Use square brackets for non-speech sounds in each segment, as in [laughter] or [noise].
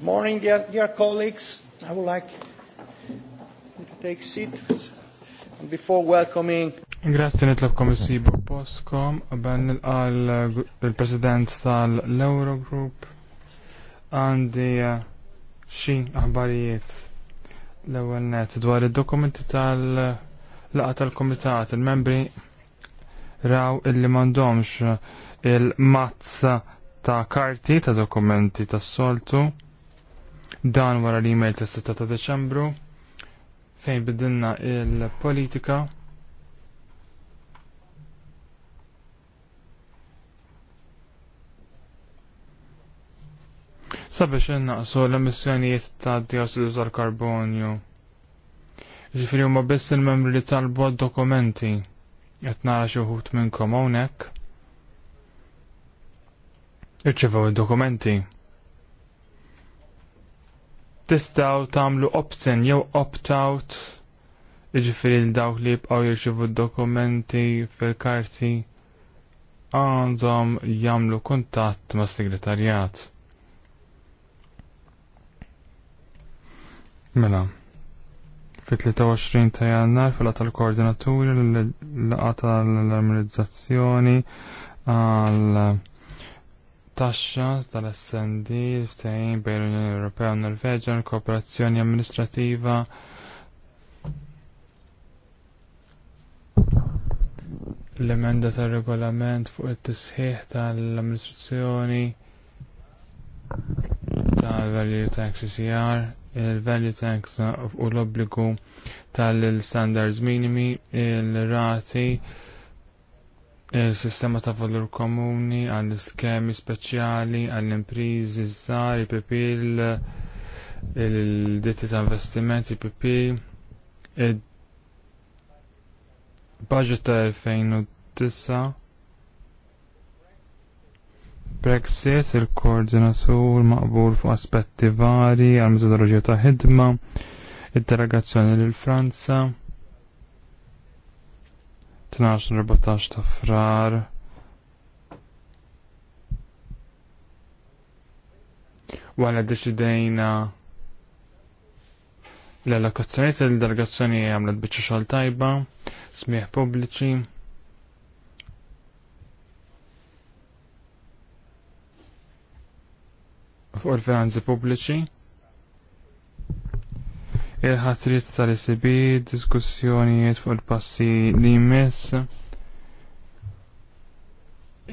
Good morning, dear, dear colleagues. I would like you to take seats. And before welcoming... Grazie nitlabkom isibu postkom, ben nilqal il-President tal-Eurogroup għandi uh, xi aħbarijiet l-ewwel net dwar id-dokumenti tal-laqa tal-Komitat il-membri raw illi m'għandhomx il-mazza ta' karti ta' dokumenti tas-soltu dan wara l-email tas 6 ta' Deċembru fejn bidilna il-politika sabiex innaqsu l-emissjonijiet ta' dioxidu tal-karbonju. Ġifiri huma biss il-membri li talbu dokumenti qed nara xi wħud minnkom hawnhekk. Irċevew id-dokumenti tistaw tamlu opt-in jew opt-out iġifiri l-dawk li jibqaw jirċivu dokumenti fil-karti għandhom jamlu kontatt ma' segretarjat. Mela, fit-23 ta' jannar fil tal-koordinaturi l-laqa tal-armonizzazzjoni għal taxxa tal-SND ftehim bejn l-Unjoni Ewropea u Norveġa l-kooperazzjoni amministrativa l-emenda tar-regolament fuq it-tisħiħ tal-amministrazzjoni tal-value tax CCR il-value tax u l-obbligu tal-standards minimi il-rati il rati il-sistema ta' valur komuni, għall skemi speċjali, għall imprizi żgħar, IPP, il-ditti ta' investimenti, IPP, il-budget ta' 2009, Brexit, il-koordinatur maqbul fuq aspetti vari, għal metodologija ta' ħidma, il delegazzjoni l-Franza, 12-14 ta' frar. Wara deċidejna l-allokazzjoniet il-delegazzjoni għamlet biċċa xogħol tajba, smieħ pubbliċi. Fuq il-finanzi pubbliċi il-ħatrit tal isibi diskussjonijiet fuq il-passi li jmiss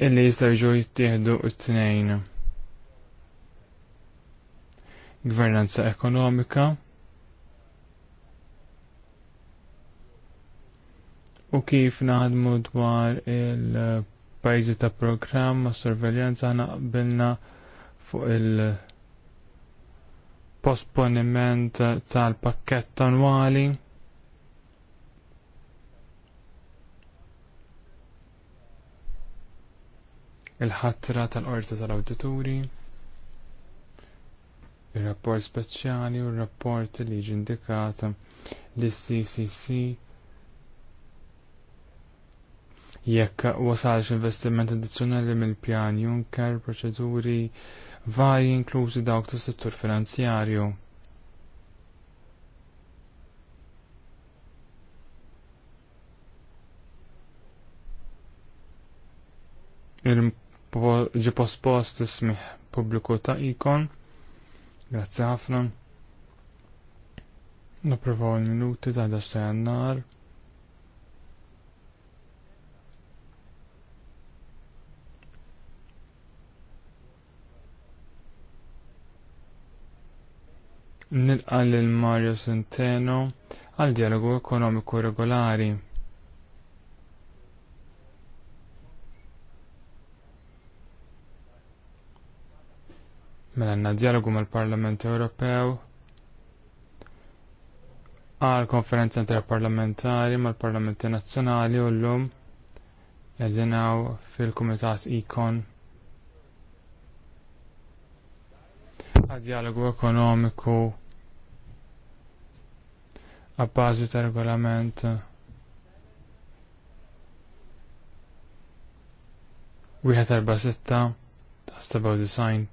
illi jistarġu jittieħdu it-tnejn. Gvernanza ekonomika u kif naħdmu dwar il-pajzi ta' programm, sorveljanza ħana qbilna fuq il- posponiment tal-pakket annwali. Il-ħatra tal-qorti tal-awdituri. Il-rapport speċjali u il-rapport li ġi l-CCC jekk wasalx investiment addizzjonali mill-pjan Juncker, proċeduri varji inklużi dawk tas settur finanzjarju. ġi pospost ismiħ pubbliku ta' ikon. Grazzi ħafna. Naprovaw il-minuti ta' 11 jannar. Nilqal lil Mario Centeno għal dialogu ekonomiku regolari. Mela dialogu mal-Parlament Ewropew għal konferenza interparlamentari mal-Parlamenti Nazzjonali u l-lum fil-Kumitat Ikon. għad-dialogu ekonomiku għabbażi ta' regolament wieħed erba' sitta ta' seba' design.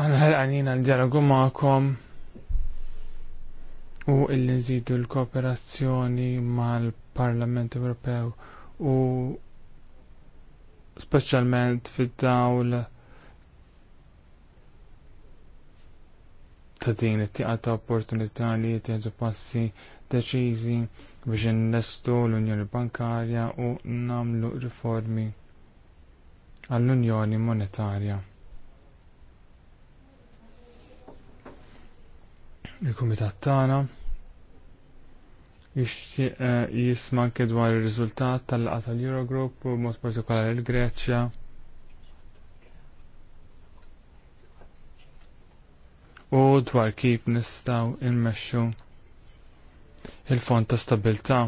Aħna ħelqanin għal-dialogu ma'kom u illi nżidu l-kooperazzjoni mal-Parlament Ewropew u speċjalment fid-dawl ta' din it-tieqa ta' opportunità li jittieħdu passi deċiżi biex innestu l-Unjoni Bankarja u namlu riformi għall-Unjoni Monetarja. Il-Kumitat tagħna jixtieq eh, jisma' anke dwar ir-riżultat tal-laqgħa tal-Eurogroup u mod partikolari l-Greċja. U dwar kif nistgħu immexxu il-fond ta' stabilità.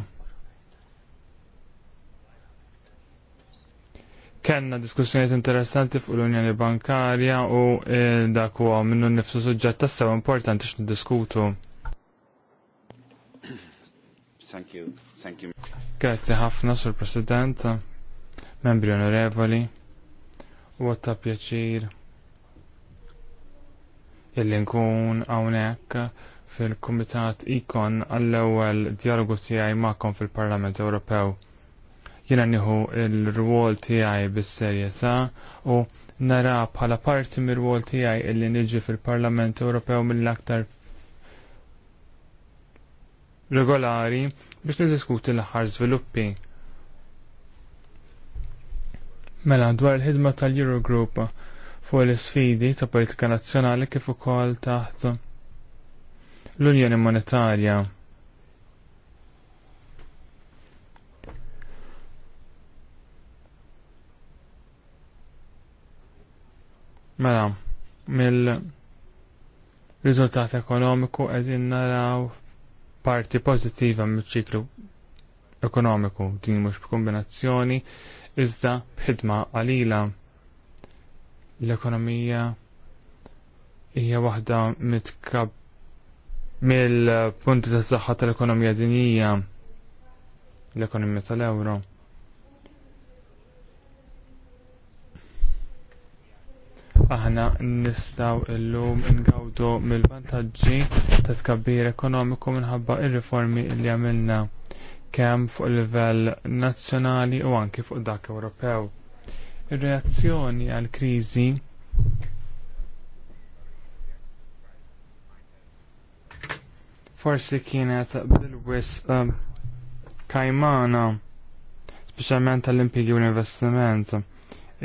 Kenna diskussjoniet interessanti fuq l-Unjoni Bankarja u eh, dak huwa minnu nnifsu suġġett tassew importanti x'niddiskutu. diskutu Thank you. Thank you. Grazie ħafna, Sur President, membri onorevoli, u ta' pjaċir illi nkun hawnhekk fil-Kumitat Ikon għall-ewwel dialogu tiegħi magħkom fil-Parlament Ewropew. Jiena nieħu l-rwol tiegħi bis-serjetà u nara bħala parti mir-rwol tiegħi illi niġi fil-Parlament Ewropew mill-aktar regolari biex nidiskuti l-aħħar żviluppi. Mela dwar il-ħidma tal-Eurogroup fuq l-isfidi ta' politika nazzjonali kif ukoll taħt l-Unjoni Monetarja. Mela, mill-riżultat ekonomiku qegħdin naraw parti pozittiva mill-ċiklu ekonomiku din mhux b'kombinazzjoni iżda b'ħidma qalila. L-ekonomija hija waħda mitkab mill-punti tas-saħħa tal-ekonomija dinija l-ekonomija tal-ewro. Aħna nistaw illum ingawdu mill-vantaġġi ta' tkabbir ekonomiku minħabba ir-riformi li għamilna kemm fuq livell nazzjonali u anke fuq dak Ewropew. Ir-reazzjoni għall kriżi forsi kienet bil-wis um, kajmana, specialment tal-impjegi u l-investiment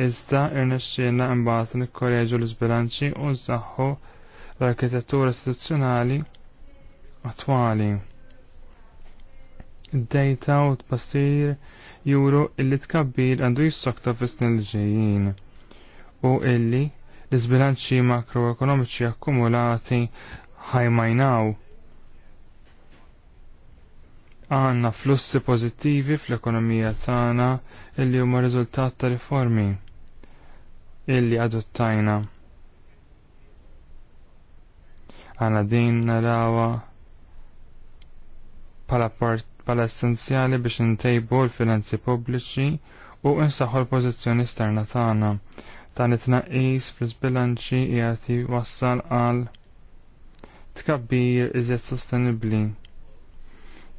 iżda irnexxielna imbagħad nikkoreġu l-isbilanċi u nżaħħu l-arkitettura istituzzjonali attwali. Id-dejta u t t-passir juru illi tkabbir għandu jissokta fis-snin li ġejjin u illi l-isbilanċi makroekonomiċi akkumulati ħajmajnaw. Għanna flussi pozittivi fl-ekonomija tagħna illi huma riżultat ta' riformi illi adottajna. Għana din narawa pala, pala essenzjali biex intejbu l-finanzi pubbliċi u insaħu l-pozizjoni esterna tagħna. Dan it-tnaqqis fl sbilanċi jgħati wassal għal tkabbir iżjed sostenibbli.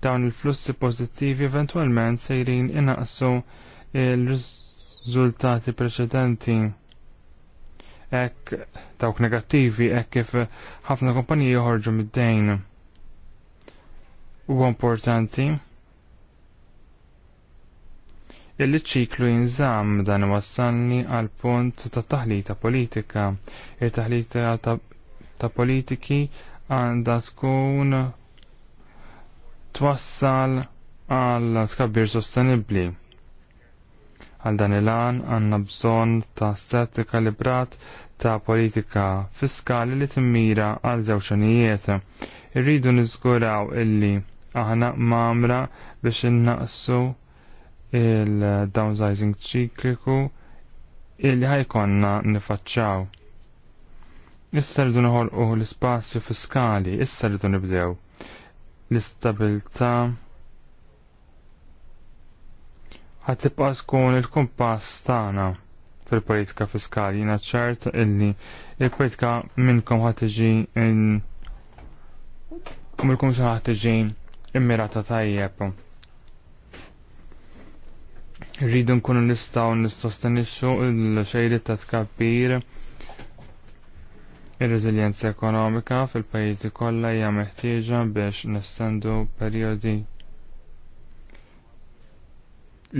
Dawn il-flussi pożittivi eventwalment sejrin inaqsu il-riżultati preċedenti hekk dawk negattivi hekk kif ħafna kumpaniji joħorġu mid-dejn. Huwa importanti illi ċiklu jinżam dan wassalni għal punt ta' taħlita politika. Il-taħlita ta', politiki għandha tkun twassal għal tkabbir sostenibbli. Għal dan il-għan għanna bżon ta' set kalibrat ta' politika fiskali li timmira għal żewġ Irridu niżguraw illi aħna mamra biex innaqsu il-downsizing ċikliku illi ħajkonna nifacċaw. Issa rridu nħolqu l-ispazju fiskali, issa rridu nibdew l-istabilta ħatibqa tkun il-kumpass tagħna fil-politika fiskali. Jina ċert illi il-politika minnkom ħatġi minnkom xa ħatġi immirata tajjeb. Rridu nkunu nistaw nistostenixxu l-xejri ta' tkabbir Ir-reżiljenza ekonomika fil pajizi kollha hija meħtieġa biex nestendu perjodi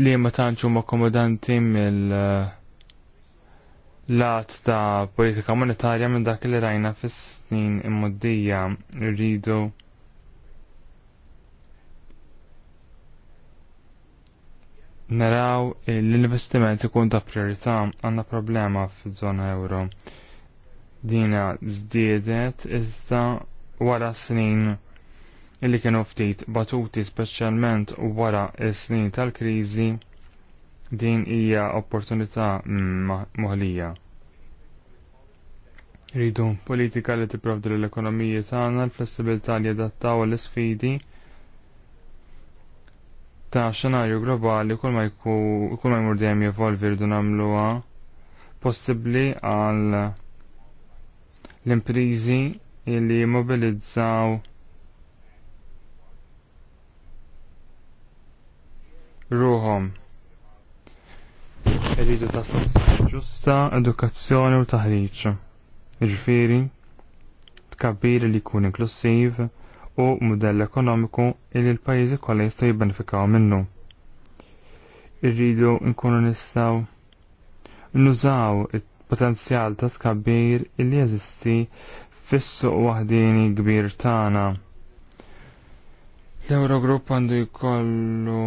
li ma tantx huma akkomodanti mill- uh, lat ta' politika monetarja minn dak li rajna fis-snin immoddija rridu naraw l-investiment ikun ta' priorità għandna problema fiż-żona euro. Dina żdiedet iżda wara snin illi kienu ftit batuti speċjalment wara s-snin tal-kriżi Din hija opportunità mm, moħlija. Ridu politika li tipprovdu l-ekonomiji tagħna l-flessibilità li adattaw l-isfidi ta' xenarju globali kull ma jkun ma jmur dejjem jevolvi rridu nagħmluha possibbli għal l-imprizi li mobilizzaw ruhom. Irridu ta' ġusta, edukazzjoni u taħriġ. Ġifiri, tkabbir li jkun inklusiv u mudell ekonomiku li l-pajjiżi kollha jistgħu jibbenefikaw minnu. Irridu nkunu nistgħu nużaw il-potenzjal ta' tkabbir illi jeżisti fis-suq waħdini kbir tagħna. L-Eurogrupp għandu jkollu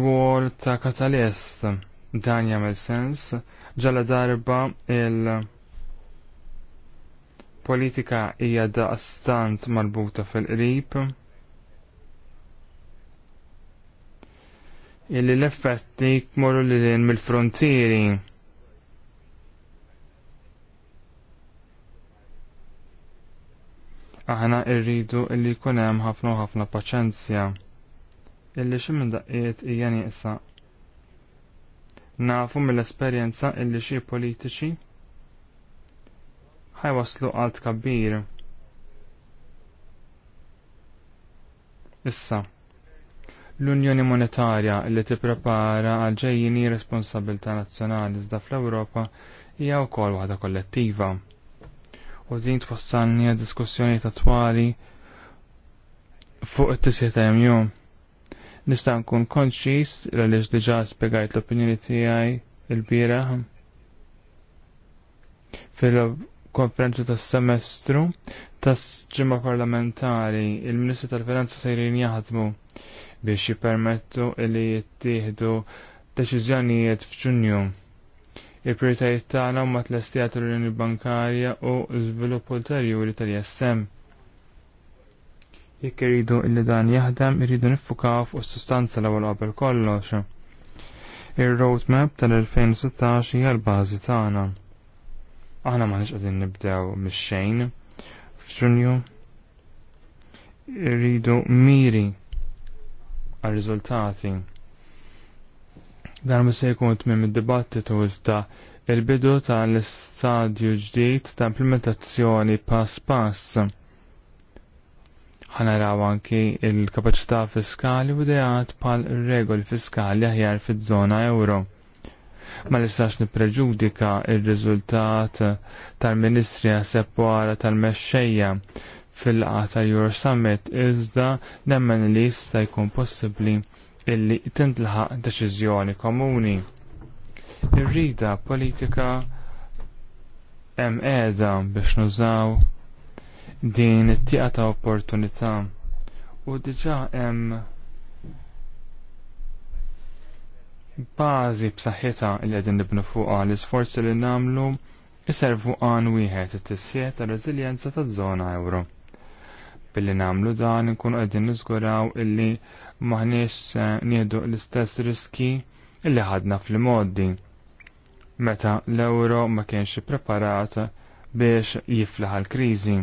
rwol ta' katalist dan jagħmel sens ġala darba il- politika hija daqstant marbuta fil-qrib. Illi l-effetti jmorru lil mill-frontieri. Aħna rridu illi jkun hemm ħafna u ħafna paċenzja. Illi xi minn daqqiet hija nieqsa Nafu mill-esperjenza illi xi politiċi ħajwaslu għal kabbir. Issa, l-Unjoni Monetarja li tipprepara għal ġejjini responsabilità nazzjonali iżda fl-Ewropa hija wkoll waħda kollettiva. U din twassalni għad diskussjoni tatwali fuq it-tisja ta' jum. Nista' nkun konċis għaliex diġà spjegajt l-opinjoni tiegħi il-bieraħ fil-konferenza tas-semestru tas-ġimgħa parlamentari il-Ministru tal-Finanza sejrin jaħdmu biex jippermettu li jittieħdu deċiżjonijiet f'Ġunju. Il-prioritajiet tagħna huma tlestijat l-Unjoni Bankarja u l żvilupp ulterjuri tal-ISM. Jekk iridu illi dan jaħdem, iridu niffukaw fuq is-sustanza l-ewwel qabel kollox. Ir-roadmap tal-2016 hija l-bażi tagħna. Aħna ma qegħdin nibdew mix-xejn f'Ġunju. Irridu miri għal-riżultati. Dan ma se jkun tmiem id-dibattitu iżda il-bidu tal-istadju ġdid ta' implementazzjoni pass pass ħanaraw anki il-kapacità fiskali u dejat pal regoli fiskali aħjar fiż żona euro. Ma nistax nipreġudika il-riżultat tal-Ministri seppara tal-mexxejja fil-qata Euro Summit iżda nemmen li jista' jkun possibbli illi tintlaħaq deċiżjoni komuni. Ir-rida politika hemm qiegħda biex nużaw din it-tieqa ta' opportunità. U diġà hemm bażi b'saħħitha li qegħdin nibnu fuqha l-isforzi li nagħmlu iservu għan wieħed it-tisjiet ta' reżiljenza taż-żona euro. Billi nagħmlu dan inkunu qegħdin niżguraw illi maħniex nieħdu l-istess riski illi ħadna fl-modi meta l-euro ma kienx ippreparat biex jiflaħ l-kriżi.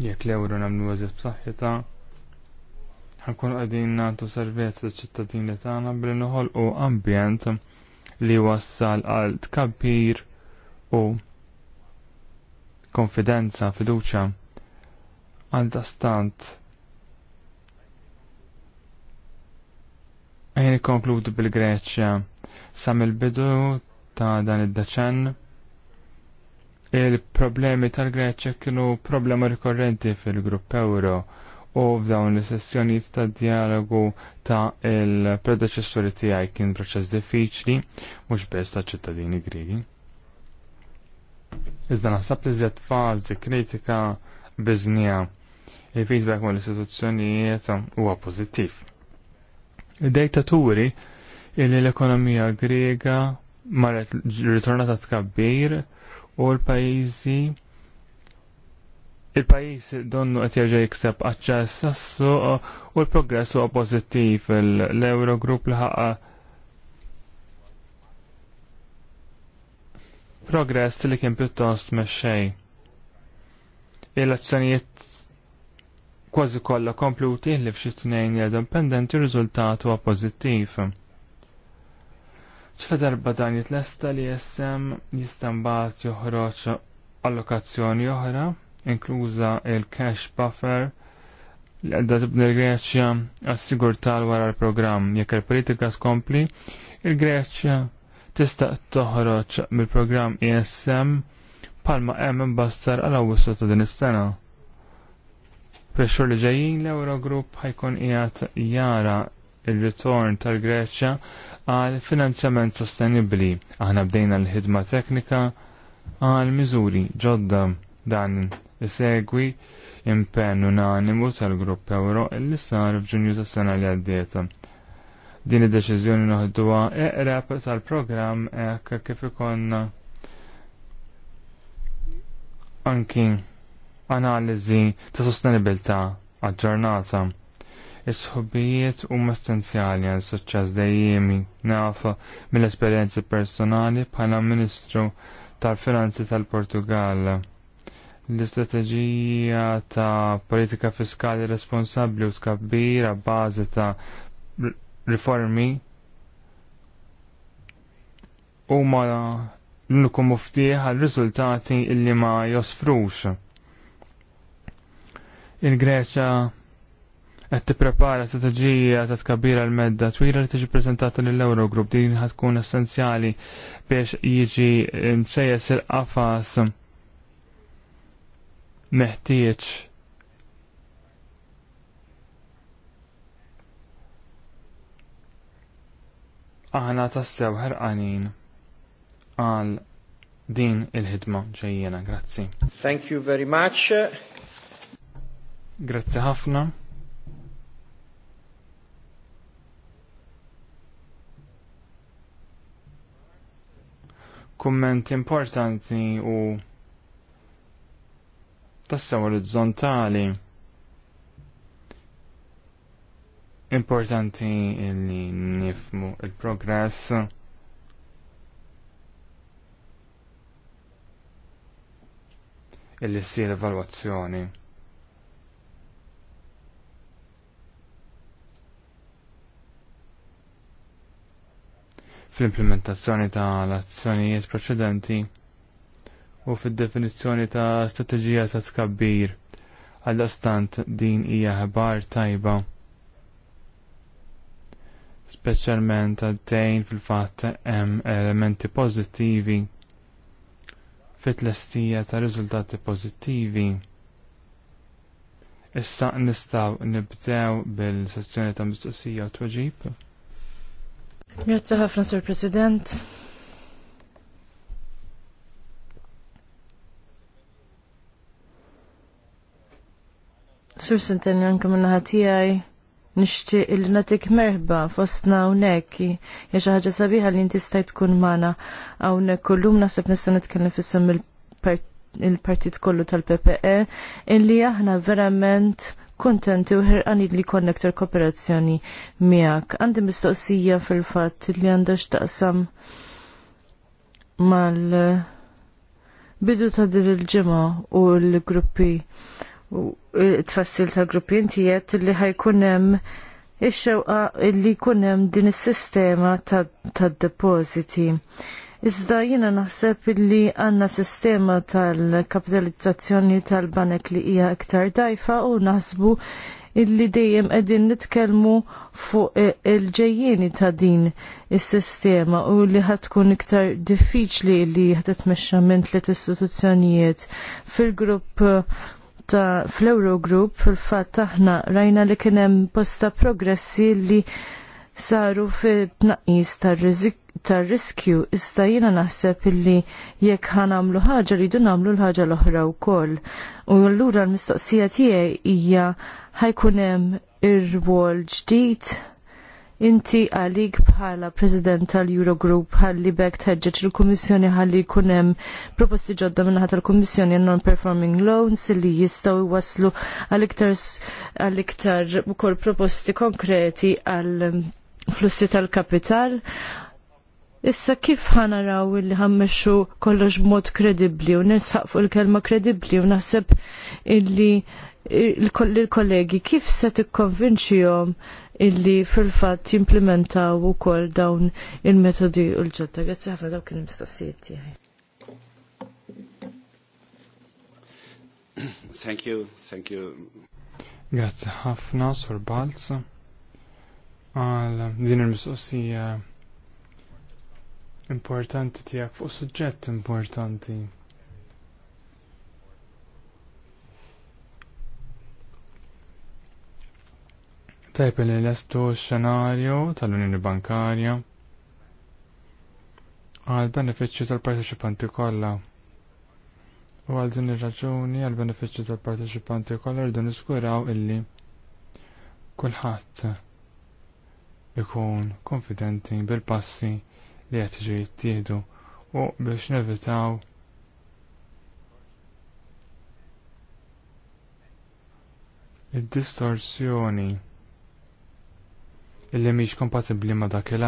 Jekk l ewro namlu għazib b'saħħitha, ħankun qegħdin nagħtu servizz liċ-ċittadini tagħna billi noħolqu ambjent li wassal għal tkabbir u konfidenza, fiduċa għal dastant. Għajni konkludu bil-Greċja sam il-bidu ta' dan id-deċenn Il-problemi tal-Greċja kienu problema rikorrenti fil-grupp euro u f'dawn l-sessjonijiet ta' dialogu ta' il predeċessori tiegħi kien proċess diffiċli mhux biss ta' ċittadini Griegi. Iżda naħseb li żjed fażi kritika biżnija il-feedback mal istituzzjonijiet huwa pożittiv. Id-dejtaturi illi l-ekonomija Griega marret ritornata tkabbir u l-pajjiżi il-pajis donnu qed jerġa' jikseb aċċess sassu u l-progress huwa pożittiv l eurogrupp l ħaqa progress li kien pjuttost mexxej. Il-azzjonijiet kważi kollha kompluti li f'xi tnejn jgħidu pendenti r-riżultat huwa pożittiv ċla darba dan jitlesta li jessem jistambat joħroġ allokazzjoni oħra, inkluża il-cash buffer li għadda tibni l-Greċja għas tal-wara l-programm. Jekk il-politika skompli, il-Greċja tista' toħroġ mill-programm ESM palma hemm imbassar għal awwissu ta' din is-sena. Prexxur li ġejjin l-Eurogroup ħajkun qiegħed jara il-ritorn tal-Greċja għal finanzjament sostenibli. Aħna bdejna l-ħidma teknika għal miżuri ġodda dan isegwi impenn unanimu tal-Grupp Euro illi sar f'Ġunju tas-sena li għaddiet. Din id-deċiżjoni noħduha eqreb tal-programm hekk kif ikonna anki analiżi ta' sostenibilità aġġornata Is-ħobijiet huma essenzjali għal suċċess dejjemi nafa mill-esperjenzi personali bħala Ministru tal-Finanzi tal-Portugal. L-istrateġija ta' politika fiskali responsabbli u tkabbira bażi ta' riformi huma l nukum muftiħ għal riżultati illi ma josfrux. Il-Greċa qed tipprepara strateġija ta' tkabira l-medda twila li tiġi preżentata lill-Eurogroup din kun essenzjali biex jiġi msejjes il-qafas meħtieġ aħna tassew ħerqanin għal din il-ħidma ġejjena, grazzi. Thank you very much. Grazzi ħafna. kumment importanti u tassa orizzontali importanti li nifmu il-progress illi ssir evalwazzjoni. fl-implementazzjoni ta' l-azzjonijiet preċedenti u fil-definizzjoni ta' strategija ta' tkabbir għal astant din hija ħbar tajba. Speċjalment għaddejn fil-fatt hemm elementi pożittivi fit-lestija ta' riżultati pożittivi. Issa nistgħu nibdew bil-sezzjoni ta' mistoqsija u tweġib. Grazie ħafna, Sur President. Sur Sintenni anke minna ħatijaj nixtieq illi natik merħba fostna hawnhekk hija xi ħaġa sabiħa li inti stajt tkun magħna hawnhekk kullum naħseb nista' nitkellem fissem il-partit kollu tal-PPE illi aħna verament kontenti u ħerqani li konnektar kooperazzjoni miegħek. Għandi mistoqsija fil-fatt li għandha x'taqsam mal-bidu ta' din il-ġimgħa u l-gruppi tfassil ta' gruppi inti li ħajkun hemm ix-xewqa li jkun hemm din is-sistema tad-depożiti. Ta Iżda jiena naħseb li għandna sistema tal-kapitalizzazzjoni tal-banek li hija iktar dajfa u naħsbu illi dejjem qegħdin nitkellmu fuq il-ġejjieni ta' din is-sistema u li ħad tkun iktar diffiċli li ħad titmexxa minn tliet istituzzjonijiet fil-grupp ta' fl-Eurogroup fil-fatt aħna rajna li kien hemm posta progressi li saru fit-tnaqqis tar-riskju iżda jiena naħseb illi jekk ħanamlu ħaġa li rridu nagħmlu l-ħaġa l-oħra wkoll. U allura l-mistoqsija tiegħi hija ħajkun hemm ir wol ġdid inti għalik bħala President tal-Eurogroup ħalli bekk tħeġġeġ il-Kummissjoni ħalli kunem proposti ġodda minnaħat tal-Kummissjoni non-performing loans li jistaw waslu għal-iktar għal-iktar ukoll proposti konkreti għal flussi tal-kapital. Issa kif ħanaraw illi ħammexu kollox b'mod kredibli u nisħaq fuq il-kelma kredibli u naħseb illi il-kollegi kif se tikkonvinċihom illi fil-fatt jimplementaw ukoll dawn il-metodi u l-ġodda. Grazzi ħafna dawk kien mistoqsijiet tiegħi. Thank you, thank you. Grazzi ħafna, Sur Balza għal din il-mistoqsija importanti tiegħek fuq suġġett importanti. Tajp li lestu x-xenarju tal-Unjoni Bankarja għal benefiċċju tal-parteċipanti kollha. U għal din ir-raġuni għal benefiċċju tal-parteċipanti kollha rridu niskuraw illi kulħadd ikun konfidenti bil-passi li qed jiġu jittieħdu u biex nevitaw id-distorsjoni illi mhix kompatibbli ma' dak il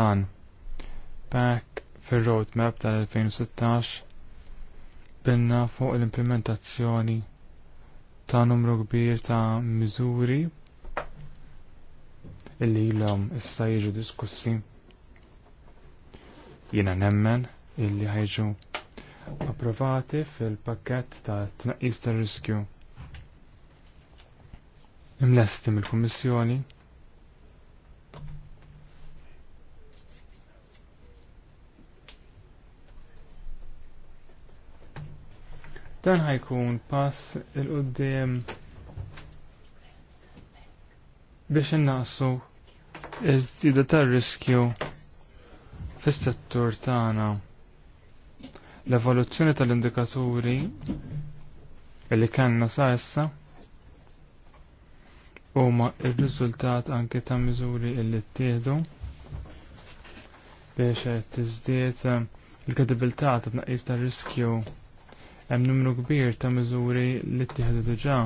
Back fir-roadmap tal-2016 binna fuq l-implementazzjoni ta' numru kbir ta' miżuri illi ilhom issa jiġu diskussi jiena nemmen illi ħajġu approvati fil-pakket ta' tnaqqis ta' riskju imlesti mill-Kummissjoni Dan ħajkun pass il-qoddim biex innaqsu iż ta' tar-riskju fis-settur tagħna. L-evoluzzjoni tal-indikaturi li kellna sa issa huma r-riżultat anke ta' miżuri li ttieħdu biex tiżdied il-kredibilità ta' tnaqqis tar-riskju hemm numru kbir ta' miżuri li ttieħdu diġà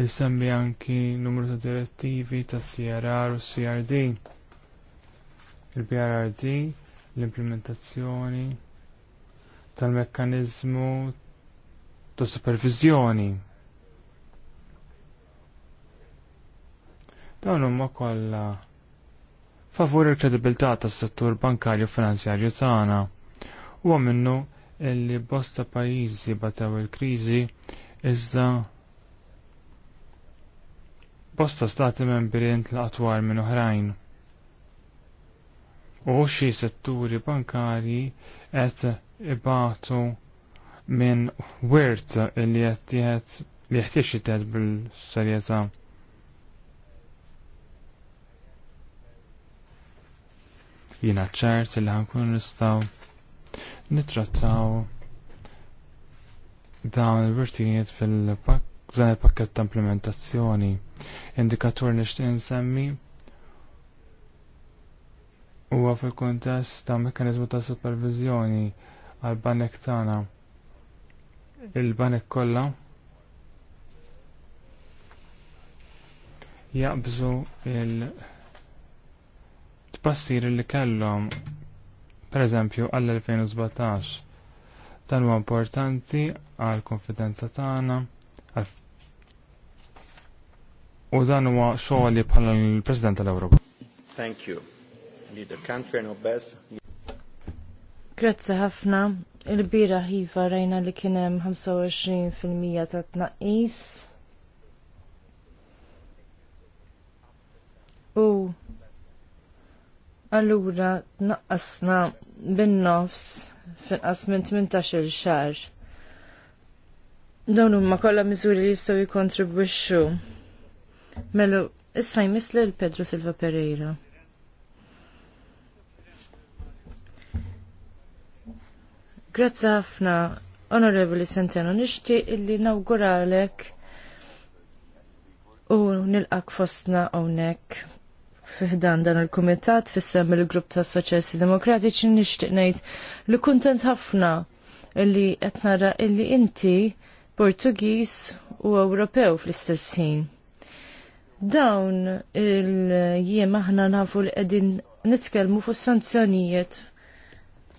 il sembi anki numru ta' direttivi ta' CRR u CRD. Il-BRRD, l-implementazzjoni tal-mekkanizmu ta' supervizjoni. Dawn huma kollha favur il-kredibilità tas-settur bankarju finanzjarju tagħna. Huwa minnu li bosta pajjiżi batew il-kriżi iżda bosta stati membri l-atwar minn oħrajn. U xi setturi bankari qed ibatu minn wirt li qed li jeħtiex jitet bil-serjetà. Jina ċert li ħankun nistgħu nitrattaw dawn il-wirtijiet fil-pakk f'dan il-pakket ta' implementazzjoni. Indikatur nixtieq insemmi huwa fil-kuntest ta' mekkaniżmu ta' supervizjoni għall banek tagħna. Il-banek kollha jaqbżu il- tpassir li kellhom pereżempju għall-2017 dan huwa importanti għall konfidenza tagħna U dan huwa xogħol li bħala l-President tal-Ewropa. Thank you. Need country no best. Grazzi ħafna. Il-bira ħiva rajna li kien hemm 25% ta' tnaqqis. U allura tnaqqasna bin-nofs finqas minn 18-il xahar. Dawn huma kollha miżuri li jistgħu jikkontribwixxu. Melu issa jmisli l Pedro Silva Pereira. Grazzi ħafna, Onorevoli Senteno, nixtieq illi nawguralek u nilqak fostna hawnhekk fiħdan dan il-Kumitat fissem il-Grupp ta' Soċessi Demokratiċi nixtieq ngħid li kuntent ħafna illi qed nara illi inti Portugiż u Ewropew fl-istess ħin. Dawn il-jiem aħna nafu l-qegħdin nitkellmu fuq sanzjonijiet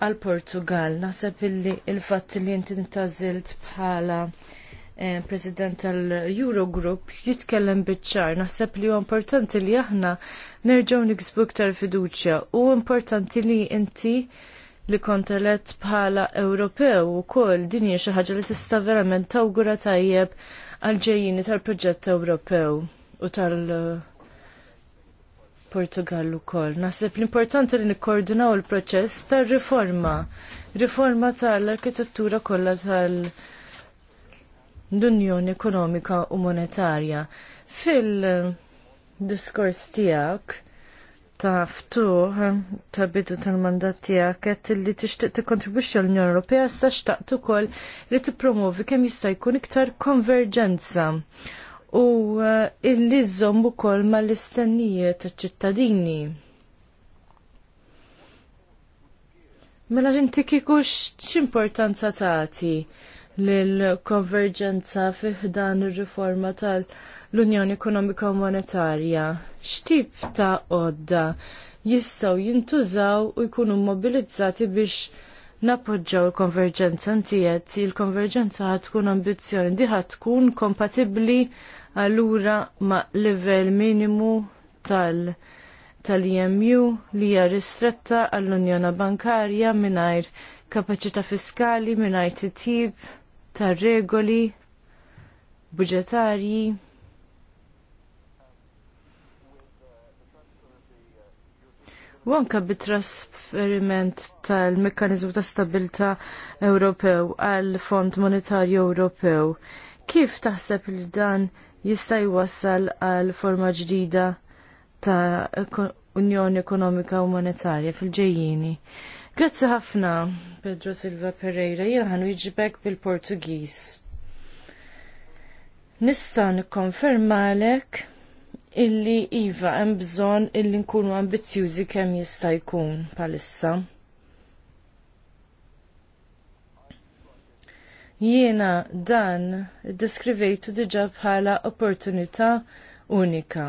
għal Portugal. Naħseb illi il-fatt li inti ntażilt bħala eh, President tal-Eurogroup jitkellem biċ-ċar. Naħseb li huwa importanti li aħna nerġgħu niksbu iktar fiduċja u importanti li inti li kontelet bħala Ewropew u kol din hija xi ħaġa li tista' verament tawgura tajjeb għal-ġejjini tal-proġett Ewropew u tal- Portugal kol. Naħseb l-importanti li nikkoordinaw il-proċess tar-riforma. Riforma tal-arkitettura kollha tal-Unjoni Ekonomika u Monetarja. Fil-diskors tiegħek, ta' ftuħ ta' bidu tal-mandat tiegħek qed li tixtieq tikkontribwixxi l-Unjoni Ewropea sta xtaqt ukoll li tippromovi kemm jista' jkun iktar konverġenza u eh, illi żomm ukoll mal-istennijiet taċ-ċittadini. Mela inti kieku x'importanza tagħti lil konverġenza fih dan ir-riforma tal- l-Unjoni Ekonomika u Monetarja, x'tip ta' odda jistgħu jintużaw u jkunu mobilizzati biex nappoġġaw il-konverġenza ntijet, il-konverġenza tkun ambizzjoni, diħa tkun kompatibbli allura ma' livell minimu tal- tal-EMU li hija ristretta għall-Unjona Bankarja mingħajr kapaċità fiskali, mingħajr titjib tar regoli budġetarji u anka bit-trasferiment tal-mekkanizmu ta' stabilta Ewropew għal Fond Monetarju Ewropew. Kif taħseb li dan jista' jwassal għal forma ġdida ta' Unjoni Ekonomika u Monetarja fil-ġejjini? Grazzi ħafna, Pedro Silva Pereira, jilħan iġbek bil-Portugis. Nista' nikkonfermalek illi iva hemm bżonn illi nkunu ambizzjużi kemm jista' jkun bħalissa. Jiena dan deskrivejtu diġà bħala opportunità unika.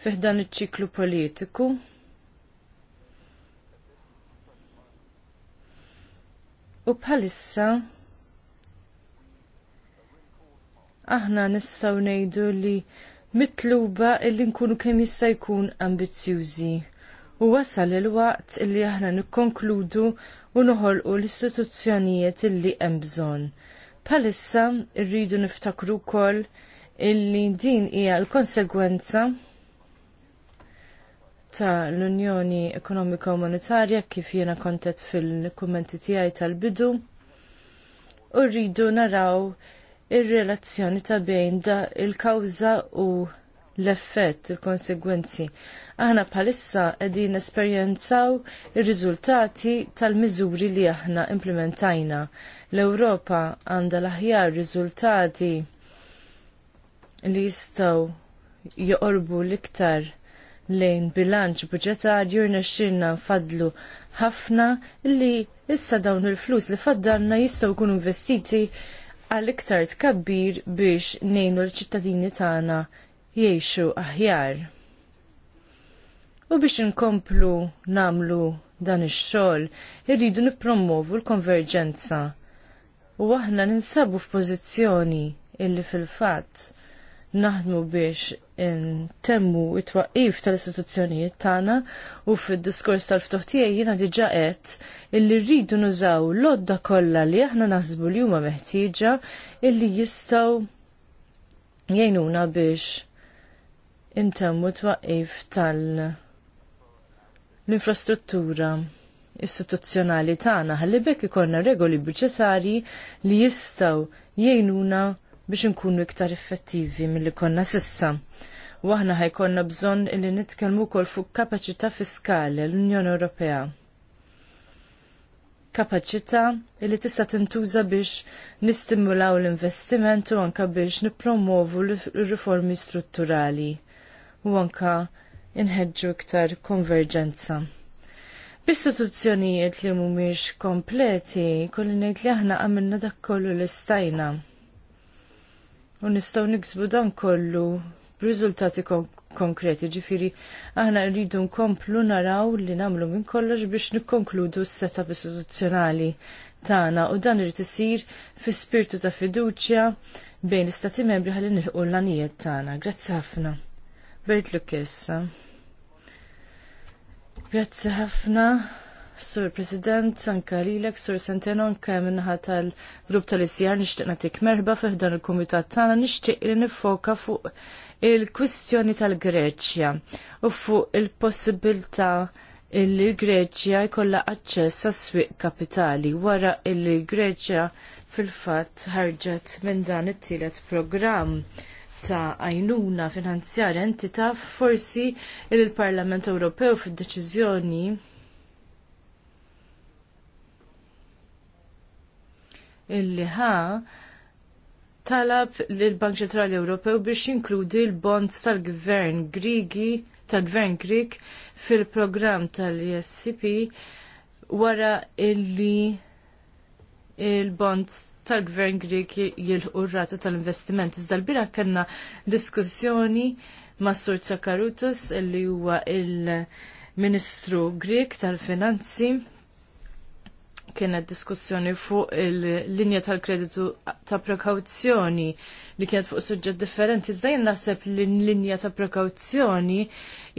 Fih dan iċ-ċiklu politiku U bħalissa aħna nissaw ngħidu li mitluba illi nkunu kemm jista' jkun ambizzjużi. U wasal il-waqt illi aħna nikkonkludu u noħolqu l-istituzzjonijiet illi hemm bżonn. Bħalissa rridu niftakru wkoll illi din hija l-konsegwenza ta' l-Unjoni Ekonomika u Monetarja kif jiena kontet fil-kummenti tiegħi tal-bidu u rridu naraw ir-relazzjoni ta' bejn da il-kawża u l-effett, il-konsegwenzi. Aħna bħalissa qegħdin esperjenzaw ir-riżultati tal-miżuri li aħna implementajna. L-Ewropa għandha l-aħjar riżultati li jistgħu joqorbu l-iktar lejn bilanċ budġetarju rnexxilna nfadlu ħafna li issa dawn il-flus li faddanna jistgħu jkunu investiti għal iktar tkabbir biex ngħinu l-ċittadini tagħna jgħixu aħjar. U biex inkomplu namlu dan ix-xogħol irridu nippromovu l-konverġenza. U aħna ninsabu f'pożizzjoni illi fil-fatt naħdmu biex temmu it-twaqif tal-istituzzjonijiet tagħna u fid-diskors tal-ftuħ tiegħi jiena diġà qed illi rridu nużaw l-odda kollha li aħna naħsbu li huma meħtieġa illi jistgħu jgħinuna biex intemmu twaqif tal- l-infrastruttura istituzzjonali tagħna ħalli bekk ikollna regoli biċesari li jistgħu jgħinuna biex nkunu iktar effettivi mill-li konna sissa. Waħna ħajkonna bżon li nitkellmu kol fuq kapacità fiskali l-Unjoni Ewropea. Kapacità li tista' tintuża biex nistimulaw l-investiment u anka biex nippromovu l-riformi strutturali u anka inħeġġu iktar konverġenza. L-istituzzjonijiet li mhumiex kompleti, kolli ngħid li aħna għamilna dak kollu li stajna. Unistaw nistgħu niksbu dan kollu b'riżultati konkreti, ġifiri aħna rridu nkomplu naraw li namlu minn kollox biex nikkonkludu s-setup istituzzjonali tagħna u dan irid isir fi spirtu ta' fiduċja bejn l-istati membri ħalli nilqu l-anijiet tagħna. Grazzi ħafna. Bert Lukessa. Grazzi ħafna. Sur President, anka lilek, Sur Senteno, anka minnaħa tal-grupp tal-ISR, nishtiq natik merħba fiħdan il-komitat tana, nishtiq li nifoka fuq il-kwistjoni tal-Greċja u fuq il-possibilta il l-Greċja jkollha aċċess għas swieq kapitali wara il l-Greċja fil-fatt ħarġet minn dan it-tielet programm ta' għajnuna finanzjarja entità forsi il-Parlament Ewropew fid-deċiżjoni illi ħa talab lill-Bank Ċentrali Ewropew biex jinkludi l-bonds tal-Gvern Grigi tal-Gvern Grik fil-programm tal escp wara illi il-bonds tal-Gvern Grik jilħu r-rata tal-investiment. Iżda l-bira kanna diskussjoni ma' Sur Tsakarutus illi huwa il-Ministru Grik tal-Finanzi kienet diskussjoni fuq il-linja tal-kreditu ta' prekawzjoni li kienet fuq suġġett differenti. Iżda jien naħseb li l-linja ta' prekawzjoni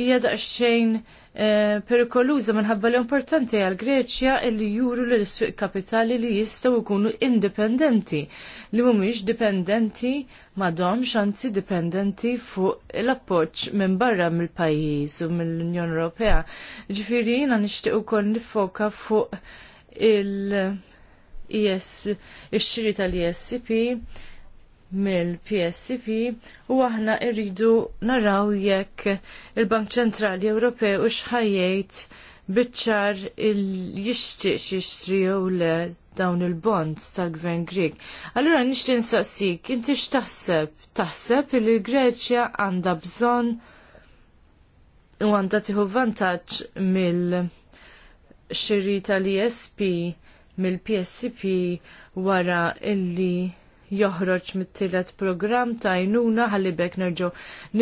hija daqsxejn eh, perikoluża minħabba li importanti għal Greċja li juru l isfiq kapitali li jistgħu jkunu indipendenti li mhumiex dipendenti m'għadhomx anzi dipendenti fuq l-appoġġ minn barra mill-pajjiż u mill-Unjoni Ewropea. Ġifieri jiena nixtieq ukoll nifoka fuq il-xiri tal-ISCP mill-PSCP u aħna irridu naraw jekk il-Bank Ċentrali Ewropew u xħajjejt biċċar il-jixtieq xixtri u le dawn il-bonds tal-Gvern Grieg. Allura nixtieq nsaqsik inti x'taħseb? Taħseb li greċja għandha bżonn u għandha tieħu vantaġġ mill- xiri tal-ESP mill-PSCP wara illi joħroġ mit-tielet programm ta' jnuna ħalli bekk nerġgħu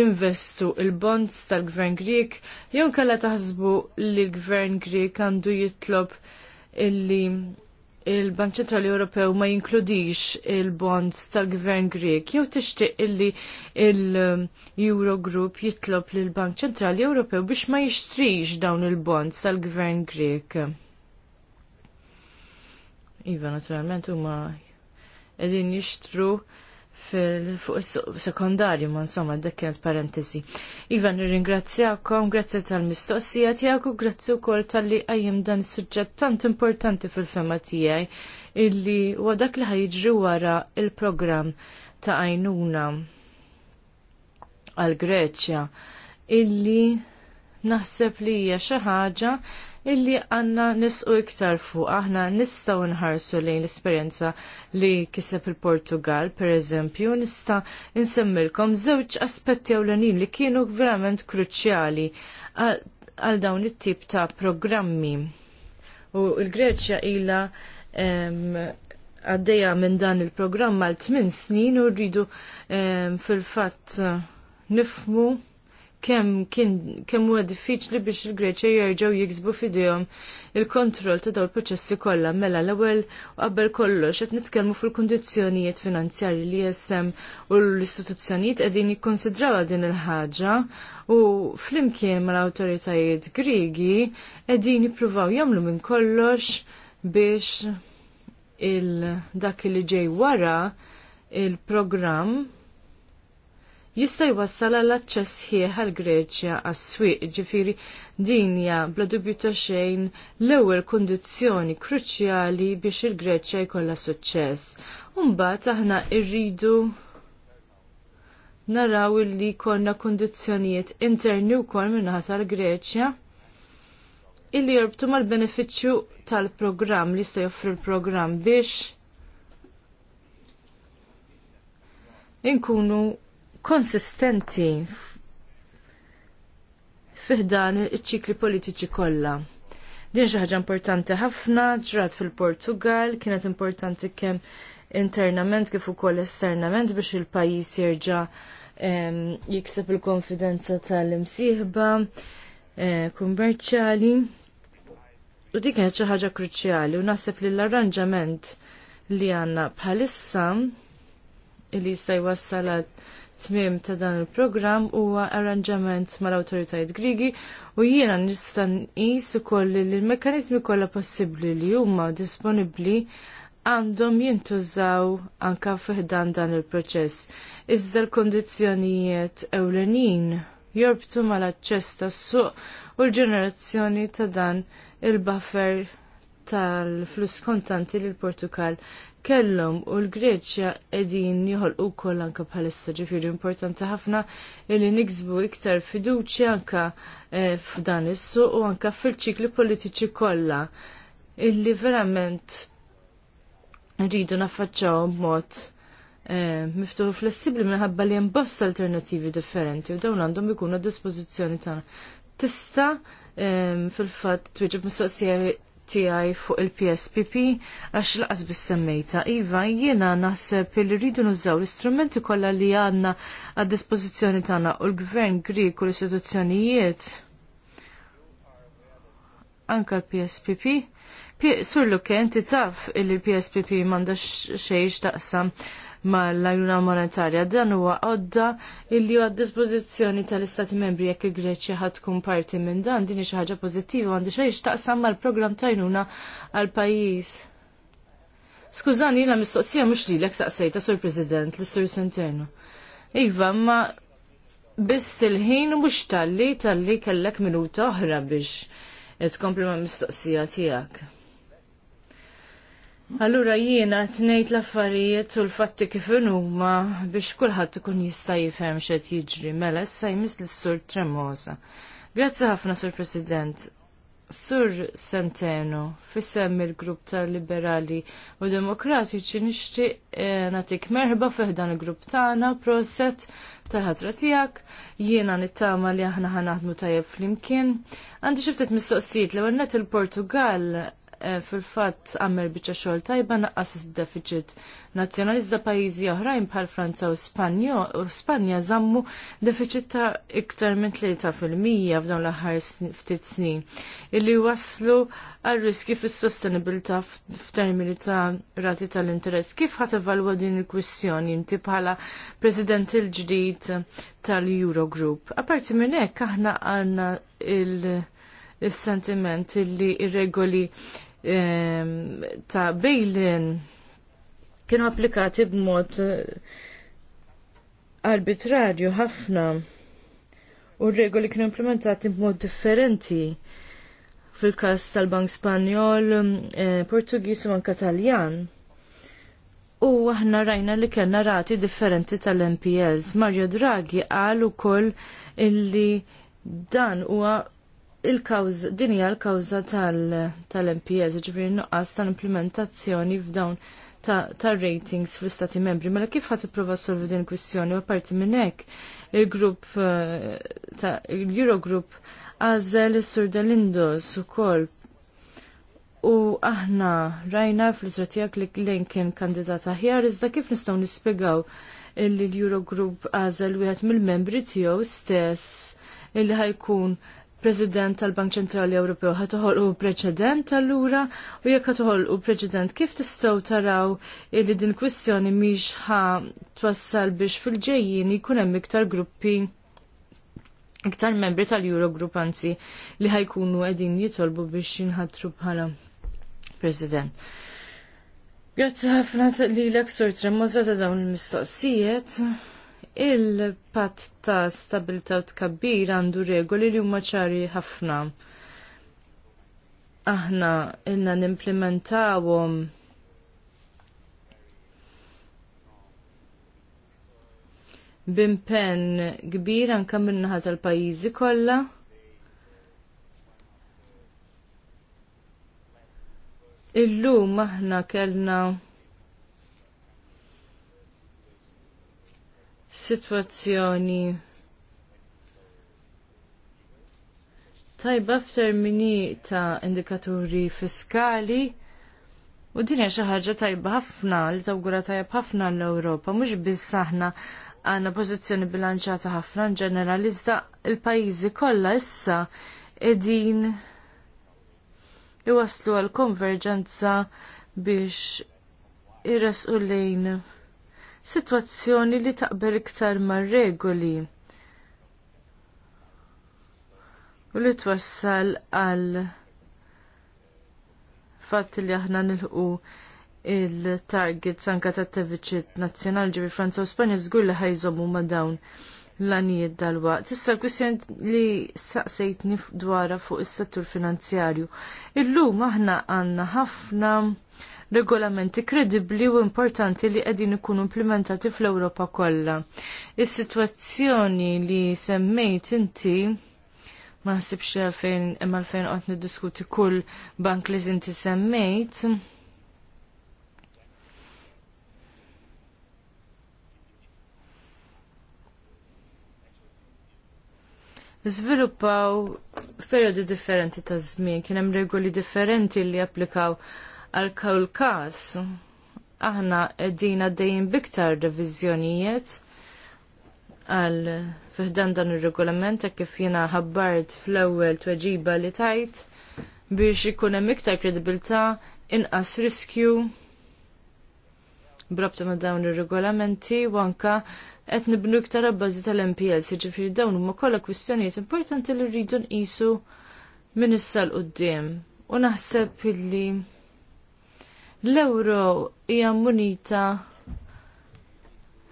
ninvestu il-bonds tal-Gvern Grieg jew kellha taħsbu li l-Gvern Grieg għandu jitlob illi il-Bank Ċentrali Ewropew ma jinkludix il-bonds tal-Gvern Grek, jew tixtieq illi il-Eurogroup jitlob lil bank Ċentrali Ewropew biex ma jixtrix dawn il-bonds tal-Gvern Grek. Iva, naturalment huma qegħdin jixtru fuq sekondarju ma insomma dak kienet parentesi. Iva nirringrazzjakom, grazzi tal-mistoqsija tiegħek u grazzi wkoll tal-li qajjem dan is-suġġett tant importanti fil-fema tiegħi illi huwa dak li ħajġri wara il-programm ta' għajnuna għal Greċja illi naħseb li hija xi ħaġa illi għanna nisqu iktar fuq. Aħna nistaw nħarsu lejn l-esperjenza li kiseb il-Portugal, per eżempju, nista nsemmilkom żewġ aspetti ewlenin li kienu verament kruċjali għal dawn it-tip ta' programmi. U l-Greċja ilha għaddeja minn dan il-programm għal 8 snin u rridu fil-fatt nifmu kemm kien kemm huwa diffiċli biex il greċi jerġgħu jiksbu f'idejhom il-kontroll ta' dawn il-proċessi kollha mela l-ewwel qabel kollox qed nitkellmu fil-kundizzjonijiet finanzjarji li jessem u l-istituzzjonijiet qegħdin jikkonsidraw din il-ħaġa u flimkien mal-awtoritajiet Grigi qegħdin jippruvaw jagħmlu minn kollox biex il-dak li ġej wara il-programm jista' jwassal għal aċċess ħieħ għal Greċja għas-swieq, ġifiri din hija bla dubju ta' xejn l-ewwel kundizzjoni kruċjali biex il-Greċja jkollha suċċess. Mbagħad aħna rridu naraw li jkollna kundizzjonijiet interni wkoll min-naħa tal-Greċja illi jorbtu mal-benefiċċju tal-programm li jista' joffri l-programm biex inkunu konsistenti fiħdan iċ-ċikli politiċi kollha. Din xi ħaġa importanti ħafna ġrat fil-Portugal, kienet importanti kemm internament kif ukoll esternament biex il-pajjiż jerġa' jikseb il-konfidenza tal-imsieħba eh, kummerċjali. U dik kienet xi ħaġa kruċjali u naħseb li l-arranġament li għandna bħalissa li jista' jwassal għal tmiem ta' dan il-programm huwa arranġament mal-awtoritajiet Grigi u jiena nista' nqis ukoll li l-mekkaniżmi kollha possibbli li huma disponibbli għandhom jintużaw anka fiħdan dan il-proċess. Iżda l kondizjonijiet ewlenin jorbtu mal-aċċess tas-suq u l-ġenerazzjoni ta' dan il-buffer tal-flus kontanti li l-Portugal kellhom u l-Greċja qegħdin joħolqu wkoll anke bħalissa ġifieri importanti ħafna li niksbu iktar fiduċja anke eh, f'dan is-suq u anke fil-ċikli politiċi kollha illi verament rridu naffaċċaw b'mod eh, miftuħ flessibli minħabba li hemm bosta alternattivi differenti u dawn għandhom ikunu a dispożizzjoni tagħna. Tista' eh, fil-fatt twieġeb mistoqsija tiegħi fuq il-PSPP għax laqas bis-semmejta. Iva, jiena naħseb li rridu nużaw l-istrumenti kollha li għandna għad-dispożizzjoni tagħna u l-Gvern Grik u l-istituzzjonijiet anka l-PSPP. Sur Luke, inti taf il-PSPP mandax xejx taqsam mal-ajuna monetarja. Dan huwa għodda illi huwa dispożizzjoni tal-Istati membri jekk il-Greċja ħad tkun parti minn dan din xi ħaġa pożittiva għandi xejn xtaqsam mal-programm ta' tajnuna għall pajjiż Skużani, jiena mistoqsija mhux lilek saqsejta sur President l-Sur Centeno. Iva, ma biss il-ħin mhux talli talli kellek minuta oħra biex tkompli ma' mistoqsija tiegħek. Allura jiena tnejt l-affarijiet u l-fatti kif huma biex kulħadd ikun jista' jifhem x'qed jiġri mela issa jmiss lis-Sur Tremosa. Grazzi ħafna Sur President. Sur Santeno, fissem il-grupp tal-liberali u demokratiċi nixtieq eh, nagħtik merħba fiħdan il-grupp tagħna proset tal-ħatra tiegħek. Jiena nittama li aħna ħanaħdmu tajjeb flimkien. Għandi xiftet mistoqsijiet l għannet il-Portugal Eh, fil-fatt għamel biċċa xogħol tajba naqqas id-deficit nazzjonali iżda pajjiżi oħrajn bħal Franza u Spanja u Spanja żammu deficit ta' iktar minn 3 fil-mija f'dawn l-aħħar ftit snin illi waslu għal riski fis-sostenibilità f'termini ta' rati tal-interess. Kif ħat evalwa din il-kwistjoni inti bħala President il-ġdid tal-Eurogroup? Aparti minn hekk aħna għandna il- il-sentiment li regoli ta' bejlin kienu applikati b'mod eh, arbitrarju ħafna u regoli kienu implementati b'mod differenti fil-kas tal-Bank Spanjol, eh, Portugis u anka Taljan. U aħna rajna li kellna rati differenti tal-MPLs. Mario Draghi qal ukoll illi dan huwa il-kawż din hija l-kawża tal-MPS, ġifieri nuqqas tal-implementazzjoni f'dawn tar-ratings fl-istati membri. Mela kif ħat ipprova solvi din il-kwistjoni u apparti minn hekk il-grupp eh, ta' l-Eurogroup għażel is-Sur Delindos ukoll U aħna rajna fl-itra li lejn kien kandidat aħjar, iżda kif nistaw nispjegaw illi l-Eurogroup għazel wieħed mill-membri tiegħu stess illi ħajkun President tal-Bank Ċentrali Ewropew ħat u preċedent allura u jekk ħat u preċedent kif tistgħu taraw li din kwistjoni mhix ħa twassal biex fil-ġejjin jkun hemm iktar gruppi iktar membri tal-Eurogroup anzi li ħajkunu qegħdin jitolbu biex jinħatru bħala President. Grazzi ħafna li l-ek sur tremmoza ta' dawn il-mistoqsijiet il pat ta' stabilità u tkabbir għandu regoli li huma ċari ħafna. Aħna ilna nimplementawhom bimpen kbir anka minnaħa tal-pajjiżi kollha. Illum aħna kellna situazzjoni tajba f'termini ta' indikaturi fiskali u din xi ħaġa tajba ħafna li tawgura tajb ħafna l-Ewropa mhux biss aħna għandna pożizzjoni bilanċata ħafna ġenerali iżda l-pajjiżi kollha issa qegħdin iwaslu għal konverġenza biex irresqu lejn situazzjoni li taqber iktar mar-regoli u li twassal għal fatt li aħna nilħu il-targets anka ta' teviċiet nazjonal ġivi Franza u Spanja żgur li ħajżomu ma' dawn l-anijiet dal-waqt. Issa l-kwistjoni li saqsejtni dwarha fuq is-settur finanzjarju. Illum aħna għandna ħafna regolamenti kredibbli u importanti li qegħdin ikunu implementati fl-Ewropa kollha. Is-sitwazzjoni li semmejt inti ma ħsibx għalfejn imma għalfejn qed niddiskuti kull bank li zinti semmejt. Żviluppaw f'perjodi differenti ta' żmien kien hemm regoli differenti li applikaw għal kas, aħna qegħdin għaddejjin biktar reviżjonijiet għal fiħdan dan ir-regolament kif jina ħabbart fl-ewwel tweġiba li tajt biex ikun hemm iktar kredibilità inqas riskju brabta ma' dawn ir-regolamenti u anka qed nibnu iktar abbażi tal-MPS, jiġifieri dawn huma kollha kwistjonijiet importanti li rridu nqisu minn issa l qudiem U naħseb illi l-euro hija munita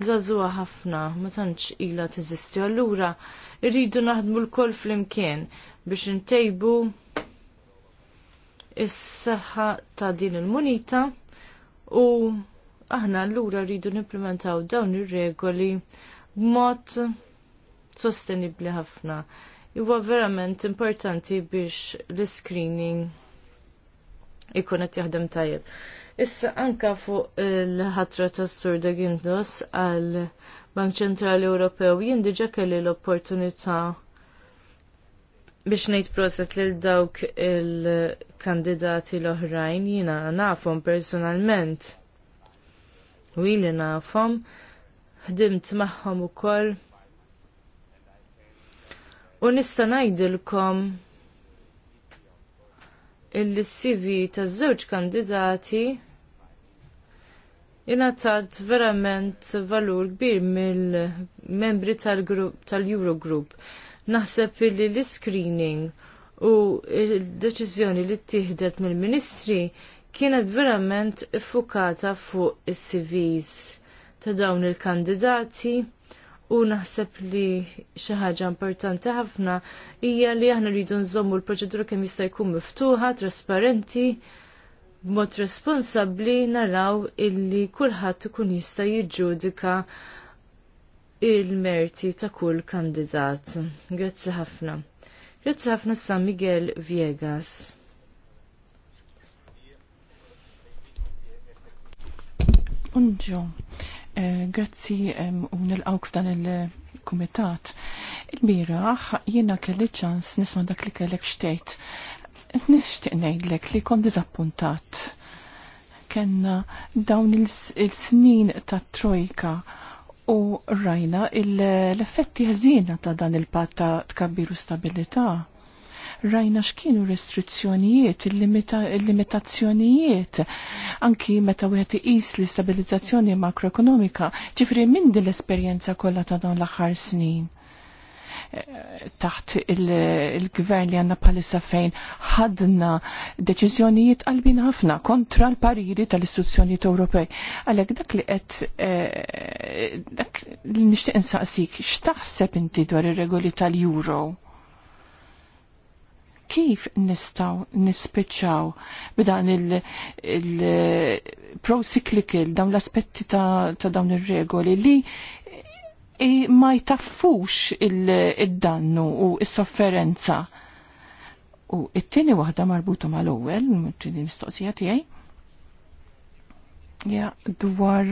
żagħżugħa ħafna, ma tantx ilha teżisti. Allura rridu naħdmu l flimkien biex intejbu is-saħħa ta' din il-munita u aħna allura rridu nimplementaw dawn ir-regoli b'mod sostenibbli ħafna. Huwa verament importanti biex l-screening ikun qed jaħdem tajjeb. Issa anka fuq il-ħatra tas-Sur de Gindos għal Bank Ċentrali Ewropew jien diġà kelli l-opportunità biex ngħid proset lil dawk il-kandidati l-oħrajn jiena nafhom personalment. U ili nafhom ħdimt magħhom ukoll. U nista' ngħidilkom il-CV taż-żewġ kandidati jingħatat verament valur kbir mill-membri tal-Eurogroup. Tal Naħseb li l-screening u l-deċiżjoni li ttieħdet mill-Ministri kienet verament iffukata fuq is-CVs ta' dawn il-kandidati u naħseb li xi ħaġa importanti ħafna hija li aħna rridu nżommu l-proċedura kemm jista' jkun miftuħa, trasparenti, b'mod responsabbli naraw illi kulħadd ikun jista' jiġġudika il-merti ta' kull kandidat. Grazzi ħafna. Grazzi ħafna sa' Miguel Viegas. Unġu, Eh, grazzi u nil-għawk f'dan il-komitat. Il-biraħ jiena kelli ċans nisma dak li kellek xtejt. Nishtiq ngħidlek li kon diżappuntat. Kenna dawn il-snin ta' trojka u rajna l-effetti għazina ta' dan il-pat ta' tkabbiru stabilita' rajna x'kienu restrizzjonijiet, il-limitazzjonijiet, anki meta wieħed iqis l-istabilizzazzjoni makroekonomika, ġifri minn din l-esperjenza kollha ta' dawn l-aħħar snin eh, taħt il-gvern li għanna palissa fejn ħadna deċizjonijiet għalbin ħafna kontra l-pariri tal-istituzzjonijiet Ewropej. Għalek dak li qed eh, dak li nixtieq insaqsik x'taħseb inti dwar ir-regoli tal-Euro? kif nistaw nispiċċaw b'dan il-procyclical, dawn l-aspetti ta', dawn ir-regoli li ma jtaffux il-dannu u s-sofferenza. U it-tieni waħda marbuta mal-ewwel, it-tieni mistoqsija tiegħi. Ja, dwar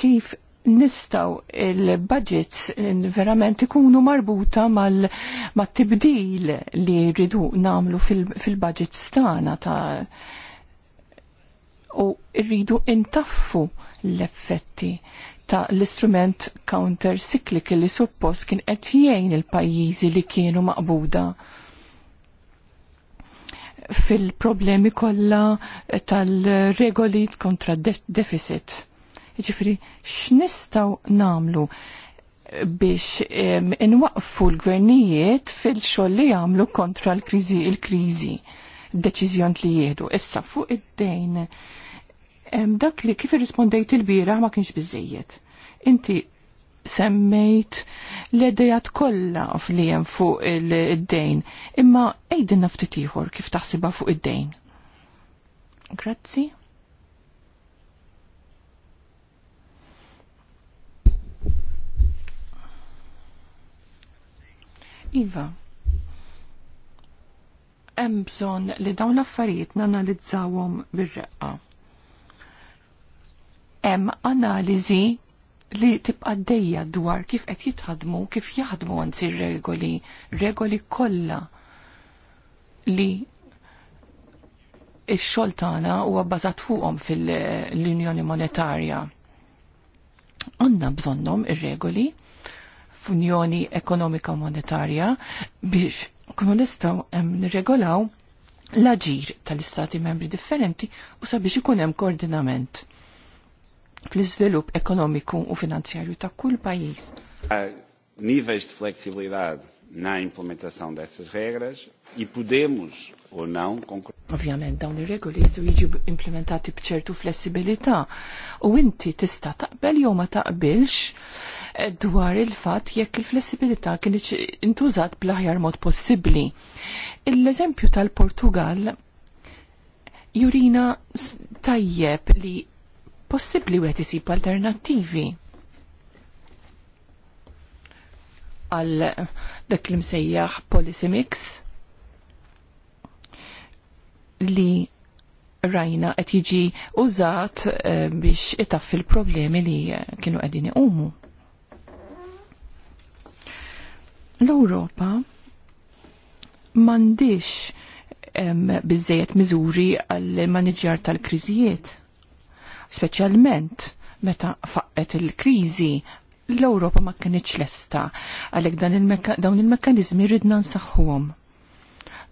kif nistaw il-budgets verament ikunu marbuta mal-tibdil li rridu namlu fil-budgets fil tagħna ta' u rridu intaffu l-effetti ta' l-istrument counter cyclic li suppost kien qed jgħin il-pajjiżi li kienu maqbuda fil-problemi kollha tal-regoli kontra de deficit Ġifri, x'nistgħu namlu biex inwaqfu l-gvernijiet fil-xogħol li jagħmlu kontra l-kriżi il-kriżi deċiżjon li jieħdu. Issa fuq id-dejn dak li kif irrispondejt il-bira ma kienx biżejjed. Inti semmejt l-edajat kollha li hemm fuq id-dejn. Imma ejdin naftit ieħor kif taħsiba fuq id-dejn. Grazzi. Iva, hemm bżonn li dawn l-affarijiet nanalizzawhom bir-reqqa. Hemm analiżi li tibqa' dejja dwar kif qed jitħadmu, kif jaħdmu anzi regoli, regoli kollha li ix-xogħol tagħna huwa bbażat fuqhom fil-Unjoni Monetarja. Għandna bżonnhom ir-regoli f'Unjoni Ekonomika Monetarja biex kunu nistaw nirregolaw l-aġir tal-istati membri differenti u sabiex ikun hemm koordinament fl-iżvilupp ekonomiku u finanzjarju ta' kull pajjiż. Nivells de flexibilidade na implementação dessas regras e podemos ou não Ovvjament dawn ir-regoli jistgħu jiġu implementati bċertu flessibilità u inti tista' taqbel jew ma taqbilx eh, dwar il-fatt jekk il-flessibilità kien intużat bl-aħjar mod possibbli. L-eżempju tal-Portugal jurina tajjeb li possibbli wieħed isib alternattivi għal dak li msejjaħ policy mix li rajna qed jiġi użat eh, biex itaffi l-problemi li eh, kienu qegħdin iqumu. L-Ewropa m'għandix biżejjed miżuri għall maniġjar tal-kriżijiet. Speċjalment meta faqqet il-kriżi l-Ewropa ma kienx lesta għalhekk dawn il-mekkaniżmi ridna nsaħħuhom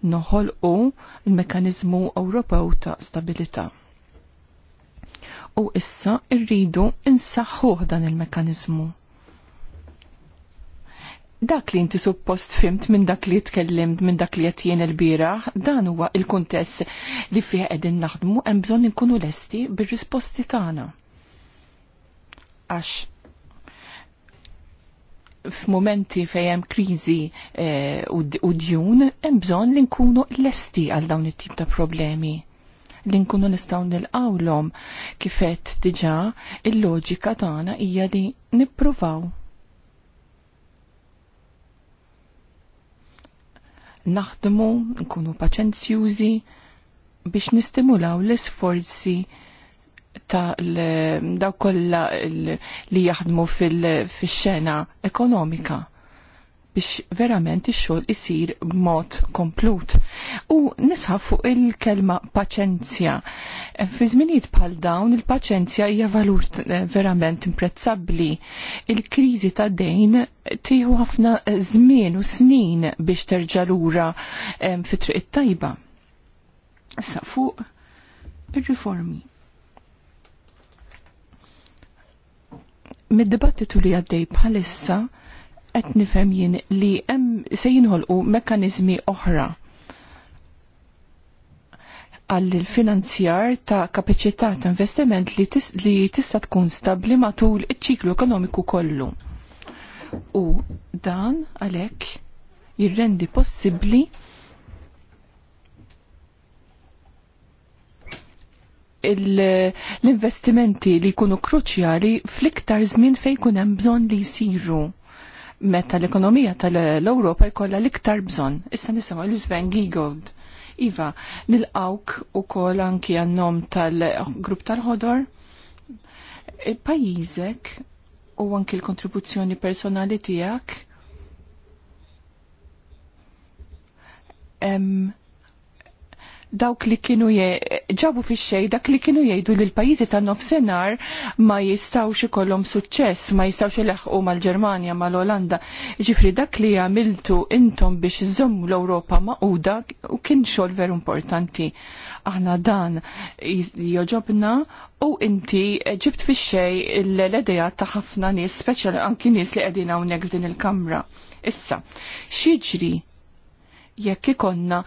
noħolqu l-mekanizmu Ewropew ta' stabilità. U issa rridu insaħħuh dan il-mekanizmu. Dak li inti suppost fimt minn dak li tkellimt minn dak li qed jien il-bieraħ, dan huwa il-kuntess li fih qegħdin naħdmu hemm bżonn inkunu lesti bir-risposti tagħna. Għax f fejn kriżi krizi eh, u djun, hemm bżonn li nkunu l-esti għal dawn it-tip ta' problemi li nkunu nistgħu għawlom kifet diġà il-loġika tagħna hija li nippruvaw naħdmu, nkunu paċenzjużi biex nistimulaw l-isforzi ta' daw kollha li jaħdmu fil-xena ekonomika biex verament ix-xogħol isir b'mod komplut. U nisħafu il-kelma paċenzja. Fi żminijiet bħal dawn il-paċenzja hija valur verament imprezzabbli. Il-kriżi ta' dejn tieħu ħafna żmien u snin biex terġa' lura fit-triq it-tajba. Issa fuq ir-riformi mid-dibattitu li għaddej bħalissa qed nifhem jien li hemm se jinħolqu mekkaniżmi oħra għall-finanzjar ta' kapaċità ta' investiment li, tis, li tista' tkun stabbli matul iċ-ċiklu ekonomiku kollu. U dan għalhekk jirrendi possibbli l-investimenti li jkunu kruċjali fl-iktar żmien fejn jkun hemm bżonn li jsiru meta l-ekonomija tal-Ewropa jkollha l-iktar bżonn. Issa nisimgħu l-Sven Giegold. Iva, nilqawk u kol anki għannom tal-grupp tal-ħodor. E, Pajizek u anki l-kontribuzzjoni personali tijak dawk li kienu ġabu fi xej dak li kienu jgħidu li l-pajjiżi ta' nofsenar ma jistawx ikollhom suċċess, ma jistawx ilaħqu mal-Ġermanja, mal-Olanda. Ġifri dak li għamiltu intom biex iżommu l-Ewropa maquda u kien xogħol veru importanti. Aħna dan joġobna u inti ġibt fi xej l-ledeja ta' ħafna nies, speċjali anki nies li qegħdin hawnhekk f'din il-kamra. Issa, xieġri jekk ikonna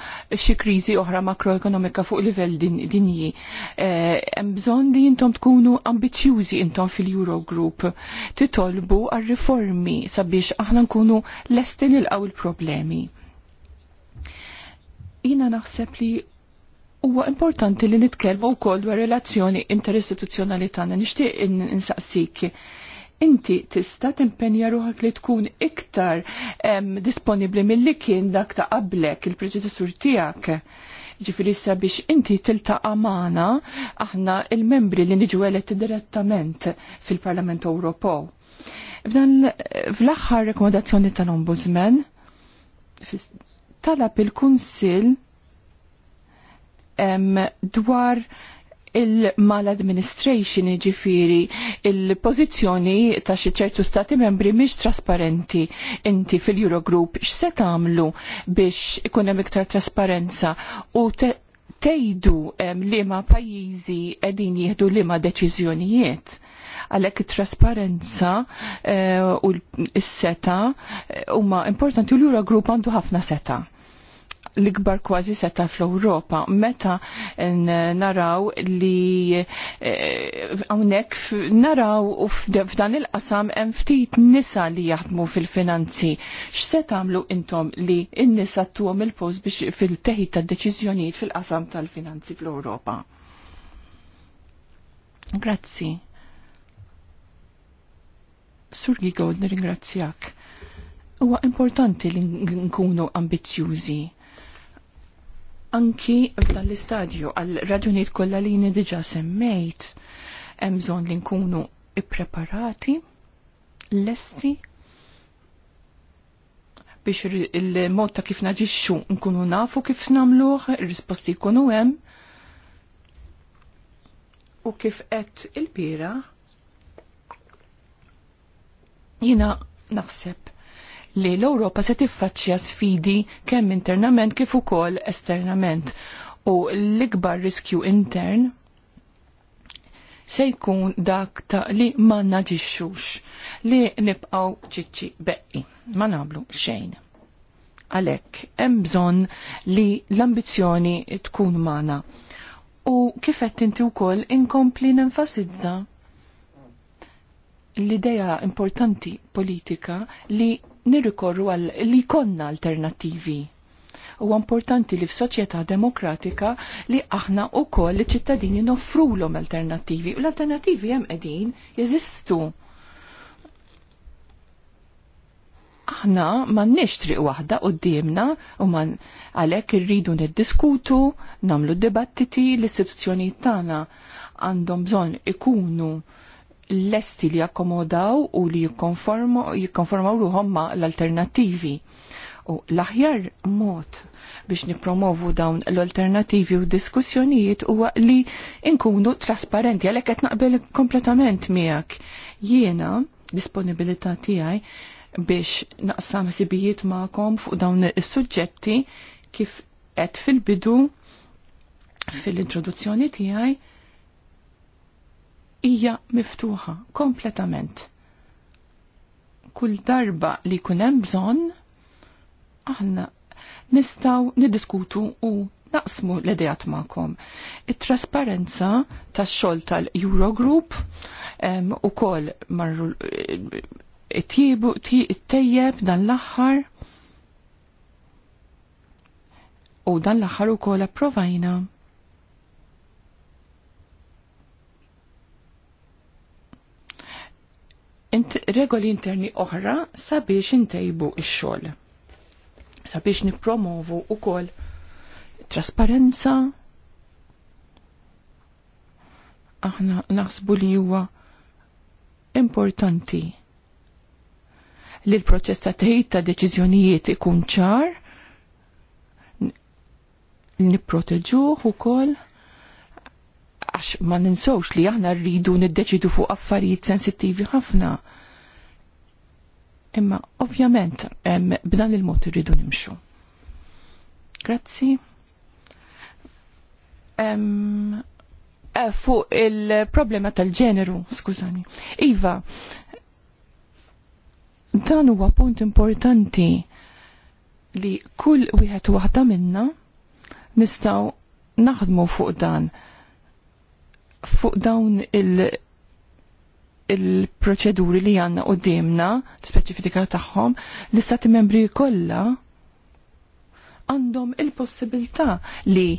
xi kriżi oħra makroekonomika fuq livell dinji. Eh, hemm bżonn li intom tkunu ambizzjużi intom fil-Eurogroup titolbu għal riformi sabiex aħna nkunu lesti nilqgħu il-problemi. Jina naħseb li Huwa importanti li nitkellmu wkoll dwar relazzjoni interistituzzjonali tagħna nixtieq insaqsik. In inti tista timpenja ruħak li tkun iktar disponibli mill-li kien dak ta' qablek il-preġedissur tijak. Ġifiri biex inti tilta amana aħna il-membri li niġu eletti direttament fil-Parlament Ewropew. F'dan fl-aħħar rekomendazzjoni tal-Ombudsman talab il-Kunsil dwar il-maladministration ġifiri il-pozizjoni ta' xi ċertu stati membri mhix trasparenti inti fil-Eurogroup x'se tagħmlu biex ikun hemm iktar trasparenza u tgħidu li ma pajjiżi qegħdin jieħdu li ma deċiżjonijiet għalhekk it trasparenza eh, u s-seta eh, huma importanti u l-Eurogroup għandu ħafna seta' l-ikbar kważi seta fl-Europa. Meta naraw li għonek eh, naraw u f'dan il-qasam hemm ftit nisa li jaħdmu fil-finanzi. X'se tagħmlu intom li n-nisa tuhom il-post biex fil teħi tad-deċiżjonijiet fil-qasam tal-finanzi fl-Ewropa? Grazzi. Sur Gigold, nirringrazzjak. Huwa importanti li nkunu ambizzjużi Anki f'dan l-istadju għal raġunijiet kollha li jien diġà semmejt hemm bżonn li nkunu ippreparati, lesti biex il-mod ta' kif naġixxu nkunu nafu kif nagħmluh, ir-risposti jkunu hemm. U kif qed il-bira jiena naħseb li l-Ewropa se tiffaċċja sfidi kemm internament kif ukoll esternament. U l-ikbar riskju intern se jkun dak ta' li ma naġixxux li nibqgħu ċiċċi beqqi. Ma nagħmlu xejn. Għalhekk hemm bżonn li l-ambizzjoni tkun magħna. U kif qed inti wkoll inkompli nenfasizza l idea importanti politika li nirrikorru għal li konna alternativi. U importanti li f'soċjetà demokratika li aħna u koll li ċittadini l-om alternativi. U l-alternativi hemm qegħdin jeżistu. Aħna ma nix triq waħda qudiemna u ma għalhekk irridu niddiskutu, nagħmlu dibattiti l-istituzzjonijiet tagħna għandhom bżonn ikunu lesti li jakkomodaw u li jikkonformaw ruhom ma l-alternativi. U l-aħjar mod biex nipromovu dawn l-alternativi u diskussjonijiet huwa li inkunu trasparenti għalhekk qed naqbel kompletament miegħek. Jiena disponibilità tiegħi biex naqsam sibijiet magħkom fuq dawn is-suġġetti kif qed fil-bidu fil-introduzzjoni tiegħi hija miftuħa kompletament. Kull darba li kunem bżon, aħna nistaw nidiskutu u naqsmu l-idejat ma'kom. It-trasparenza tax xol tal-Eurogroup u kol marru it-tiebu it-tejjeb dan l-axħar u dan l-axħar u kol approvajna regoli interni oħra sabiex intejbu ix-xogħol. Sabiex nippromovu ukoll trasparenza. Aħna naħsbu li huwa importanti li l-proċess ta' tħejt ta' deċiżjonijiet ikun ċar, nipproteġuh ukoll għax ma ninsowx li aħna rridu niddeċidu fuq affarijiet sensittivi ħafna. Imma ovvjament b'dan il-mod irridu nimxu. Grazzi. Eh, fuq il-problema tal-ġeneru, skużani. Iva, dan huwa punt importanti li kull wieħed waħda minna nistgħu naħdmu fuq dan fuq dawn il- il-proċeduri li għanna u dimna, l-speċifika taħħom, l-istati membri kolla għandhom il-possibilità li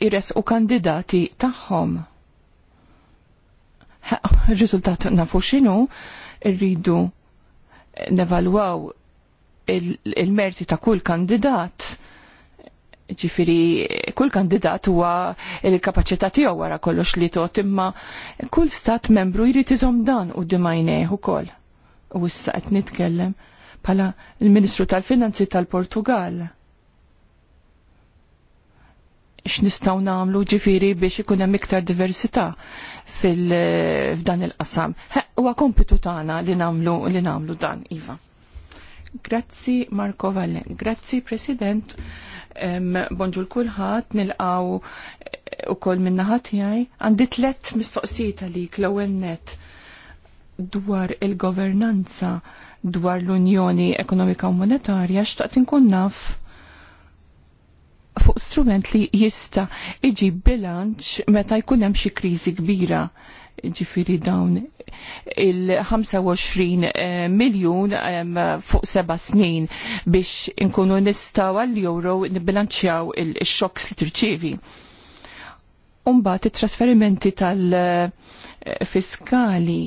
jires u kandidati taħħom. Rizultat nafu xinu, rridu nevalwaw il-merti ta' kull kandidat ġifiri kull kandidat huwa il-kapacità tiegħu wara kollox li tot imma kull stat membru jrid iżom dan u dimajnejh ukoll. U issa qed nitkellem bħala l ministru tal-Finanzi tal-Portugal. X'nistgħu nagħmlu ġifiri biex ikun hemm iktar diversità f'dan il-qasam. Huwa kompitu tagħna li nagħmlu li nagħmlu dan, Iva. Grazzi Marko Valle. Grazzi President Bonġu l-kulħat, nilqaw u koll minnaħat jaj. Għandi tlet mistoqsijiet għalik l ewwel net dwar il-governanza dwar l-Unjoni Ekonomika u Monetarja xtaqt inkun naf fuq strument li jista iġi bilanċ meta jkun hemm xi kriżi kbira ġifiri dawn il-25 eh, miljon fuq seba snin biex inkunu nistaw għall-euro nibilanċjaw il-xoks li tirċivi. Umbat it-trasferimenti tal-fiskali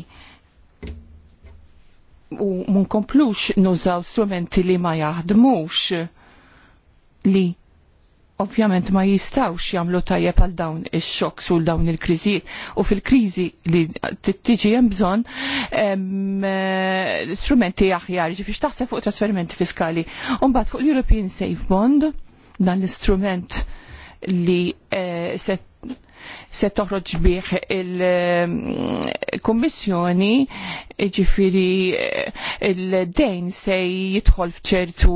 u komplux nużaw strumenti li ma jaħdmux li ovvjament ma jistawx jagħmlu tajjeb għal dawn ix-xoks u dawn il-kriżijiet. U fil-kriżi li tiġi hemm bżonn eh, strumenti aħjar, ġifiex taħseb fuq trasferimenti fiskali. U mbagħad fuq l-European Safe Bond dan l-istrument li eh, se se toħroġ bih il-kommissjoni eh, ġifiri il-dejn se jidħol fċertu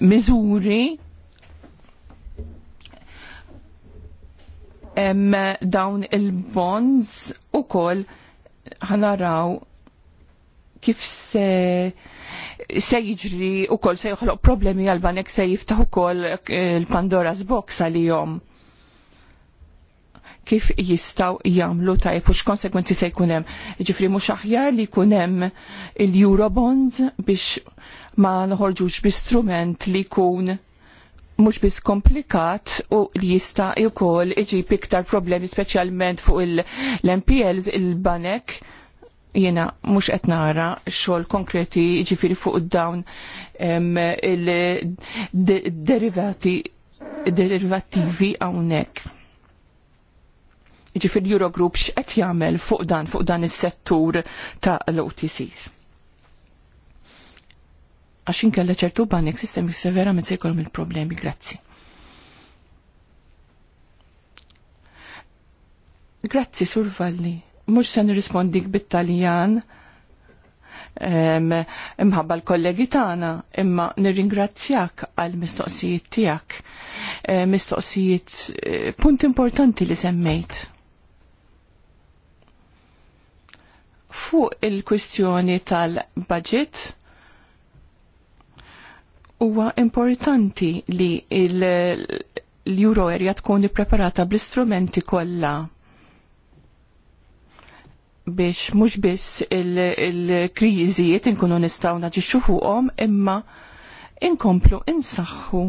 miżuri dawn il-bonds u kol ħanaraw kif se se jiġri u kol se joħloq problemi għal-banek se jiftaħ u eh, il-Pandora's Box għal-jom kif jistaw jamlu tajb u x-konsekwenzi se jkunem. Ġifri mhux aħjar li jkunem il-Eurobonds biex ma noħorġux bi strument li jkun mhux biss komplikat u li jista' wkoll iġib iktar problemi speċjalment fuq l-MPLs il banek jena mhux qed nara xogħol konkreti jiġifieri fuq dawn il-derivati derivativi hawnhekk. Jiġifieri Eurogroup x'qed jagħmel fuq dan fuq dan is-settur ta' l-OTCs għax inkella ċertu banek sistemi severa mezz jkollhom il-problemi, grazzi. Grazzi, Sur Valli. Mux se rispondik bit-Taljan imħabba l-kollegi tagħna, imma nirringrazzjak għal mistoqsijiet tiegħek. E, mistoqsijiet e, punt importanti li semmejt. Fuq il-kwistjoni tal-budget, huwa importanti li l-Euro area tkun ippreparata bl-istrumenti kollha biex mhux biss il-kriżijiet il inkunu nistgħu naġixxu fuqhom imma inkomplu insaħħu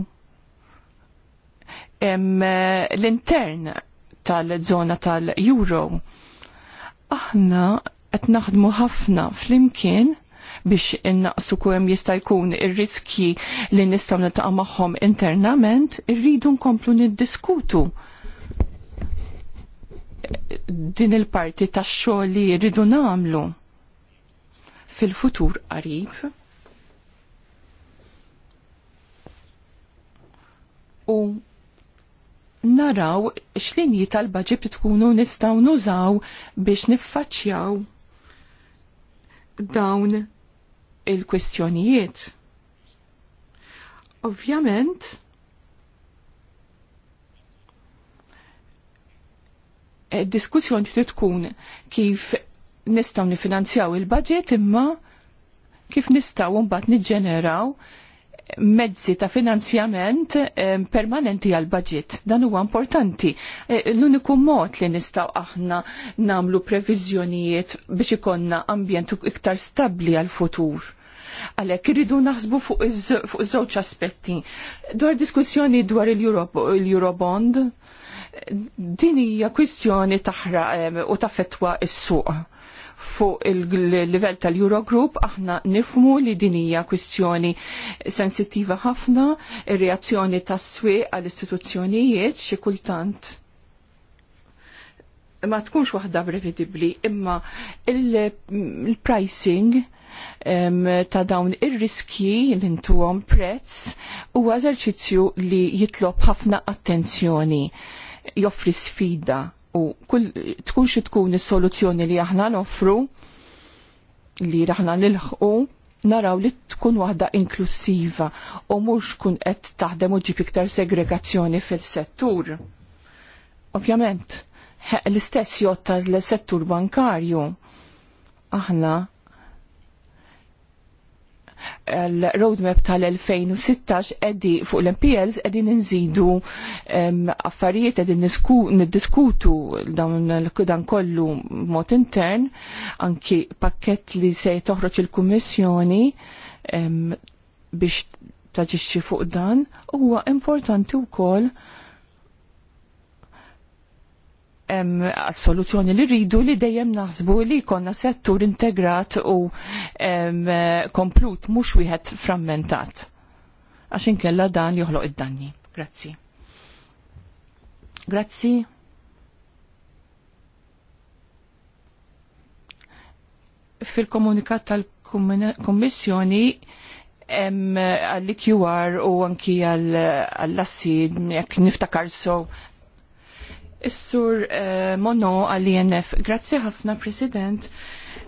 l-intern tal-żona tal-Euro. Aħna qed naħdmu ħafna flimkien biex innaqsu kujem jista' jkun ir-riski li nistgħu niltaqa' magħhom internament, irridu nkomplu niddiskutu din il-parti tax-xogħol li jridu nagħmlu fil-futur qarib. U naraw x'linji tal-baġib tkunu nistgħu nużaw biex niffaċċjaw dawn il-kwestjonijiet. Ovvjament, eh, diskussjoni trid tkun kif nistgħu nifinanzjaw il-budget imma kif nistgħu mbagħad niġġeneraw mezzi ta' finanzjament permanenti għal budget Dan huwa importanti. E, l-uniku mod li nistaw aħna namlu previżjonijiet biex ikonna ambjent iktar stabli għal futur. Għalek, irridu naħsbu fuq iż-żewġ aspetti. Dwar diskussjoni dwar il-Eurobond, din hija kwistjoni taħra u taffetwa is-suq fuq il-livell tal-Eurogroup aħna nifmu li din hija kwistjoni sensittiva ħafna, ir-reazzjoni tas-swieq għall-istituzzjonijiet xi kultant ma tkunx waħda prevedibbli, imma il-pricing ta' dawn ir-riski li intuhom prezz huwa eżerċizzju li jitlob ħafna attenzjoni joffri sfida u kull tkun xi tkun is-soluzzjoni li aħna noffru li aħna nilħqu naraw li tkun waħda inklusiva u mhux kun qed taħdem u ġib iktar segregazzjoni fil-settur. Ovvjament, l-istess jotta l-settur bankarju. Aħna l-roadmap tal-2016 eddi fuq l-MPLs eddi ninżidu affarijiet eddi niddiskutu dawn l-kudan kollu mot intern anki pakket li se toħroċ il-Kummissjoni biex taġixxi fuq dan huwa importanti wkoll soluzzjoni li rridu li dejjem naħsbu li jkollna settur integrat u komplut mhux wieħed frammentat. Għax inkella dan joħloq id-danni. Grazzi. Grazzi. Fil-komunikat tal-Kommissjoni għall qr u anki għall-assi, jek niftakar so Is-sur uh, eh, Mono għal-INF. Grazzi ħafna, President.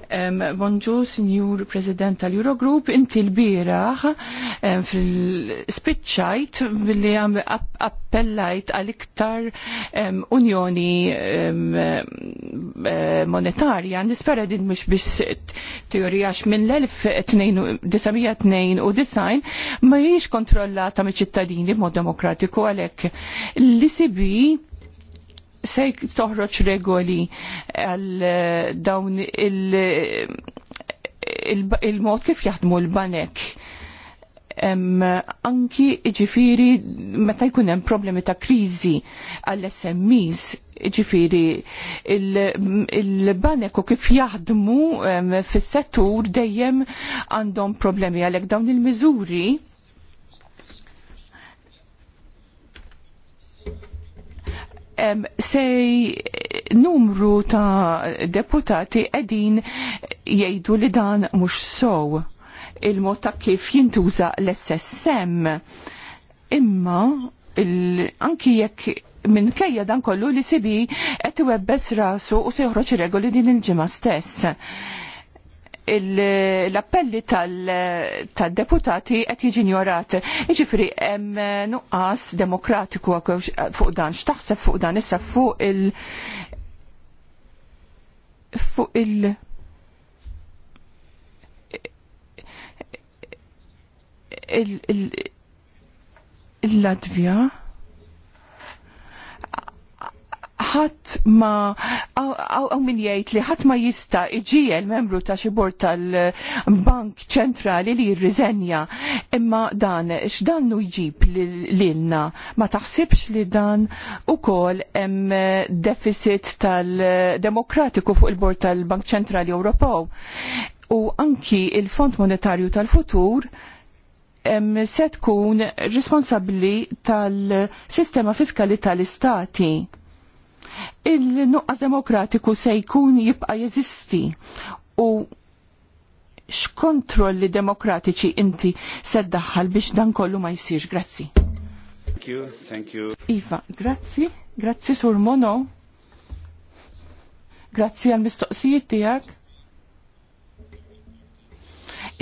Um, bonġu, Sinjur President tal-Eurogroup, inti l-biraħ um, fil-spitċajt billi għam appellajt għal-iktar um, unjoni eh, monetarja. Nispera din mux biex teorija minn l-1992 ma jiex kontrollata me ċittadini mod demokratiku għalek. L-ICB se toħroċ regoli għal eh, dawn il-mod kif jaħdmu l-banek. Anki ġifiri meta jkun hemm problemi ta' kriżi għall-SMEs ġifiri il-banek u kif jaħdmu fis-settur dejjem għandhom problemi għalhekk dawn il-miżuri se numru ta' deputati qegħdin jgħidu li dan mhux sow il-mod ta' kif jintuża l-SSM. Imma anki jekk minn kejja dan kollu li sibi qed iwebbes rasu u se joħroġ regoli din il-ġimgħa stess l-appelli tal-deputati qed jiġi ignorat. Jiġifieri hemm eh, nuqqas demokratiku fuq dan x'taħseb fuq dan issa fuq il- fuq il- il-Latvija. Il, il, il, il, il, il, il, ħadd ma hawn min jgħid li ħadd ma jista' iġiel membru ta' xi bord tal-Bank Ċentrali li jirriżenja imma dan x'dannu jġib lilna ma taħsibx li dan ukoll hemm eh, deficit tal-demokratiku fuq il-bord tal-Bank Ċentrali Ewropew u anki il-Fond Monetarju tal-Futur se tkun responsabbli tal-sistema fiskali tal-istati il-nuqqas demokratiku se jkun jibqa jeżisti u x'kontrolli demokratiċi inti se ddaħħal biex dan kollu ma jsirx. Grazzi. Thank you, thank you. Iva, grazzi, grazzi sur Mono. Grazzi għal mistoqsijiet tiegħek.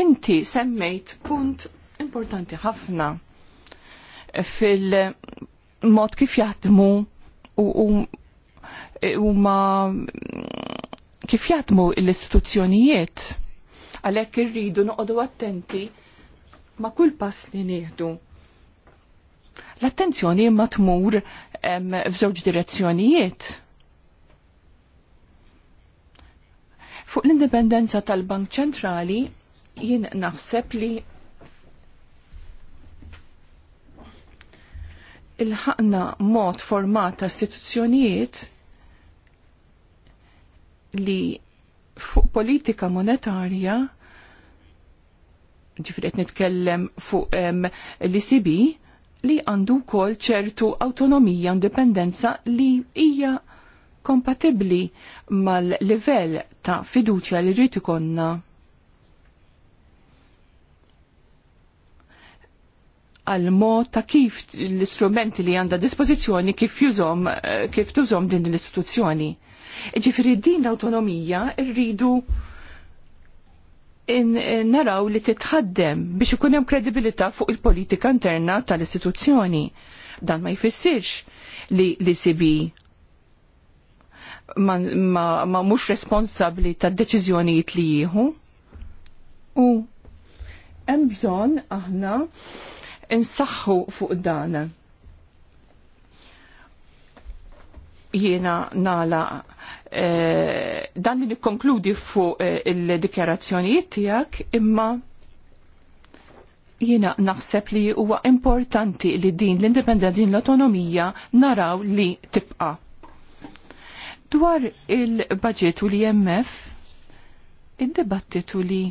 Inti semmejt punt importanti ħafna fil-mod kif jaħdmu u, u E, huma mm, kif jaħdmu l-istituzzjonijiet għalhekk irridu noqogħdu attenti ma' kull pass li nieħdu. L-attenzjoni ma tmur f'żewġ direzzjonijiet. Fuq l-indipendenza tal-Bank Ċentrali jien naħseb li il-ħakna mod format ta' istituzzjonijiet li fuq politika monetarja ġifri nitkellem fuq l-ICB li għandu kol ċertu autonomija indipendenza li hija kompatibbli mal-livell ta' fiduċja li rrid ikonna. għal mod ta' kif l-istrumenti li għanda dispożizzjoni kif jużom eh, kif tużom din l-istituzzjoni. Ġifiri din l-autonomija rridu naraw li titħaddem biex ikun hemm kredibilità fuq il-politika interna tal-istituzzjoni. Dan ma jfissirx li li sibi ma, ma, ma mux responsabli ta' deċizjonijiet li jieħu. U hemm bżonn aħna insaħħu fuq dan. Jiena nala Eh, dan li nikkonkludi fuq eh, il-dikjarazzjonijiet tiegħek imma jiena naħseb li huwa importanti li din l-indipendenza din l-autonomija naraw li tibqa. Dwar il-budget u l-IMF, id-dibattitu li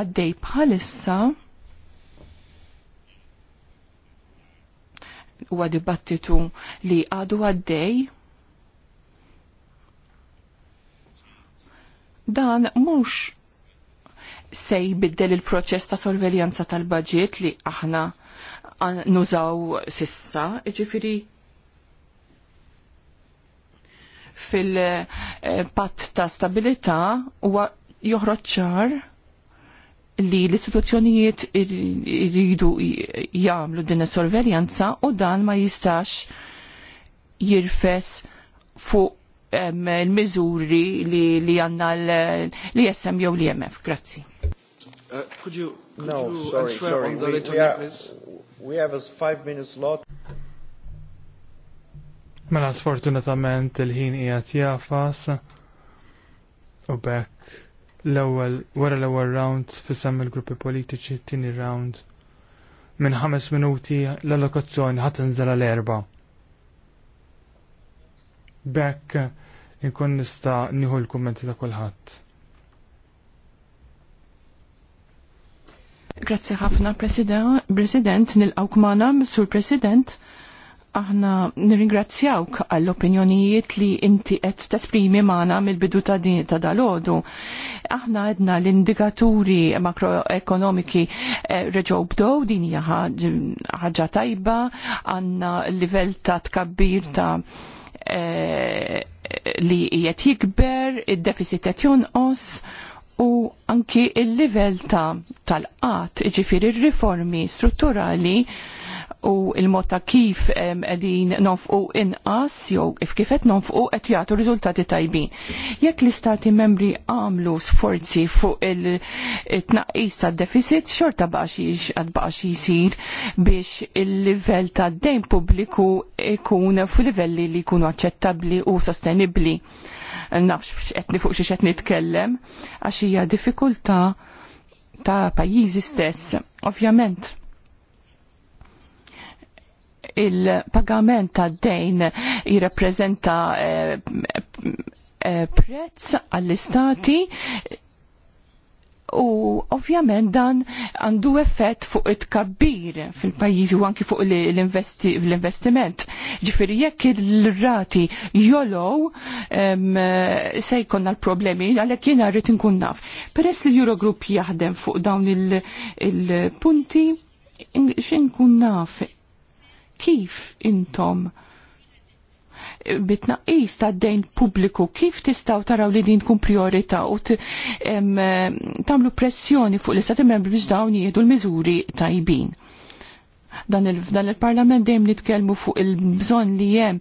għaddej bħalissa huwa dibattitu li għadu għaddej Dan mhux se jbiddel il-proċess ta' sorveljanza tal-budget li aħna nużaw sissa, ġifiri fil-patt ta' stabilità huwa joħroġ ċar li l-istituzzjonijiet rridu jagħmlu din is-sorveljanza u dan ma jistax jirfes fuq il mizuri li għanna l-ISM jew l-IMF. Grazzi. Uh, could you, could no, you sorry, sorry. on the we, we, are, we have a five minutes lot. Mela sfortunatament il-ħin qiegħed jafas u bekk l-ewwel wara l-ewwel round fisem il-gruppi politiċi tieni round minn ħames minuti l-allokazzjoni ħadd inżel l-erba. Bekk inkun nista' nieħu l-kummenti ta' kulħadd. Grazzi ħafna, President, nilqawk mana, Sur President, aħna nirringrazzjawk għall-opinjonijiet li inti qed tesprimi magħna mill-bidu ta' din ta' dalodu. Aħna għedna l-indikaturi makroekonomiki eh, reġgħu bdow din hija ħaġa tajba, għandna livell ta' tkabbir ta' eh, li qiegħed jikber, id-deficit qed jonqos u anki il-livell ta' tal-qatt, il-reformi strutturali u il-mod ta' kif qegħdin nonfqu inqas jew kif kifet nonfqu qed jagħtu riżultati tajbin. Jekk l-istati membri għamlu sforzi fuq il-tnaqqis tad deficit xorta baxiex għad baxi jisir biex il-livell ta' dejn pubbliku ikun fu livelli li jkunu aċċettabbli u sostenibbli. Nafx x'qed fuq xiex qed nitkellem għax hija diffikultà ta' pajjiżi stess. Ovvjament, il-pagament ta' dejn jirrappreżenta eh, eh, prezz għall-istati u ovvjament dan għandu effett fuq it-kabbir fil-pajjiżi u anki fuq l-investiment. Ġifiri jekk il-rati jolow se jkollna l-problemi għalhekk jiena rrid inkun naf. Peress li Eurogroup jaħdem fuq dawn il-punti, il x'inkun naf kif intom bitnaqis ta' dejn pubbliku kif tistaw taraw li din tkun priorita u tamlu pressjoni fuq l-istati membri biex dawn jieħdu l-miżuri tajbin. Dan il-parlament dejjem nitkellmu fuq il-bżonn li hemm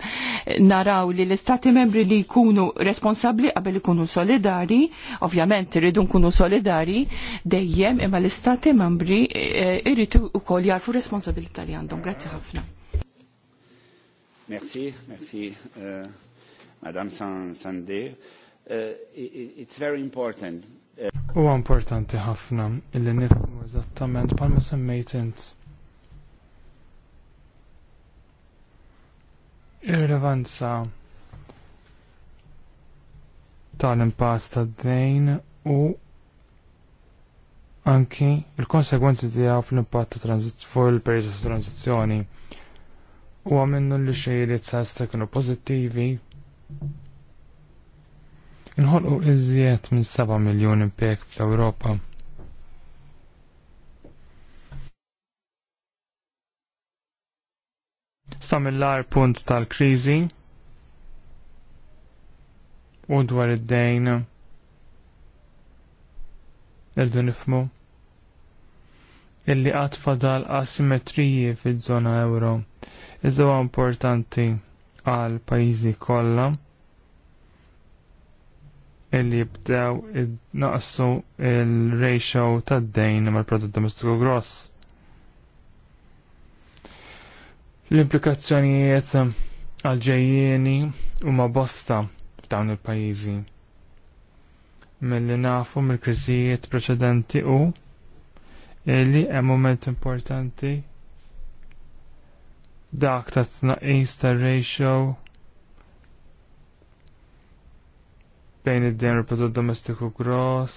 naraw li l-istati membri li jkunu responsabbli qabel ikunu solidari, ovvjament irridu nkunu solidari, dejjem imma l-istati membri eh, irridu wkoll jarfu responsabilità li għandhom. Grazzi ħafna. Merci, merci, uh, Madame Sandé. Uh, it, it's very important. Uh, Huwa uh... importanti ħafna illi nifmu eżattament palma semmejt int ir-rilevanza tal-impatt tad-dejn u anki il-konsegwenzi tiegħu fl-impatt ta' fuq il-periodu ta' tranzizzjoni u għamennu li xejriet sa' kienu pozittivi. Nħolqu iżjed minn 7 miljon impjeg fl-Ewropa. Samillar punt tal-krizi u dwar id-dejn irdu nifmu illi għatfadal asimetriji fil-zona euro iżda huwa importanti għal pajjiżi kollha illi jibdew naqsu il-ratio tad-dejn mal-prodott domestiku gross. L-implikazzjonijiet għal-ġejjieni huma bosta f'dawn il-pajjiżi. Milli nafu mill-kriżijiet preċedenti u illi hemm moment importanti dak ta' tnaqis ta' ratio bejn id-den prodott domestiku gross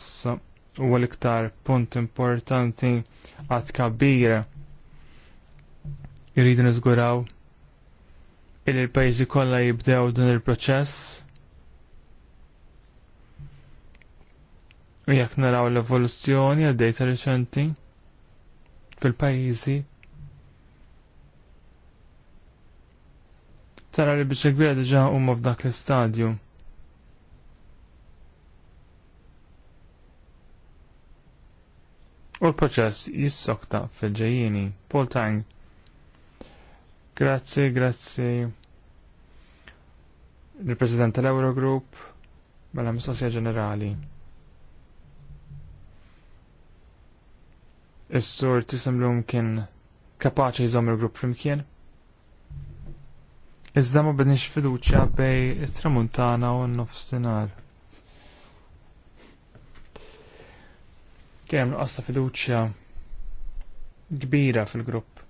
u l-iktar punt importanti għad kabir jridu nizguraw il il-pajzi kollha jibdew din il-proċess u jekk naraw l-evoluzzjoni għad-dejta reċenti fil-pajjiżi tara li biex kbira diġa huma f'dak l-istadju. U l-proċess jissokta fil-ġejjini. Paul Tang. Grazzi, grazzi. Il-President tal-Eurogroup, mela mistoqsija ġenerali. Is-sur tisimlum kien kapaċi jżomm il-grupp flimkien? iżda ma bidniex fiduċja bej it-tramuntana u n-nofsinhar. Kemm nuqqas ta' fiduċja kbira fil-grupp.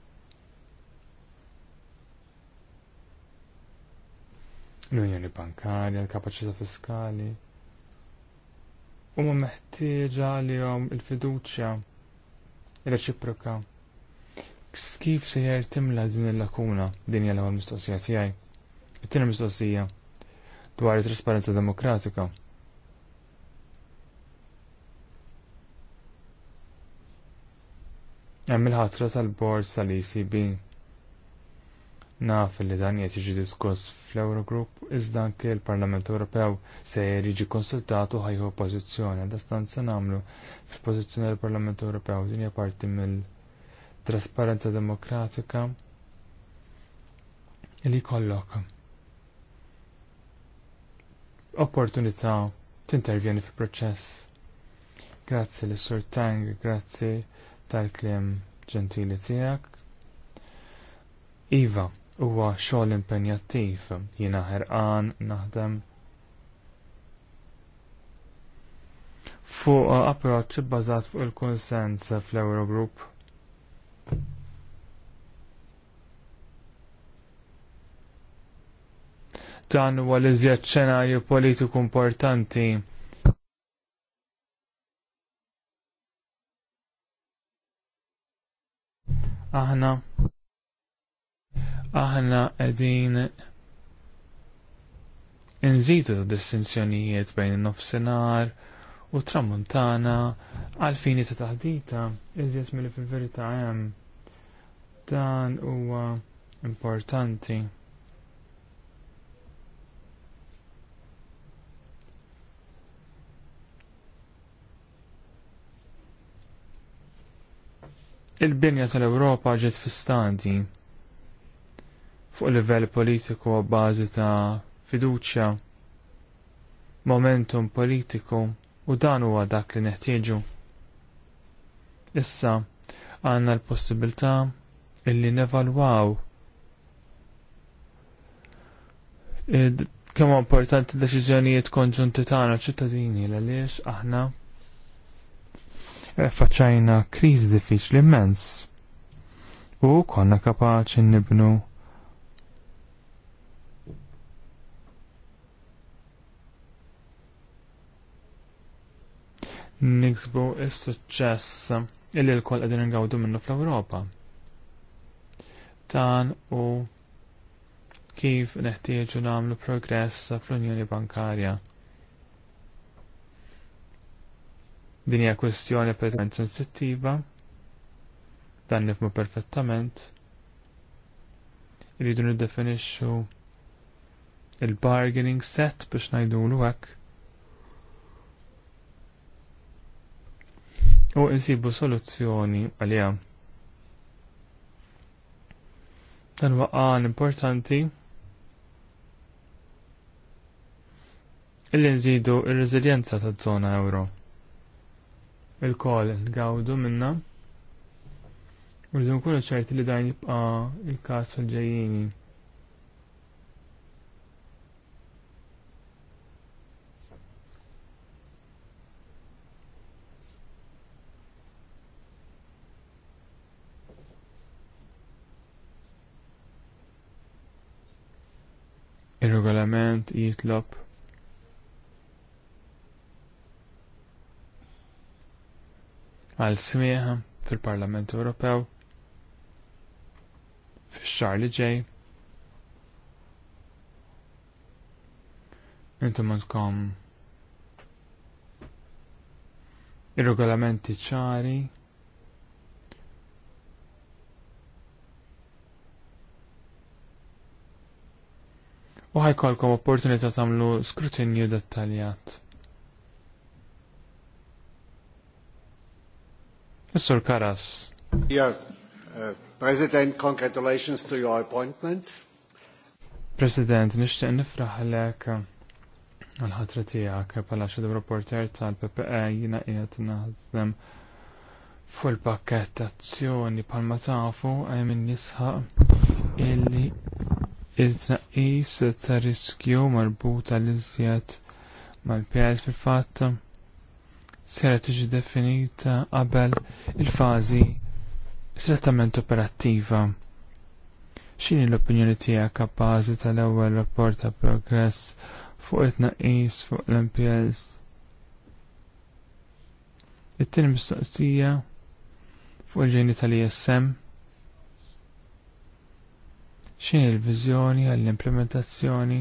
L-Unjoni Bankarja, l-kapaċità fiskali. U ma meħtieġa għalihom il-fiduċja il-reċiproka. il fiduċja il reċiproka il reċiproka Kif sejjer timla din il-lakuna din hija l-ewwel mistoqsija tiegħi. It-tieni mistoqsija dwar it-trasparenza demokratika. Hemm il-ħatra tal-bord tal-ECB naf li dan jgħet jiġi diskuss fl-Eurogroup iżda anke l-Parlament Ewropew se jiġi konsultat u ħajħu pożizzjoni għal se nagħmlu fil-pożizzjoni tal-Parlament Ewropew din hija parti mill- trasparenza demokratika li kollok opportunità t-intervjeni fil-proċess. Grazzi li sur Tang, grazzi tal-klim ġentili tijak. Iva, huwa xogħol impenjattiv, jina ħerqan, naħdem. Fuq approċċ bazat fuq il-konsens fl-Eurogroup Dan huwa l-iżjed ċenarju politiku importanti. Aħna aħna qegħdin inżidu distinzjonijiet bejn in-nofsinhar u tramuntana għalfini ta' taħdita iżjed mill fil-verità hemm dan huwa importanti. Il-binja tal-Ewropa ġiet fi fuq livell politiku għabbażi ta' fiduċja, momentum politiku u dan huwa dak li neħtieġu. Issa għandna l-possibilità illi nevalwaw kemm importanti deċiżjonijiet konġunti tagħna ċittadini għaliex aħna faċċajna kriżi diffiċli immens u konna kapaċi nibnu niksbu s-suċċess illi l-kol għedin ngawdu minnu fl-Ewropa. Dan u kif neħtieġu namlu progress fl-Unjoni Bankarja. Din hija kwestjoni prettament sensittiva, dan nifmu perfettament. Iridu niddefinixxu il-bargaining set biex ngħidulu hekk. u insibu soluzzjoni għalija. Dan waqan importanti illi nżidu il reżiljenza ta' taż-żona euro. Il-kol il-gawdu minna u rridu nkunu ċerti li dan jibqa' il-każ fil-ġejjini. Ir-regolament jitlob għal smieħa fil-Parlament Ewropew fix xar li ġej. Intom għandkom ir-regolamenti ċari u ħajkolkom opportunità tagħmlu skrutinju dettaljat. Mr. Karas. Yeah, uh, President, congratulations to your appointment. President, nixtieq nifraħlek għal-ħatra tiegħek bħala xedu reporter tal-PPE jina qiegħed naħdem fuq il azzjoni bħalma tafu għaj min jisħaq illi il-tnaqqis ta' riskju marbuta l-iżjed mal-pjaz fil-fatt sera tiġi definita qabel il-fażi strettament operattiva. X'inhi l-opinjoni tiegħek bażi tal-ewwel rapport ta' progress fuq it-tnaqqis fuq l-MPLs? It-tieni mistoqsija fuq il-ġejni tal-ISM xin il-vizjoni għall-implementazzjoni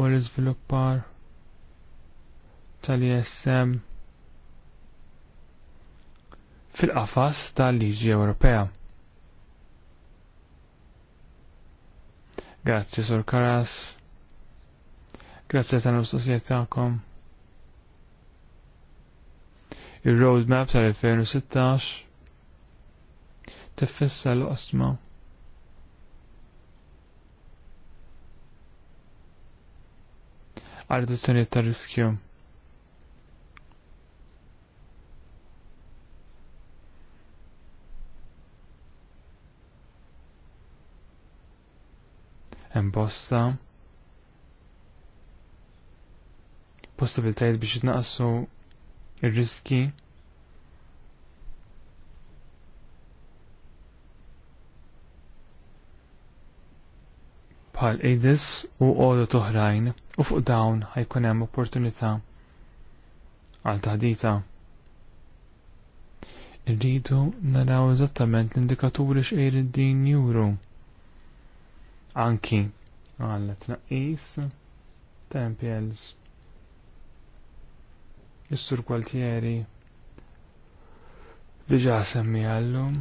u l-izviluppar tal-ISM fil-qafas tal-liġi Ewropea. Grazzi Sur Karas, grazzi tal-mistoqsijiet tagħkom. Ir-roadmap tal-2016 tiffissa l-qosma. għal reduzzjoni ta' riskju. Embossa. possibilitajiet biex naqsu ir-riski bħal Edis u għodu toħrajn u fuq dawn ħajkun hemm opportunità għal taħdita. Irridu naraw eżattament l-indikaturi xejri din juru. Anki għal tnaqqis ta' Is-sur Gualtieri diġa semmi għallum.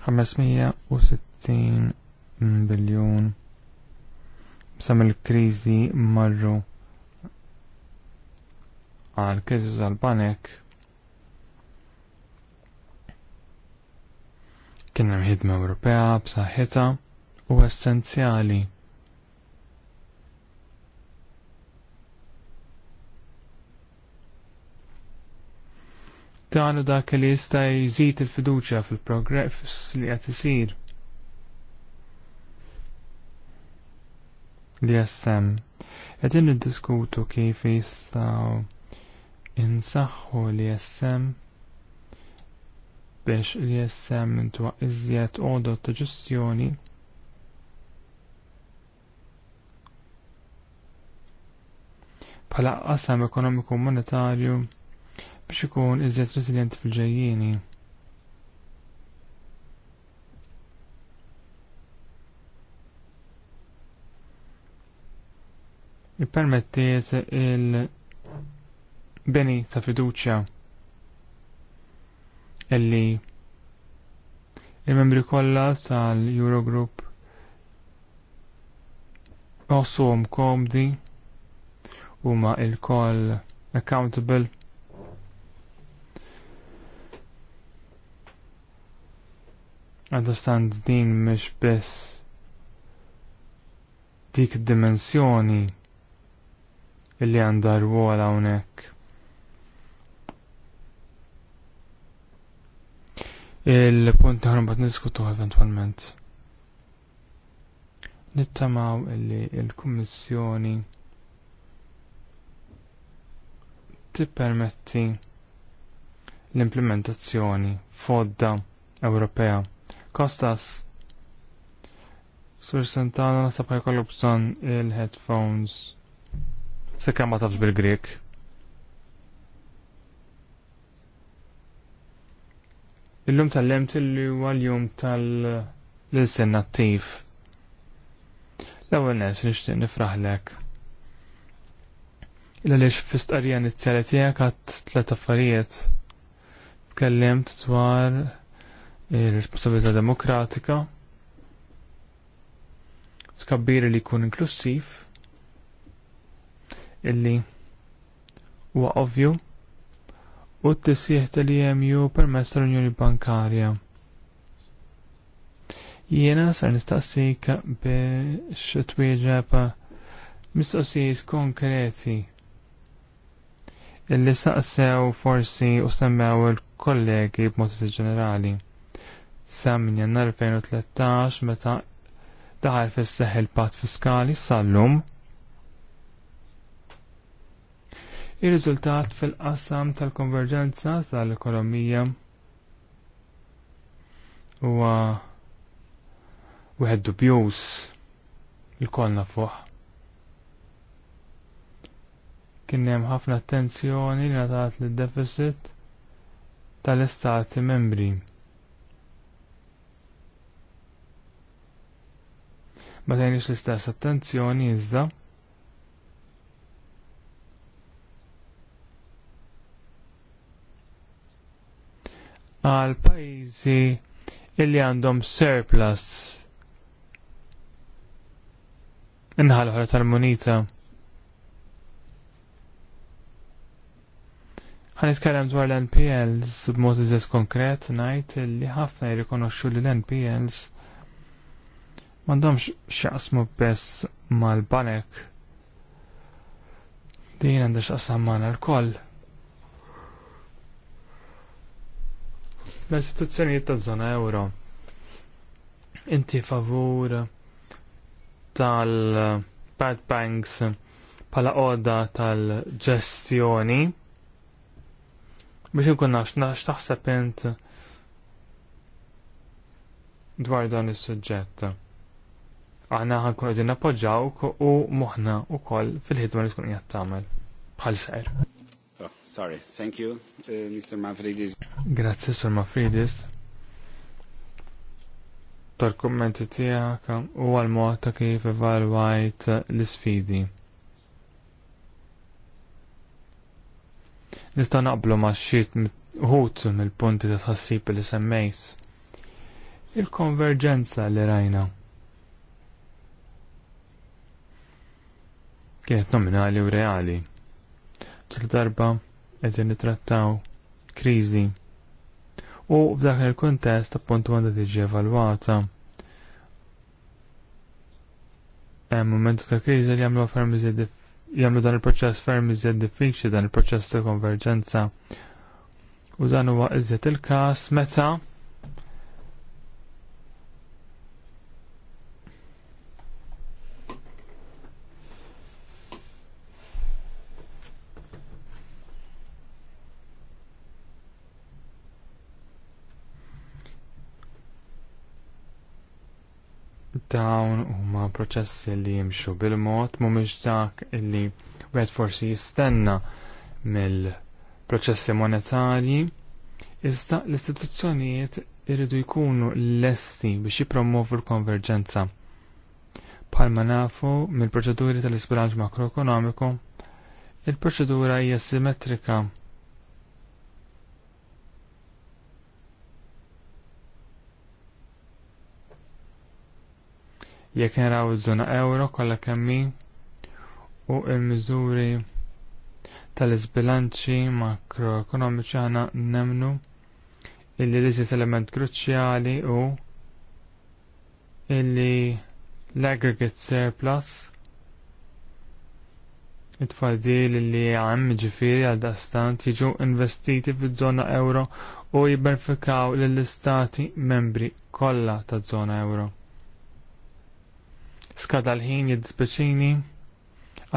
560 biljun sam il-krizi marru għal kriżi tal-banek kien hemm ħidma Ewropea b'saħħitha u essenzjali tagħnu dak li jista' jżid il-fiduċja fil-progress li qed isir. Li jassem, qegħdin niddiskutu kif jistgħu insaħħu li jassem biex li jassem intu iżjed għodot ta' ġestjoni bħala qasam ekonomiku monetarju biex ikun iżjed resilient fil-ġejjieni. Ippermettiet il-beni ta' fiduċja illi il-membri kollha tal-Eurogroup ossuhom komdi huma il-koll accountable Understand din mish biss dik dimensjoni illi għandha rwol hawnhekk. Il-punt ħarun bat niskutu eventualment. Nittamaw illi il-Kummissjoni tippermetti l-implementazzjoni fodda Ewropea. Kostas. Sur Santana nasab kollu bżon il-headphones. se ma tafx bil-Grek. Illum tal-lemt li għal-jum tal-lilsin nattif. L-ewwel nes nixtieq nifraħlek. Illa lix fistqarija nizzjali tiegħek għat tlet affarijiet. Tkellimt dwar il-responsabilità demokratika, skabbir li jkun inklusiv, illi huwa ovvju u t-tisjeħ tal-EMU permess tal-Unjoni Bankarja. Jiena sar nistaqsik biex twieġeb mistoqsijiet konkreti illi saqsew forsi u semmew il-kollegi b'mod ġenerali. Sa'm minn jannar 2013 meta daħal fis seħħ il-pat fiskali sal-lum. Ir-riżultat fil-qasam tal-konverġenza tal-ekonomija huwa wieħed dubjuż il-kolna fuq. Kien hemm ħafna attenzjoni li ngħatat lid-deficit tal-istati membri ma tajniex l-istess attenzjoni iżda. għal pajzi illi għandhom surplus inħal oħra tal-munita. Għanitkellem dwar l-NPLs b'mod iżess konkret, najt li ħafna jirrikonoxxu li l-NPLs mandomx xaqsmu bess mal-banek din għandha xaqsam mal l-koll. L-istituzzjonijiet ta' zona euro inti favur tal-bad banks pala oda tal-ġestjoni biex nkun nax taħseb int dwar dan is-suġġett. Aħna ħankun għedin nappoġġawk u moħħna wkoll fil-ħidma li tkun għed tagħmel bħal sejr. Oh, sorry, thank you, uh, Mr. Mafridis. Grazie, Sir Mafridis. Tal-kommenti tijak u għal-mod ta' kif evalwajt l-sfidi. Nista' naqblu ma' xiet uħut mill-punti ta' tħassib li semmejs. Il-konverġenza li rajna. kienet nominali u reali. Tul darba qegħdin nitrattaw kriżi u f'dak il-kuntest appuntu għandha tiġi evalwata. Hemm mument ta' kriżi li jagħmlu ferm jagħmlu dan il-proċess ferm iżjed diffiċli dan il-proċess ta' konverġenza. U dan huwa iżjed il-każ meta Dawn huma proċessi li jimxu bil-mod mhumiex dak li wieħed forsi jistenna mill-proċessi monetarji iżda l-istituzzjonijiet iridu jkunu lesti biex jippromovu l-konverġenza. Palma nafu mill-proċeduri tal-isbilanċ makroekonomiku, il-proċedura hija simmetrika jekk naraw iż-żona euro kollha kemm u l-miżuri tal-isbilanċi makroekonomiċi għana nemnu illi l-iżiet element kruċjali u illi l-aggregate surplus it-tfadil li għam ġifiri għal dastan jiġu investiti fil-żona euro u jibbenfikaw lill istati membri kollha taż-żona euro skada l-ħin jiddispeċini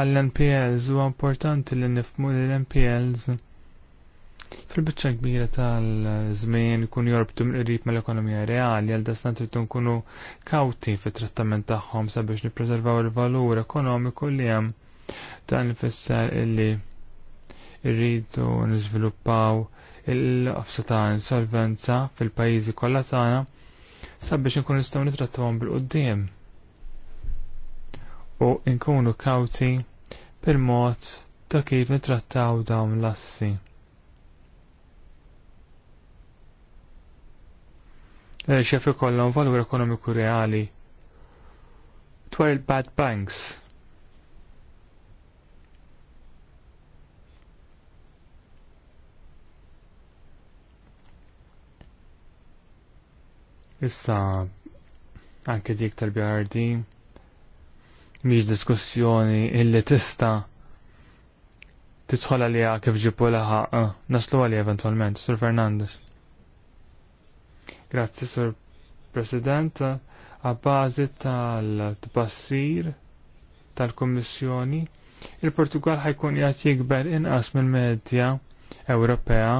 għall-NPLs huwa importanti li nifmu l-NPLs fil-bicċa kbira tal-żmien ikun jorbtu mill mal-ekonomija reali għal dasna trittu nkunu kawti fit-trattament tagħhom sabiex nippreservaw il-valur ekonomiku li hemm dan ifisser illi rridu niżviluppaw il-qafsa ta' insolvenza fil-pajjiżi kollha tagħna sabiex nkun nistgħu nitrattawhom bil-qudiem u inkunu kawti per mod ta' kif nitrattaw dawn l-assi. Eh, Xef ikollhom valur ekonomiku reali dwar il-bad banks. Issa, anke dik tal-BRD, miex diskussjoni illi tista titħol għalija kif ġipu laħa, naslu għalija eventualment, Sur Fernandes. Grazzi, Sur President, bazi tal-tbassir tal-Kommissjoni, il-Portugal ħajkun jgħat jikber inqas mill-medja Ewropea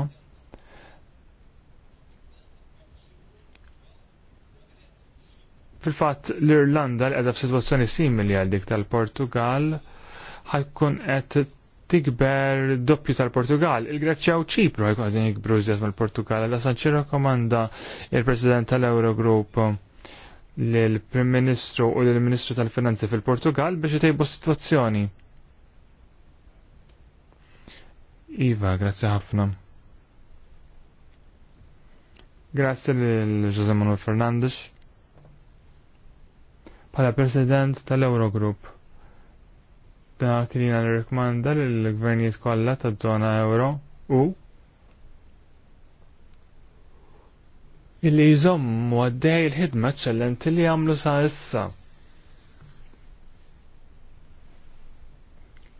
Fil-fatt l-Irlanda li qiegħda f'sitwazzjoni simili għal dik tal-Portugal ħajkun qed tikber doppju tal-Portugal. Il-Greċja u ċipru ħajkun qegħdin jikbru żjed mal-Portugal. Għadha san ċirrakomanda il-President tal-Eurogroup lill-Prim Ministru u lill-Ministru tal-Finanzi fil-Portugal biex jtejbu situazzjoni. sitwazzjoni Iva, grazie ħafna. Grazzi l-Jose Manuel Fernandes bħala president tal-Eurogroup. Dak li nirrikmanda lill-gvernijiet kollha taż-żona euro u illi jżommu għaddej il-ħidma ċellenti li għamlu sa' issa.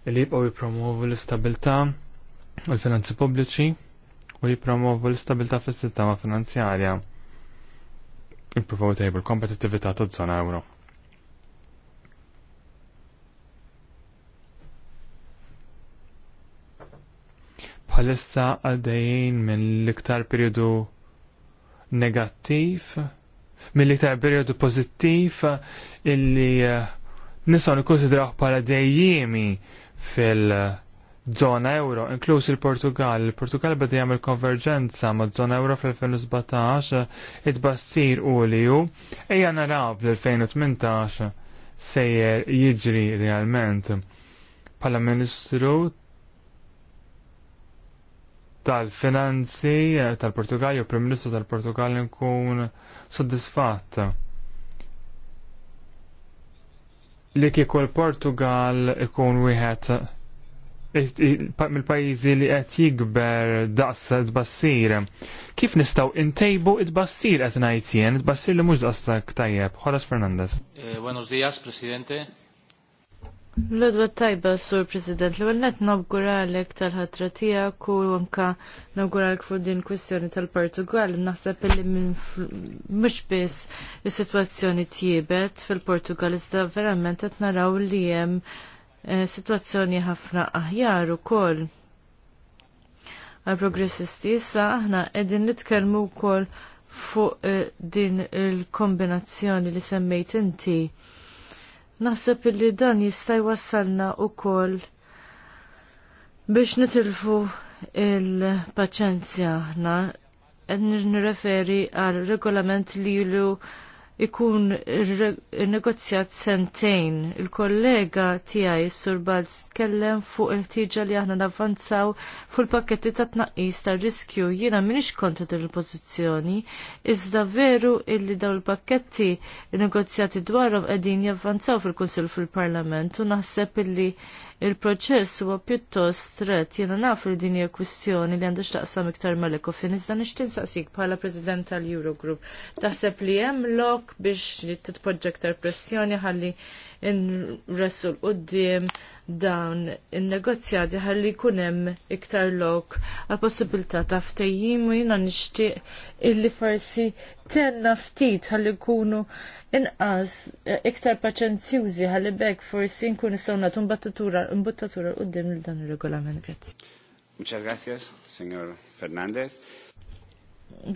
Illi jibqaw jipromovu l-istabilta u l-finanzi pubbliċi u jipromovu l-istabilta fis sistema finanzjarja. Jipromovu tajbu l-kompetitivita ta' zona euro. bħalissa għaddejjin minn l-iktar periodu negattiv, minn l-iktar periodu pozittiv illi eh, nisaw nikkonsidraw bħala dejjimi fil-żona euro, inkluż il-Portugal. Il-Portugal beda jagħmel konverġenza ma' żona euro fil 2017 id bassir uliju eja naraw fl-2018 sejjer jiġri realment. Pala Ministru tal-finanzi eh, tal-Portugal, jew Prim Ministru tal-Portugal nkun soddisfatt. Li kieku l-Portugal ikun wieħed mill-pajjiżi li qed jikber daqs tbassir. Kif nistgħu intejbu tbassir qed ngħid jien, tbassir li mhux daqs tajjeb. Ħolas Fernandez. Eh, buenos dias, Presidente l tajba, Sur President, l għalnet nabguralek tal-ħatra tijak u anka nabguralek fuq din kwestjoni tal-Portugal. Naħseb li mux bis il-situazzjoni tjibet fil-Portugal, iżda verament qed naraw li jem eh, situazzjoni ħafna aħjar u koll. Għal-progressisti issa aħna edin nitkelmu kol fuq eh, din il-kombinazzjoni li semmejt inti Naħseb illi dan jista' jwassalna wkoll biex nitilfu il-paċenzja aħna qed nirreferi għal regolament li ilu ikun negozjat sentejn. Il-kollega tiegħi Sur Balz tkellem fuq il tiġa li aħna navvanzaw fuq il-pakketti ta' tnaqqis ta' riskju. Jiena minix kontra din il pozizjoni iżda veru illi dawn il-pakketti il negozjati dwarhom qegħdin javvanzaw fil-Kunsill fil-Parlament u naħseb illi il-proċess huwa pjuttost stret jiena naf li din hija kwistjoni li għandha x'taqsam iktar mal-ekofin iżda nixtieq saqsik bħala President tal-Eurogroup. Taħseb li hemm lok biex titpoġġa iktar pressjoni ħalli nressu l qudiem dawn in negozjati ħalli hemm iktar lok għal possibilità ta' ftejjim u jiena nixtieq illi forsi tenna ftit ħalli jkunu inqas eh, iktar paċenzjużi ħalli bekk forsi nkun nistgħu nagħtu mbuttatura quddiem lil dan ir-regolament. Grazzi. Muchas gracias, signor Fernandez.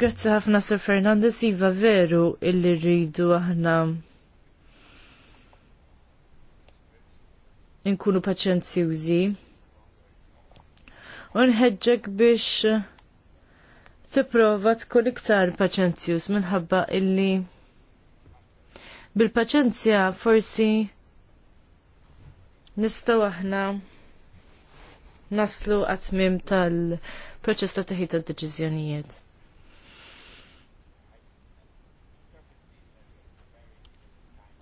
Grazzi ħafna Sir Fernandez, iva veru illi rridu aħna nkunu paċenzjużi. Unħedġek biex tipprova tkun iktar paċenzjuż minħabba illi Bil-paċenzja forsi nistgħu aħna naslu għatmim tal-proċess ta' teħid tad-deċiżjonijiet.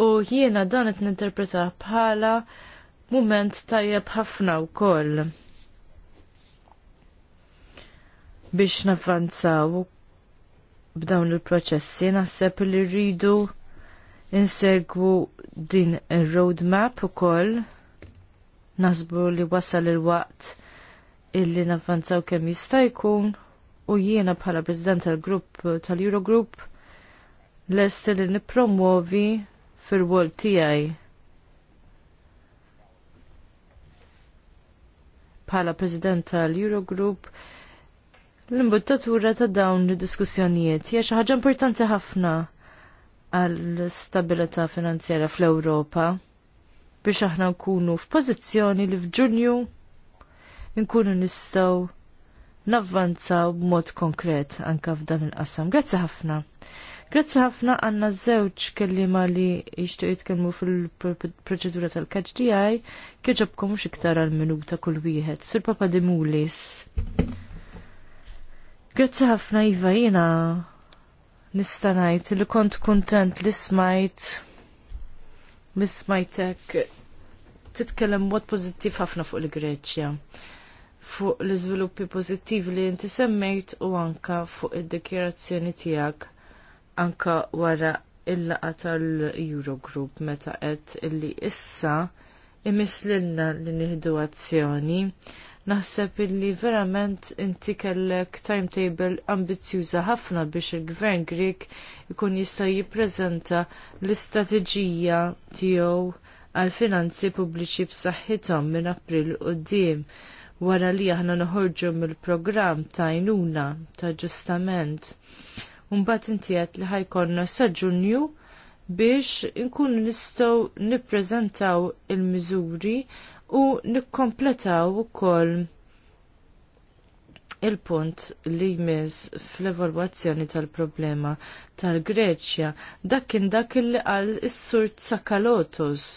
U jiena dan qed ninterpreta bħala mument tajjeb ħafna wkoll biex navvanzaw b'dawn il-proċessi naħseb li rridu insegwu din il-roadmap u koll nasbu li wasal il-waqt illi navvanzaw kemm jista' jkun u jiena bħala president tal-grupp tal-Eurogroup lest li nippromuovi fir-wol tiegħi. Bħala president tal-Eurogroup l-imbuttatura ta' dawn id-diskussjonijiet hija xi ħaġa importanti ħafna għall stabilita finanzjera fl-Ewropa biex aħna nkunu f'pożizzjoni li f'Ġunju nkunu nistgħu navvanzaw b'mod konkret anka f'dan il-qasam. Grazzi ħafna. Grazzi ħafna għanna żewġ kellima li jixtieq jitkellmu fil-proċedura tal-catch DI kieġobkom mhux iktar għal-minuta kull wieħed. Sur Papa Mulis. Grazzi ħafna Iva jina nista' ngħid li kont kuntent li smajt smajtek titkellem mod pożittiv ħafna fuq il-Greċja fuq l-iżviluppi pożittivi li inti semmejt u anka fuq id-dikjerazzjoni tiegħek anka wara il-laqa tal-Eurogroup meta qed illi issa imislilna li nieħdu azzjoni naħseb illi verament inti kellek timetable ambizjuża ħafna biex il-gvern Grek ikun jista' jippreżenta l-istrateġija tiegħu għal finanzi pubbliċi b'saħħithom minn April qudiem wara li aħna noħorġu mill-programm ta' għajnuna ta' ġustament. Mbagħad inti qed li ħajkonna sa' Ġunju biex inkunu nistgħu nippreżentaw il-miżuri u nikkompletaw ukoll il-punt li jmiss fl-evalwazzjoni tal-problema tal-Greċja dak kien dak li qal is-sur Tsakalotos.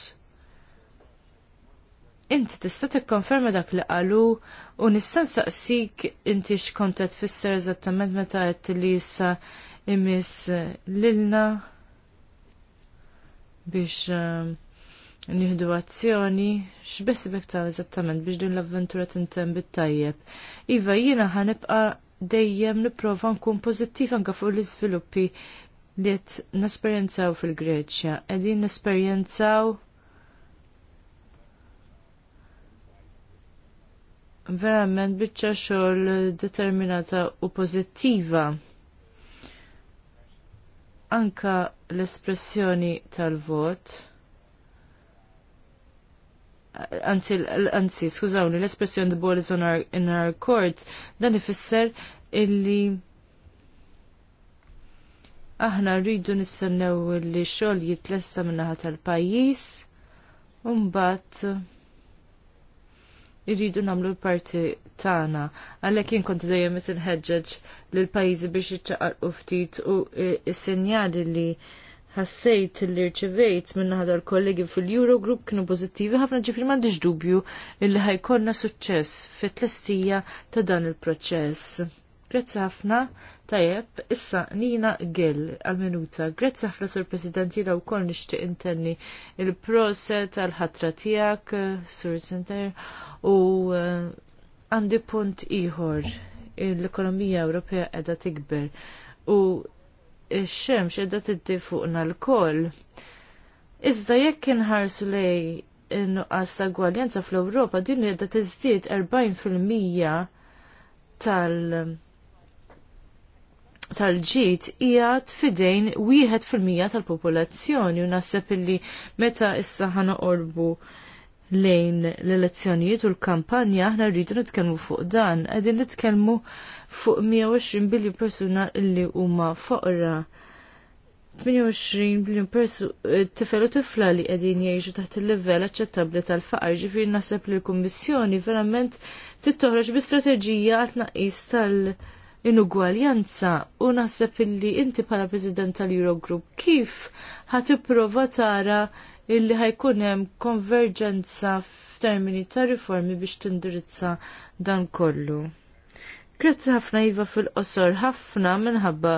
Inti tista' tikkonferma dak li qalu u nista' nsaqsik inti x'kont qed tfisser eżattament meta qed li issa imiss lilna biex eh, nieħdu azzjoni x'bess ta' eżattament biex din l-avventura tintem bit-tajjeb. Iva jiena ħanibqa' dejjem nipprova nkun pożittiv anke fuq l-iżviluppi li qed nesperjenzaw fil-Greċja. Qegħdin nesperjenzaw verament biċċa xogħol determinata u pożittiva. Anka l-espressjoni tal-vot anzi, skużawni, l-espressjoni the ball is on our, in our court, dan ifisser illi aħna rridu nistennew li xogħol jitlesta min-naħa tal-pajjiż u mbagħad irridu nagħmlu l-parti tagħna. Għalhekk jien kont dejjem qed inħeġġeġ lil pajjiżi biex jiċċaqalqu ftit u eh, s-sinjali li ħassejt li irċivejt minna ħadar kollegi fil-Eurogroup kienu pozittivi ħafna ġifir m'għandix dubju illi ħajkonna suċċess fit-tlestija ta' dan il-proċess. Grazzi ħafna, tajjeb, issa Nina Gill għal-minuta. Grazzi ħafna sur President jina u koll nishtiq intenni il-proset għal-ħatra tijak, sur Center, u eh, għandi punt iħor l-ekonomija Ewropea edha tikber. U ix-xemx edha tiddi fuqna l-koll. Iżda jekk inħarsu lej in-nuqqas ta' gwaljenza fl-Ewropa din qiegħda tiżdied 40% tal- tal-ġit hija f'idejn wieħed fil-mija tal-popolazzjoni u naħseb illi meta issa ħana orbu lejn l-elezzjonijiet u l-kampanja aħna rridu nitkellmu fuq dan, qegħdin nitkellmu fuq 120 biljon persuna li huma foqra. 28 persu eh, tifel u tifla li qegħdin jgħixu taħt il-livell aċċettabbli tal-faqar, ġifir naħseb li l-Kummissjoni verament tittoħroġ bi strateġija għal tnaqqis tal- inugwaljanza u naħseb illi inti bħala President tal-Eurogroup kif ħat ipprova tara illi ħajkun hemm konverġenza f'termini ta' riformi biex tindirizza dan kollu. Grazzi ħafna Iva fil-qosor ħafna minħabba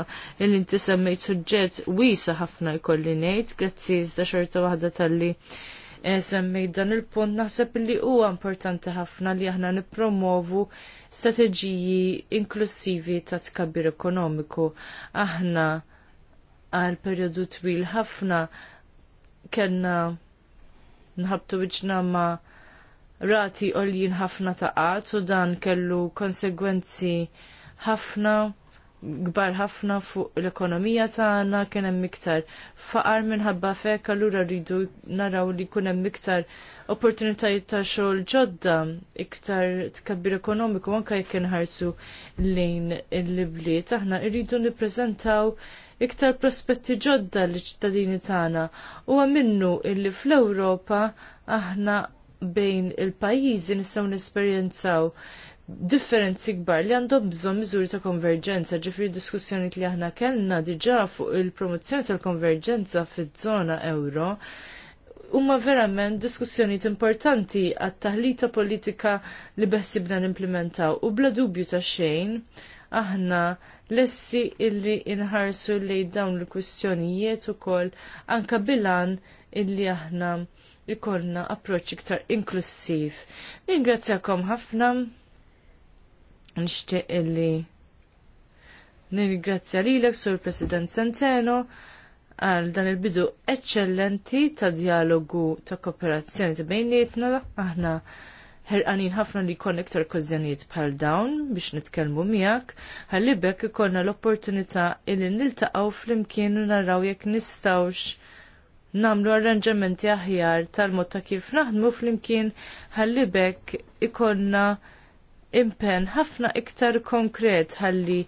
il inti semmejt suġġett wiesa ħafna jkolli ngħid, grazzi iżda xorta waħda tal-li eh, semmejt dan il-punt naħseb li huwa importanti ħafna li aħna nippromovu strateġiji inklusivi ta' tkabbir ekonomiku. Aħna għal perjodu twil ħafna kellna nħabtu bieċna ma rati oljin ħafna ta' qatt u dan kellu konsegwenzi ħafna gbar ħafna fuq l-ekonomija tagħna kien hemm iktar faqar minħabba fek allura rridu naraw li jkun hemm iktar opportunitajiet ta' xogħol ġodda, iktar tkabbir ekonomiku anke jekk inħarsu lejn il-bliet aħna rridu nippreżentaw iktar prospetti ġodda li ċittadini tagħna u minnu illi fl-Ewropa aħna bejn il-pajjiżi nistgħu nesperjenzaw differenzi kbar li għandhom bżonn miżuri ta' konverġenza, ġifri diskussjoni li aħna kellna diġà fuq il-promozzjoni tal-konverġenza fiż-żona euro, huma verament diskussjonijiet importanti għat taħlita politika li beħsibna nimplementaw u bla dubju ta' xejn aħna lessi illi inħarsu li dawn il-kwistjonijiet ukoll anke bilan illi aħna ikollna approċċ iktar inklusiv. Ningrazzjakom ħafna nixtieq illi nirgrazzja lilek sur President Centeno għal dan il-bidu eccellenti ta' dialogu ta' kooperazzjoni ta' bejnietna aħna ħerqanin ħafna li kon iktar kozzjonijiet bħal dawn biex nitkellmu miegħek, ħallibek bekk ikollna l-opportunità illi niltaqgħu flimkien u naraw jekk nistgħux nagħmlu arranġamenti aħjar tal-mod ta' kif naħdmu flimkien ħallibek bekk ikollna impenn ħafna iktar konkret ħalli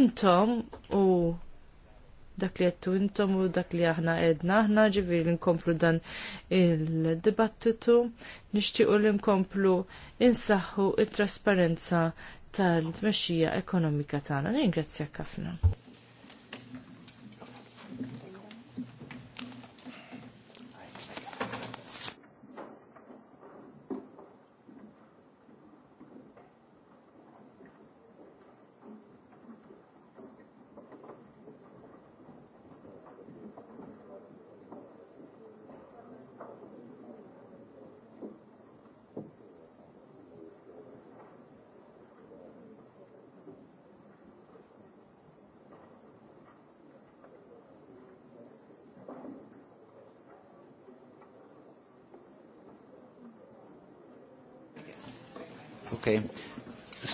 intom u dak li għettu intom u dak li aħna edna aħna ġivir l nkomplu dan il-dibattitu nixtiequ li nkomplu insaħħu il trasparenza tal-tmexxija ekonomika tagħna. Ningrazzjak ħafna.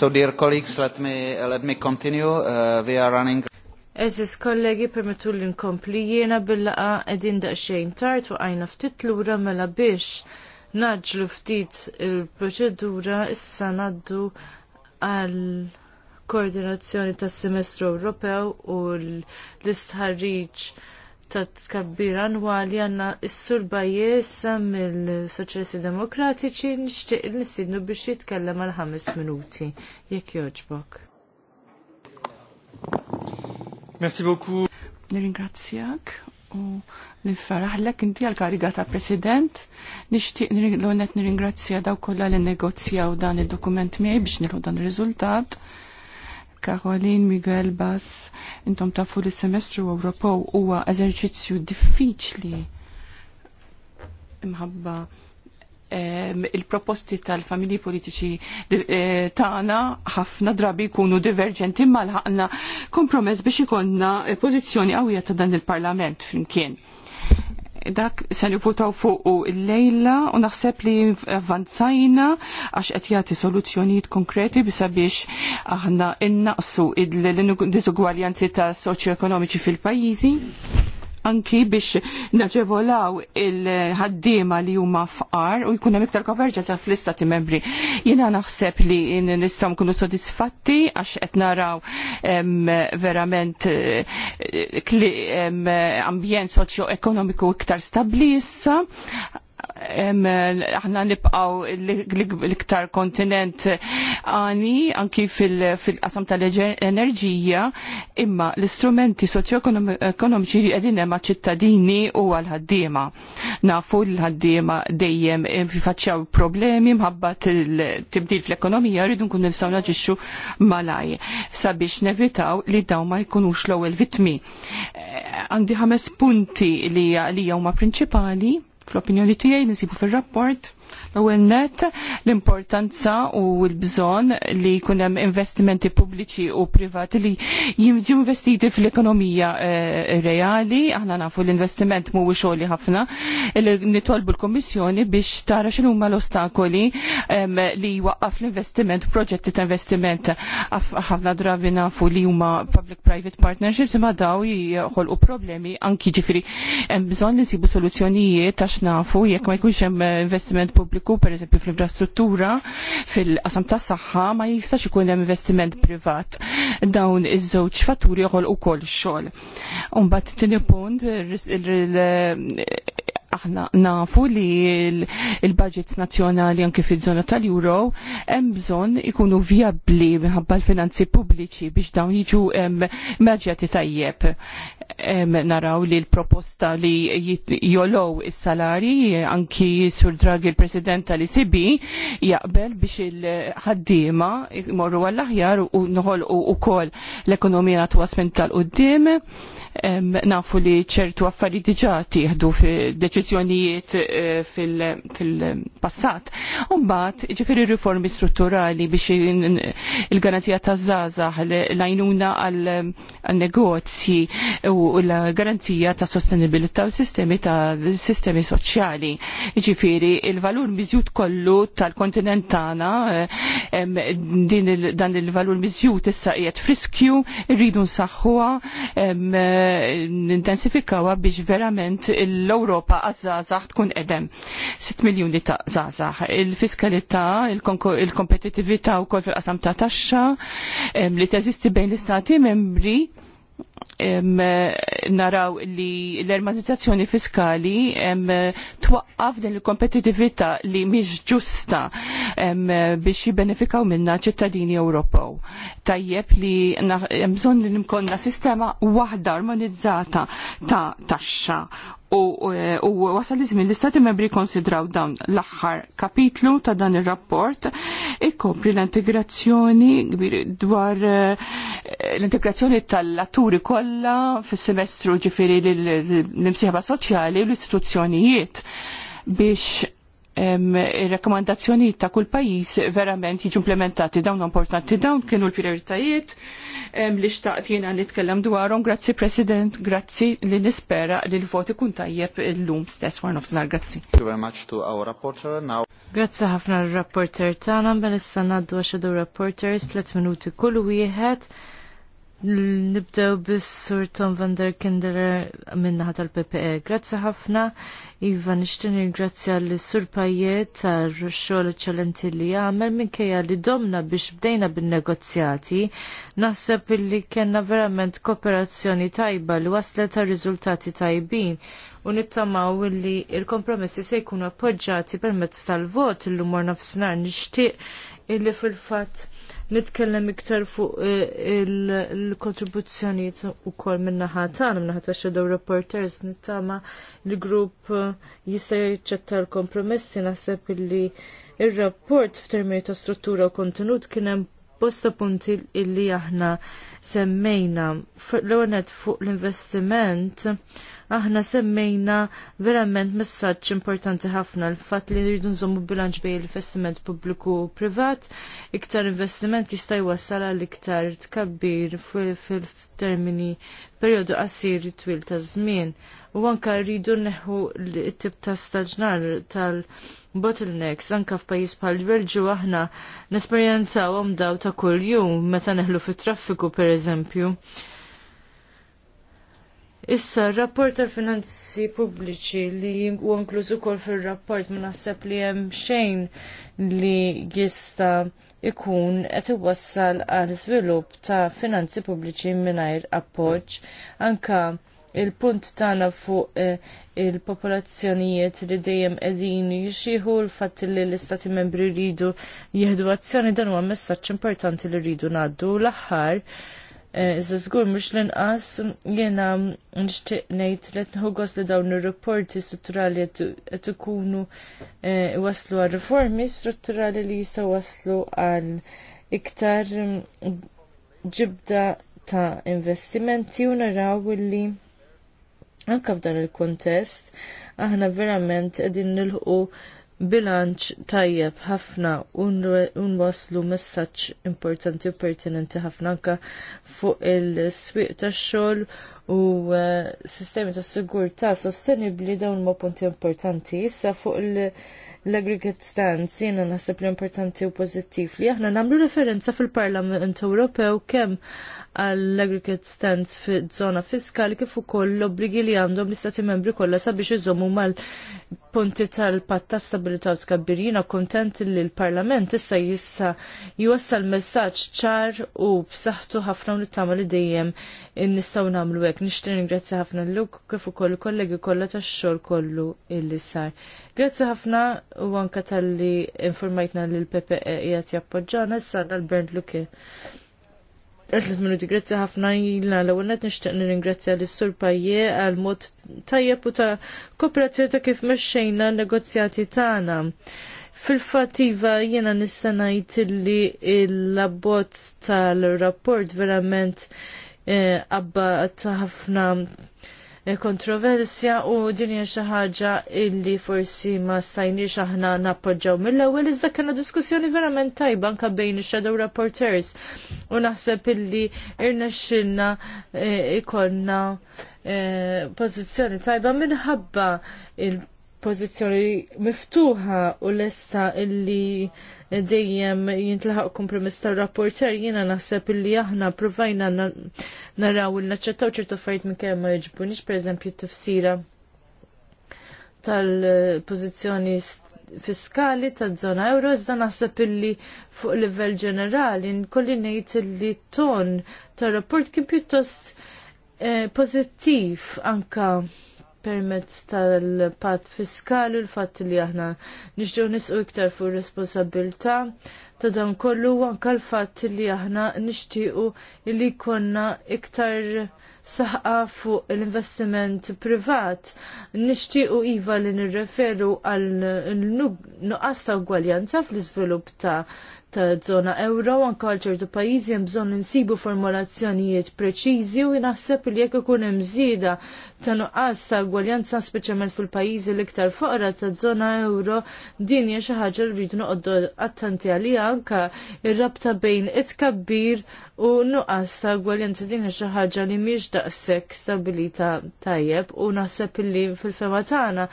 So, dear colleagues, let me, let me continue. Uh, we are running. Eżis kollegi permettu li nkompli jiena bil-laqa edin daqxejn tard u għajna ftit lura mela biex naġlu ftit il-proċedura issa naddu għal koordinazzjoni tas semestru Ewropew u l-istħarriġ ta' tkabbir annwali għanna s-sur mill-Soċjalisti Demokratiċi nixtieq nistidnu biex jitkellem għal ħames minuti. Jekk joġbok. Merci beaucoup. Nirringrazzjak u nifaraħlek inti għal kariga ta' president. Nixtieq l-għonet nirringrazzja daw kollha li negozjaw dan id-dokument miegħi biex nilħu dan ir-riżultat. Karolin Miguel Bass, intom tafu li semestru Ewropew huwa eżerċizzju diffiċli imħabba il-proposti tal-familji politiċi eh, tagħna ħafna drabi jkunu diverġenti mal ħaqna kompromess biex ikonna eh, pożizzjoni qawwija ta' dan il-Parlament flimkien dak se nifutaw fuq l lejla u naħseb li avvanzajna għax qed jagħti soluzzjonijiet konkreti sabiex aħna innaqsu l-diżugwaljanzi ta' soċjoekonomiċi fil-pajjiżi anki biex naġevolaw il-ħaddima li huma fqar u jkun hemm iktar konverġenza fl-istati membri. Jiena naħseb li nistgħu nkunu sodisfatti għax qed naraw verament eh, ambjent soċjo-ekonomiku iktar stabbli issa aħna nibqaw l-iktar kontinent għani anki fil-qasam tal-enerġija imma l-istrumenti soċjoekonomiċi li qegħdin hemm ċittadini u għal ħaddiema. Nafu l-ħaddiema dejjem fifacċaw problemi mħabba tibdil fl-ekonomija rridu nkun nistgħu ġiċu malaj sabiex nevitaw li dawn ma jkunux l-ewwel vitmi. Għandi ħames punti li huma prinċipali fl-opinjoni tiegħi nisibu fil rapport u net l-importanza u l-bżonn li jkun hemm investimenti pubbliċi u privati li jiġu investiti fl-ekonomija eh, reali, aħna nafu l-investiment mhuwiex xogħli ħafna, nitolbu l-Kommissjoni biex tara x'inhu huma l-ostakoli li jwaqqaf l-investiment, proġetti ta' investiment ħafna drabi nafu li huma public-private partnerships imma daw jħolqu problemi anki ġifieri hemm bżonn li nsibu soluzzjonijiet għax nafu jekk ma jkunx hemm eh, investiment pubbliku pubbliku, pereżempju fl-infrastruttura, fil-qasam tas-saħħa ma jistax ikun hemm investiment privat. Dawn iż-żewġ fatturi joħol ukoll xogħol. Imbagħad tieni punt aħna nafu li il-budgets nazzjonali anke fil-żona tal-Euro hemm bżonn ikunu vjabbli minħabba l-finanzi pubbliċi biex dawn jiġu maġġati tajjeb. Naraw li l-proposta li jolow is-salari anki sur Draghi il-President tal-ICB jaqbel biex il-ħaddiema morru għall-aħjar u u kol l-ekonomija natwas minn tal-qudiem nafu li ċertu affarijiet diġà tieħdu deċiżjonijiet eh, fil-passat. U mbagħad ġifieri riformi strutturali biex il-garanzija taż-żgħażagħ l-għajnuna għal-negozji u l-garanzija ta' sostenibilità u sistemi ta' sistemi soċjali. Ġifieri il-valur miżjud kollu tal-kontinent tagħna eh, dan il-valur miżjud issa qiegħed friskju, irridu nsaħħuha nintensifikawa biex verament l-Europa għazzazax tkun edem. 6 miljoni ta' zazax. Il-fiskalità, il-kompetitività u kol fil-qasam ta' taxxa li teżisti bejn l-istati membri naraw li l armonizzazzjoni fiskali twaqqaf din il-kompetitività li mhix ġusta biex jibbenefikaw minna ċittadini Ewropew. Tajjeb li hemm bżonn li nkollna sistema waħda armonizzata ta' taxxa Eh, u wasal iżmin l-istati membri konsidraw dawn l-aħħar kapitlu ta' dan ir-rapport ikkompri l-integrazzjoni dwar eh, l-integrazzjoni tal-atturi kollha fis-semestru ġifieri l-imsieħba soċjali u l-istituzzjonijiet biex il-rekomandazzjoni ta' kull pajis verament jiġu implementati dawn importanti dawn kienu l-prioritajiet li xtaqt jena nitkellem dwarhom. Grazzi President, grazzi li nispera li l-vot ikun tajjeb l-lum stess war nofsinhar grazzi. Grazzi ħafna r-rapporter tagħna, bel mela issa ngħaddu għax rapporters 3 minuti kull wieħed. Nibdew bis-sur Tom van der Kinderer minnaħat tal-PPE. Grazzi ħafna, Iva, nishtin grazzi li sur pajiet tal-xol eccellenti li għamel minkejja li domna biex bdejna bin-negozjati. Naħseb li kena verament kooperazzjoni tajba li waslet ta' riżultati tajbin u nittamaw li il-kompromessi se jkunu appoġġati permezz tal-vot l-lumor nafsinar nixtieq illi fil-fatt nitkellem iktar fuq eh, il kontribuzzjonijiet u kol minnaħa tagħna minnaħa ta' Shadow Reporters nittama l-grupp eh, jista' jaċċetta l-kompromessi naħseb illi il rapport f'termini ta' struttura u kontenut kien hemm bosta punti illi aħna semmejna l-ewwel fuq l-investiment aħna semmejna verament messaġġ importanti ħafna l-fatt li rridu nżommu bilanċ bejn l-investiment pubbliku u privat, iktar investiment jista' jwassal għal iktar tkabbir fil-termini perjodu qasir twil ta' żmien. U anka rridu neħu l-tip ta' staġnar tal-bottlenecks, anka f'pajis bħal Belġu aħna nesperjenzaw daw ta' kull jum meta neħlu fit traffiku per eżempju. Issa, rapport tal-finanzi pubbliċi li u inkluż ukoll fir-rapport ma naħseb li hemm xejn li jista' ikun qed iwassal għal svilup ta' finanzi pubbliċi mingħajr appoġġ anka il-punt tagħna fuq eh, il-popolazzjonijiet li dejjem qegħdin jixiħu l fat li l-istati membri rridu jieħdu azzjoni dan huwa messaġġ importanti li rridu ngħaddu l-aħħar Eh, iżda żgur mhux l-inqas jena nixtieq ngħid li nħoggos li dawn ir-rapporti strutturali qed ikunu eh, waslu għal riformi strutturali li jista' waslu għal iktar mm, ġibda ta' investimenti u naraw li anke f'dan il kontest aħna verament qegħdin nilħu bilanċ tajjeb ħafna unwaslu messaġġ importanti u pertinenti ħafna anka fuq il-swieq tax-xogħol u eh, sistemi ta' sigurtà sostenibbli dawn huma punti importanti. Issa fuq l-aggregate stance jiena naħseb li importanti u pożittiv li aħna nagħmlu referenza fil-Parlament Ewropew kemm għall-aggregate stands fi zona fiskali kif ukoll l-obbligi li għandhom l-istati membri kollha sabiex iżommu mal-punti tal-patta stabilità u tkabbir. Jiena kontent li l-Parlament issa jissa jwassal messaġġ ċar u b'saħħtu ħafna u nittama li dejjem nistgħu nagħmlu hekk. Nixtieq ningrazzja ħafna luk kif ukoll kollegi kollha tax-xogħol kollu illi sar. Grazzi ħafna u anka tal-li informajtna li l-PPE qiegħed jappoġġana issa l-Bernd Luke. Għetlet di grazzi ħafna jilna l għonet nishtiq nir-ingrazzja l-sur pajje għal-mod tajjeb u ta' kooperazzjoni ta' kif meċċejna negozjati tagħna. fil fattiva jena nistanajt li l-abbozz tal-rapport verament qabba eh, ta' ħafna kontroversja u din hija xi ħaġa illi forsi ma stajniex aħna nappoġġaw mill-ewwel iżda kellna diskussjoni verament tajba anke bejn ix-shadow rapporteurs u naħseb illi irnexxilna eh, ikollna eh, pożizzjoni tajba minħabba il-pożizzjoni miftuħa u lesta illi dejjem jintlaħaq kompromiss tar-rapporter jiena naħseb illi aħna provajna naraw il naċċettaw ċertu fajt minn kemm ma jġbunix, pereżempju t-tifsira tal pozizjoni fiskali tal zona euro iżda naħseb illi fuq livell ġenerali nkolli ngħid li ton tar rapport kien pjuttost pozittiv eh, pożittiv anka permezz tal-pat fiskali l fat li aħna nixġu nisqu iktar fuq responsabilta ta' dan kollu u anka l fat li aħna nixtiequ li konna iktar saħqa fuq l-investiment privat. Nixtiequ iva li nirreferu għal nuqqas ta' ugwaljanza fl-iżvilupp ta' ta' zona euro anka għal ċertu pajjiżi hemm bżonn insibu formulazzjonijiet preċiżi u naħseb li jekk ikun hemm ta' nuqqas ta' gwaljanza speċjalment fil-pajjiżi l-iktar foqra ta' żona euro din hija xi ħaġa li rridu noqogħdu attenti għalija anke ir-rabta bejn it-kabbir u nuqqas ta' gwaljanza din hija xi ħaġa li mhix daqshekk stabilita tajjeb u naħseb illi fil-fema tagħna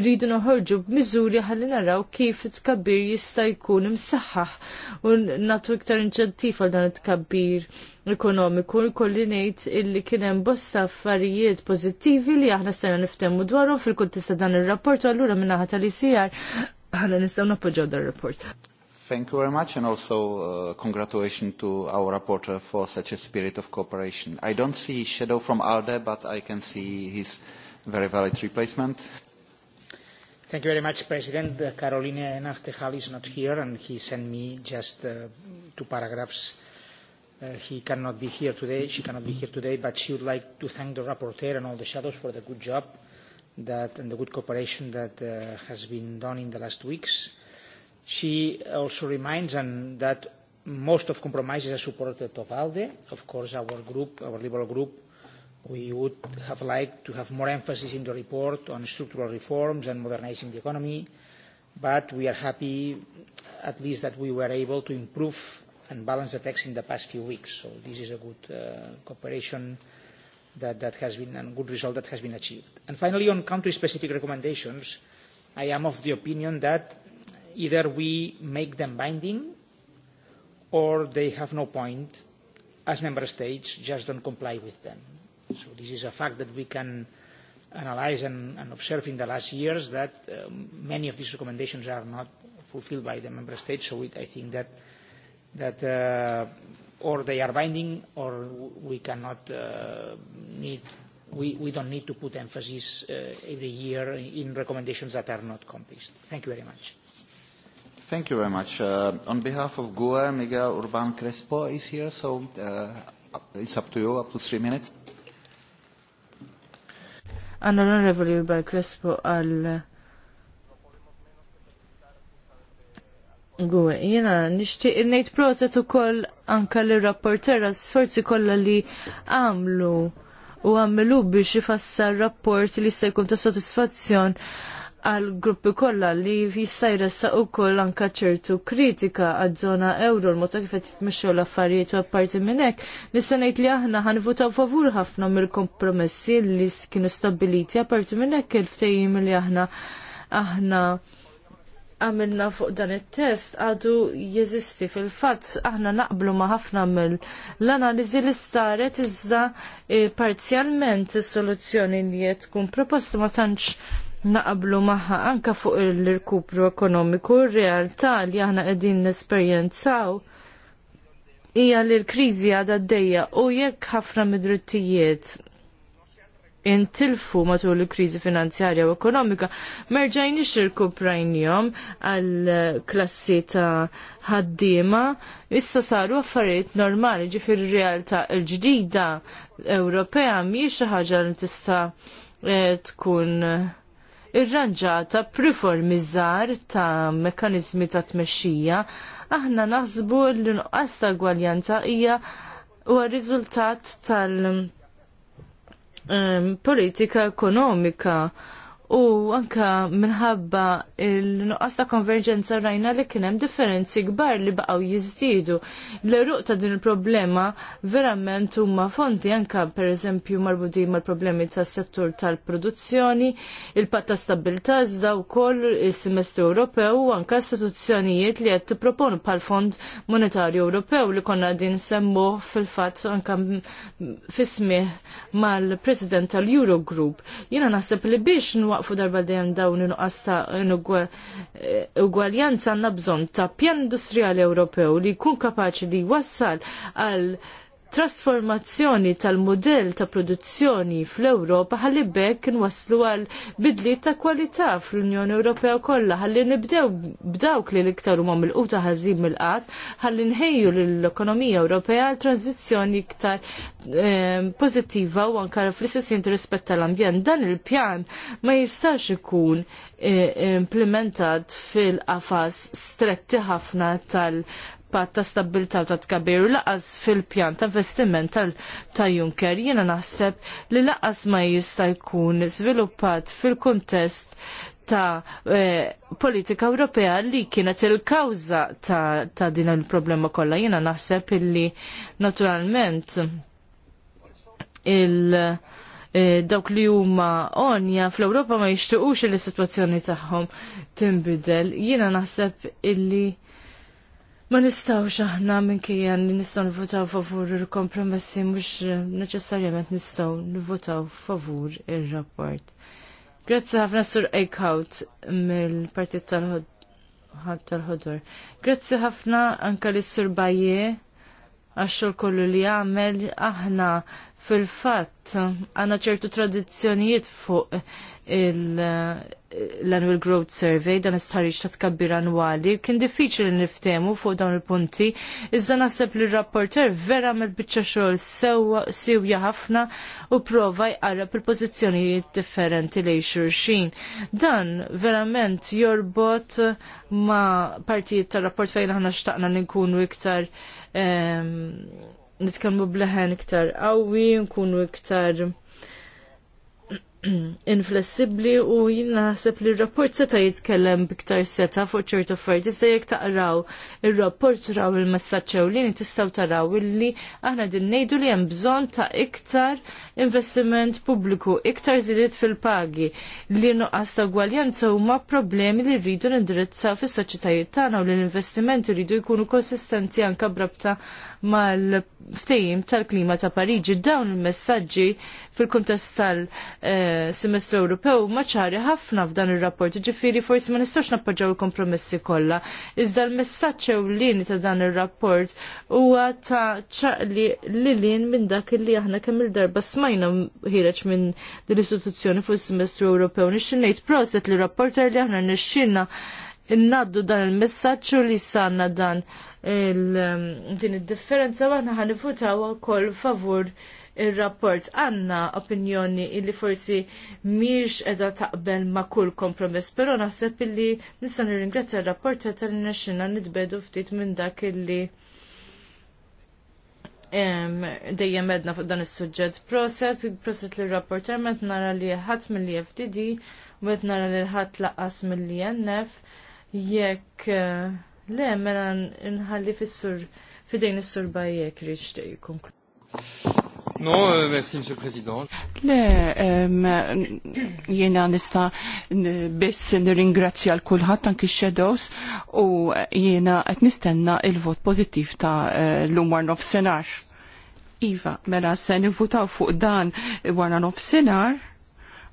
rridu noħorġu b'miżuri ħalli naraw kif it-kabbir jista' jkun imsaħħaħ u nagħtu iktar inċentiv għal dan it-kabbir ekonomiku kolli nejt illi kien hemm bosta affarijiet pożittivi li aħna stajna niftehmu dwarhom fil-kuntest ta' dan ir-rapport u allura minn naħa tal-ICR aħna nistgħu nappoġġjaw dan ir-rapport. Thank you very much and also uh, congratulations to our rapporteur for such a spirit of cooperation. I don't see Shadow from ALDE, but I can see his very valid replacement. Thank you very much, President. Uh, Caroline Nachtigall is not here and he sent me just uh, two paragraphs Uh, he cannot be here today, she cannot be here today, but she would like to thank the rapporteur and all the shadows for the good job that, and the good cooperation that uh, has been done in the last weeks. She also reminds and that most of compromises are supported of ALDE. Of course, our group, our liberal group, we would have liked to have more emphasis in the report on structural reforms and modernizing the economy, but we are happy at least that we were able to improve and balance the text in the past few weeks. So this is a good uh, cooperation that, that has been and good result that has been achieved. And finally, on country-specific recommendations, I am of the opinion that either we make them binding or they have no point as member states just don't comply with them. So this is a fact that we can analyze and, and observe in the last years that um, many of these recommendations are not fulfilled by the member states, so it, I think that that uh, or they are binding or we cannot uh, need we, we don't need to put emphasis uh, every year in recommendations that are not complete. Thank you very much. Thank you very much. Uh, on behalf of GUA, Miguel Urban Crespo is here, so uh, it's up to you, up to three minutes. An Honorable Urban Crespo għal Gwe, jena, nishtiq nejt proset u koll anka li rapportera s-sorti kolla li għamlu u għamilu biex jifassa rapport li jista' jkun ta' sotisfazzjon għal gruppi kolla li jista' sa' u koll anka ċertu kritika għad zona euro l-mota kif qed l-affarijiet u apparti minnek. hekk, nista' ngħid li aħna ħanvutaw favur ħafna mill-kompromessi li kienu stabiliti apparti minn hekk il ftejim li aħna aħna għamilna fuq dan it-test għadu jeżisti fil-fatt aħna naqblu ma' ħafna mill l-analiżi li staret iżda e, parzjalment is-soluzzjoni li qed tkun proposta ma tantx naqblu magħha anke fuq il-rkupru ekonomiku r-realtà li aħna qegħdin nesperjenzaw hija li l-kriżi għadha d u jekk ħafna mid-drittijiet intilfu matul il-krizi finanzjarja u ekonomika, merġajni xirku prajnjom għal-klassi ta' ħaddima, issa saru affarijiet normali ġifir realtà l-ġdida Ewropea miex xi ħaġa li tista' eh, tkun irranġata preformizzar ta' mekanizmi ta' tmexxija, aħna naħsbu l-nuqqas ta' gwaljanza hija huwa riżultat tal- Um, politika ekonomika U anka minħabba il-nuqqas ta' konverġenza rajna li kienem differenzi kbar li baqaw jizdidu. L-eruq ta' din il-problema verament huma fondi anka per eżempju marbudi mal-problemi ta' settur tal-produzzjoni, il-pat ta' stabilta' zda u koll il-semestru Ewropew u anka istituzzjonijiet li għed t-proponu pal-Fond Monetarju Ewropew li konna din semmu fil-fat anka fismi mal-President tal-Eurogroup. Jena naħseb li biex nwaqfu darba dejjem dawn inuqqas ta' ugwaljanza għandna bżonn ta' pjan industrijali Ewropew li jkun kapaċi li jwassal għal trasformazzjoni tal-modell ta' produzzjoni fl-Ewropa ħalli bekk nwaslu għal bidliet ta' kwalità fl-Unjoni Ewropea kollha ħalli nibdew b'dawk li l-iktar huma mill-quta ħażin mill-qatt ħalli nħejju l-ekonomija Ewropea għal tranzizzjoni iktar eh, pożittiva u anke fl-istess rispett tal-ambjent. Dan il-pjan ma jistax ikun eh, implementat fil-qafas stretti ħafna tal- fil ta' stabilta ta' tkabir u laqas fil-pjan ta' investiment ta' Juncker jiena naħseb li laqas ma jista' jkun sviluppat fil-kuntest ta' eh, politika Ewropea li kienet il-kawza ta', ta din il-problema kollha. Jiena naħseb illi naturalment il- eh, dawk li huma onja fl-Ewropa ma jixtiequx li s-sitwazzjoni tagħhom tinbidel. Jiena naħseb illi Ma nistawx aħna minkejja li nistgħu nivutaw favur il-kompromessi mhux neċessarjament nistgħu nivutaw favur ir-rapport. Grazzi ħafna sur Eichhout mill-Partit tal ħodur Grazzi ħafna anka li sur Baye l kollu li għamel aħna fil-fatt għana ċertu tradizzjonijiet fuq l-Annual Growth Survey, dan istħarriġ ta' tkabbir annwali, kien diffiċli niftemu fuq dawn il-punti, iżda naħseb li r-rapporter vera mill biċċa xogħol sewja ħafna u prova jqarrab il-pożizzjonijiet differenti lej xurxin. Dan verament jorbot ma' partijiet tar-rapport fejn aħna xtaqna li nkunu iktar nitkellmu bleħen iktar qawwi, nkunu iktar [clears throat] inflessibbli u naħseb li r-rapport seta' jitkellem biktar seta' fuq ċertu affarijiet. Iżda jekk taqraw ir-rapport raw il-messaġġ ewlieni tistgħu taraw illi aħna din ngħidu li hemm bżonn ta' iktar investiment pubbliku, iktar żidiet fil-pagi li nuqqas ta' gwaljanza huma problemi li rridu nindirizzaw fis-soċjetajiet tagħna u li l-investimenti rridu jkunu konsistenti anke brabta mal-ftejim tal-klima ta' Pariġi dawn il-messagġi fil-kuntest tal-semestru Ewropew ma ċari ħafna f'dan ir-rapport. Ġifieri forsi ma nistax nappoġġaw il-kompromessi kollha. Iżda l-messaġġ ewlieni ta' dan ir-rapport huwa ta' ċaqli lilin minn dak li aħna kemm il-darba smajna ħireġ minn l-istituzzjoni fuq is-semestru Ewropew. Nixxin ngħid proset li rapporter li aħna nixxinna innaddu dan il messaġġ u li sanna dan Um, din id-differenza waħna ħanifutaw wkoll favur il-rapport għanna opinjoni illi forsi miex edha taqbel ma' kull kompromess, pero naħseb illi nistan nirringrazzja il-rapport tal-naxxina nitbedu ftit minn dak illi dejjem edna fuq dan is-suġġett proset, proset li rapporter met nara li ħadd mill FDD, met nara li ħadd laqas mill-INF, jekk Le, mela nħalli fis-sur fidejn is-sur bajjek li xtieq jkun. No, eh, merci, Monsieur le Président. Le, jena nista biss nir-ingrazzja l-kulħat anki shadows u jena għet nistenna il-vot pozittiv ta' eh, l-umar Senar. Iva, mela se votaw fuq dan warna Senar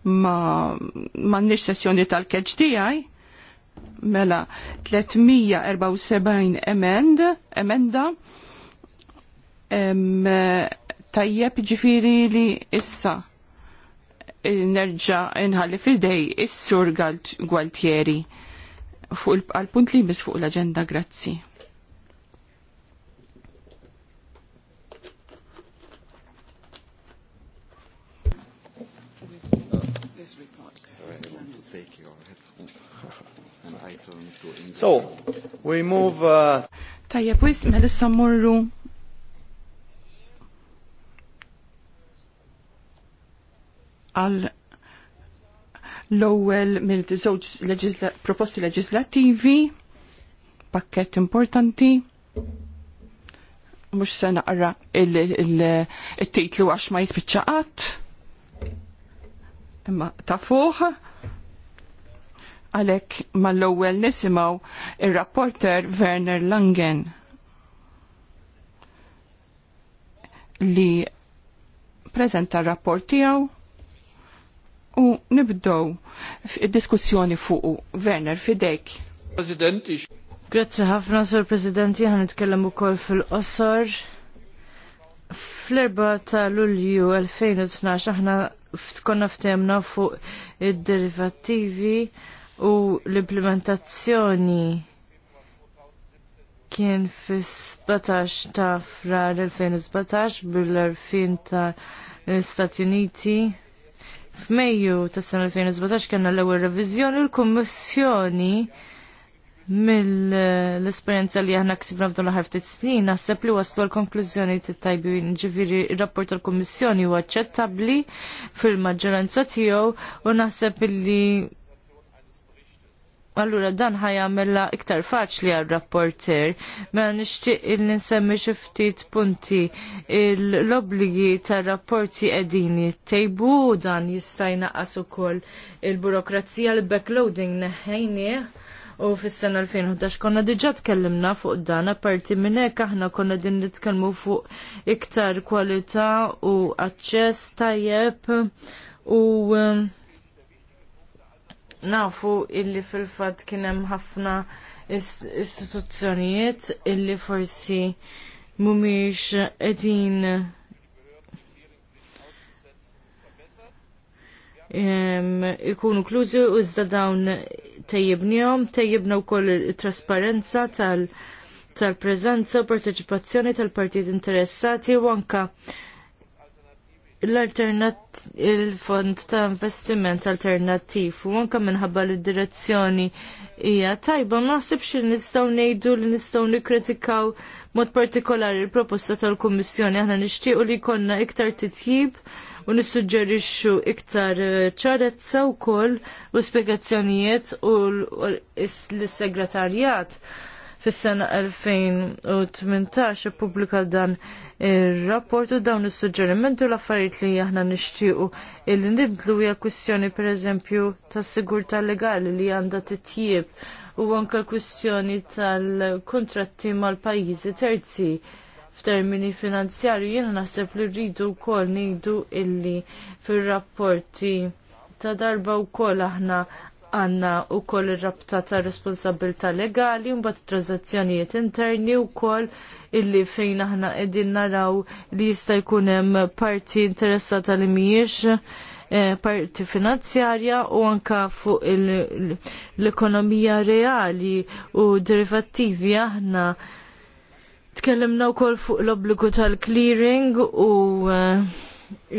ma, ma nix sessjoni tal-keġ tijaj mela 374 emend, emenda em, tajjeb ġifiri li issa eh, nerġa nħalli fidej is-sur Gualtieri fuq il-punt li jmiss fuq l-agenda, grazzi. So, we move... Uh... Tajja, pwis, lissa mela morru. Għal l-ewwel mill-żewġ proposti leġislattivi, pakkett importanti. Mhux se naqra il-titlu għax ma jispiċċaqat. Imma ta' fuq Għalek mal-ewwel nisimaw ir-rapporter Werner Langen li prezenta r-rapport tiegħu u nibdow diskussjoni fuq Werner fidejk. President, Grazzi ħafna, Sur President, ħan nitkellem ukoll fil-qosor. Fl-erba ta' Lulju 2012 aħna konna ftemna fuq id-derivattivi u l-implementazzjoni kien fis-17 ta' frar 2017 bil-20 ta' l-Istati Uniti. F'Mejju ta' sena 2017 kien l-ewwel reviżjoni l-Kummissjoni mill-esperjenza li aħna ksibna f'dan l-ħar ftit snin, naħseb li waslu għal konklużjoni tittajbi r rapport tal-Kummissjoni u aċċettabbli fil-maġġoranza tiegħu u naħseb li Allura dan ħajamella iktar faċli għal rapporter mela nixtieq il ninsemmi xi ftit punti l-obbligi tar-rapporti qegħdin jittejbu dan jista' jnaqqas ukoll il-burokrazija l-backloading neħħejnieh u fis-sena 2011 konna diġà tkellimna fuq dan apparti minn hekk aħna konna din nitkellmu fuq iktar kwalità u aċċess tajjeb u nafu illi fil-fat kienem ħafna istituzzjonijiet illi forsi mumiex edin ikunu klużi u iżda dawn tejjibnijom, tejjibna u koll trasparenza tal-prezenza u parteċipazzjoni tal-partijiet interessati u anka l-alternat il-fond ta' investiment alternattiv u anka minħabba l direzzjoni hija tajba ma naħsibx li nistgħu ngħidu li nistgħu nikkritikaw mod partikolari l-proposta tal-Kummissjoni aħna nixtiequ li jkollna iktar titjib u nissuġġerixxu iktar eh, ċarezza wkoll u spjegazzjonijiet u l-segretarjat fis-sena 2018 ippubblika dan ir-rapport u dawn is-suġġerimenti u l-affarijiet li aħna nixtiequ illi nibdlu hija kwistjoni pereżempju tas-sigurtà legali li għandha titjieb u anke l-kwistjoni tal-kuntratti mal-pajjiżi terzi f'termini finanzjarju jiena naħseb li rridu wkoll ngħidu illi fir-rapporti ta' darba wkoll aħna għanna u koll rabta ta' responsabilta legali un bat tranzazzjonijiet interni u koll illi fejn aħna edin naraw li jista' jkunem parti interessata li miex eh, parti finanzjarja u anka fuq l-ekonomija reali u derivattivi aħna tkellimna wkoll fuq l-obbligu tal-clearing u eh,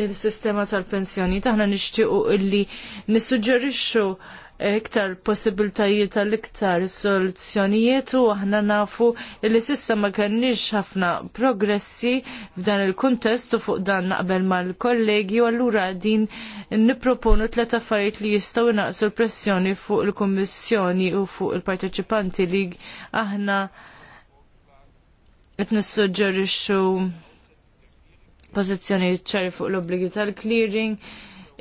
il-sistema tal-pensjoni taħna nixtiequ illi nissuġġerixxu iktar possibiltajiet għal iktar soluzzjonijiet u aħna nafu li sissa ma kenniex ħafna progressi f'dan il-kuntest u fuq dan naqbel mal-kollegi u allura din nipproponu tlet affarijiet li jistgħu naqsu l-pressjoni fuq il-Kummissjoni u fuq il-parteċipanti li aħna qed nissuġġerixxu pożizzjonijiet ċari fuq l-obbligi tal-clearing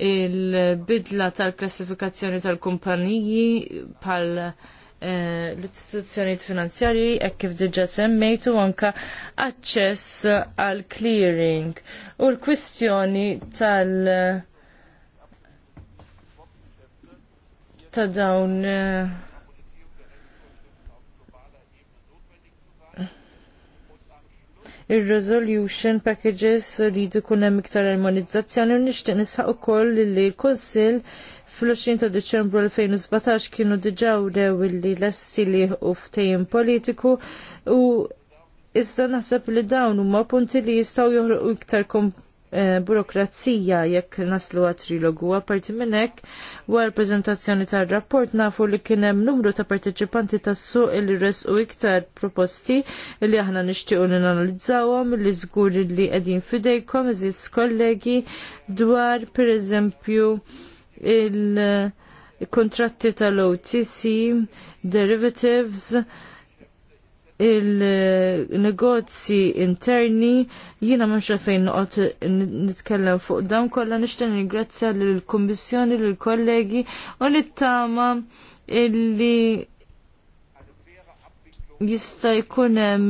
il-bidla tal-klassifikazzjoni tal-kumpaniji pal eh, l-istituzzjonijiet finanzjarji hekk kif diġà semmejtu anke aċċess għal clearing u l-kwistjoni tal- ta' dawn eh, ir-resolution packages li jdu hemm iktar armonizzazzjoni u nixtieq nisħaq ukoll li l-Kunsill fl-20 ta' Deċembru 2017 kienu diġà dew li lesti li u ftejjin politiku u iżda naħseb li dawn huma punti li jistgħu joħloqu iktar komp Eh, burokrazija jekk naslu għat-trilogu. Aparti minn hekk, wara l-preżentazzjoni tar-rapport nafu li kien hemm numru ta' parteċipanti tas-suq li u iktar proposti li aħna nixtiequ li nanalizzawhom li żgur li qegħdin fidejkom iżis kollegi dwar pereżempju il-kontratti tal-OTC, derivatives, il-negozji interni jina ma fejn noqgħod nitkellem fuq dawn kollha nixtieq ningrazzja lill-Kummissjoni lill-kollegi u nittama illi jista' jkun hemm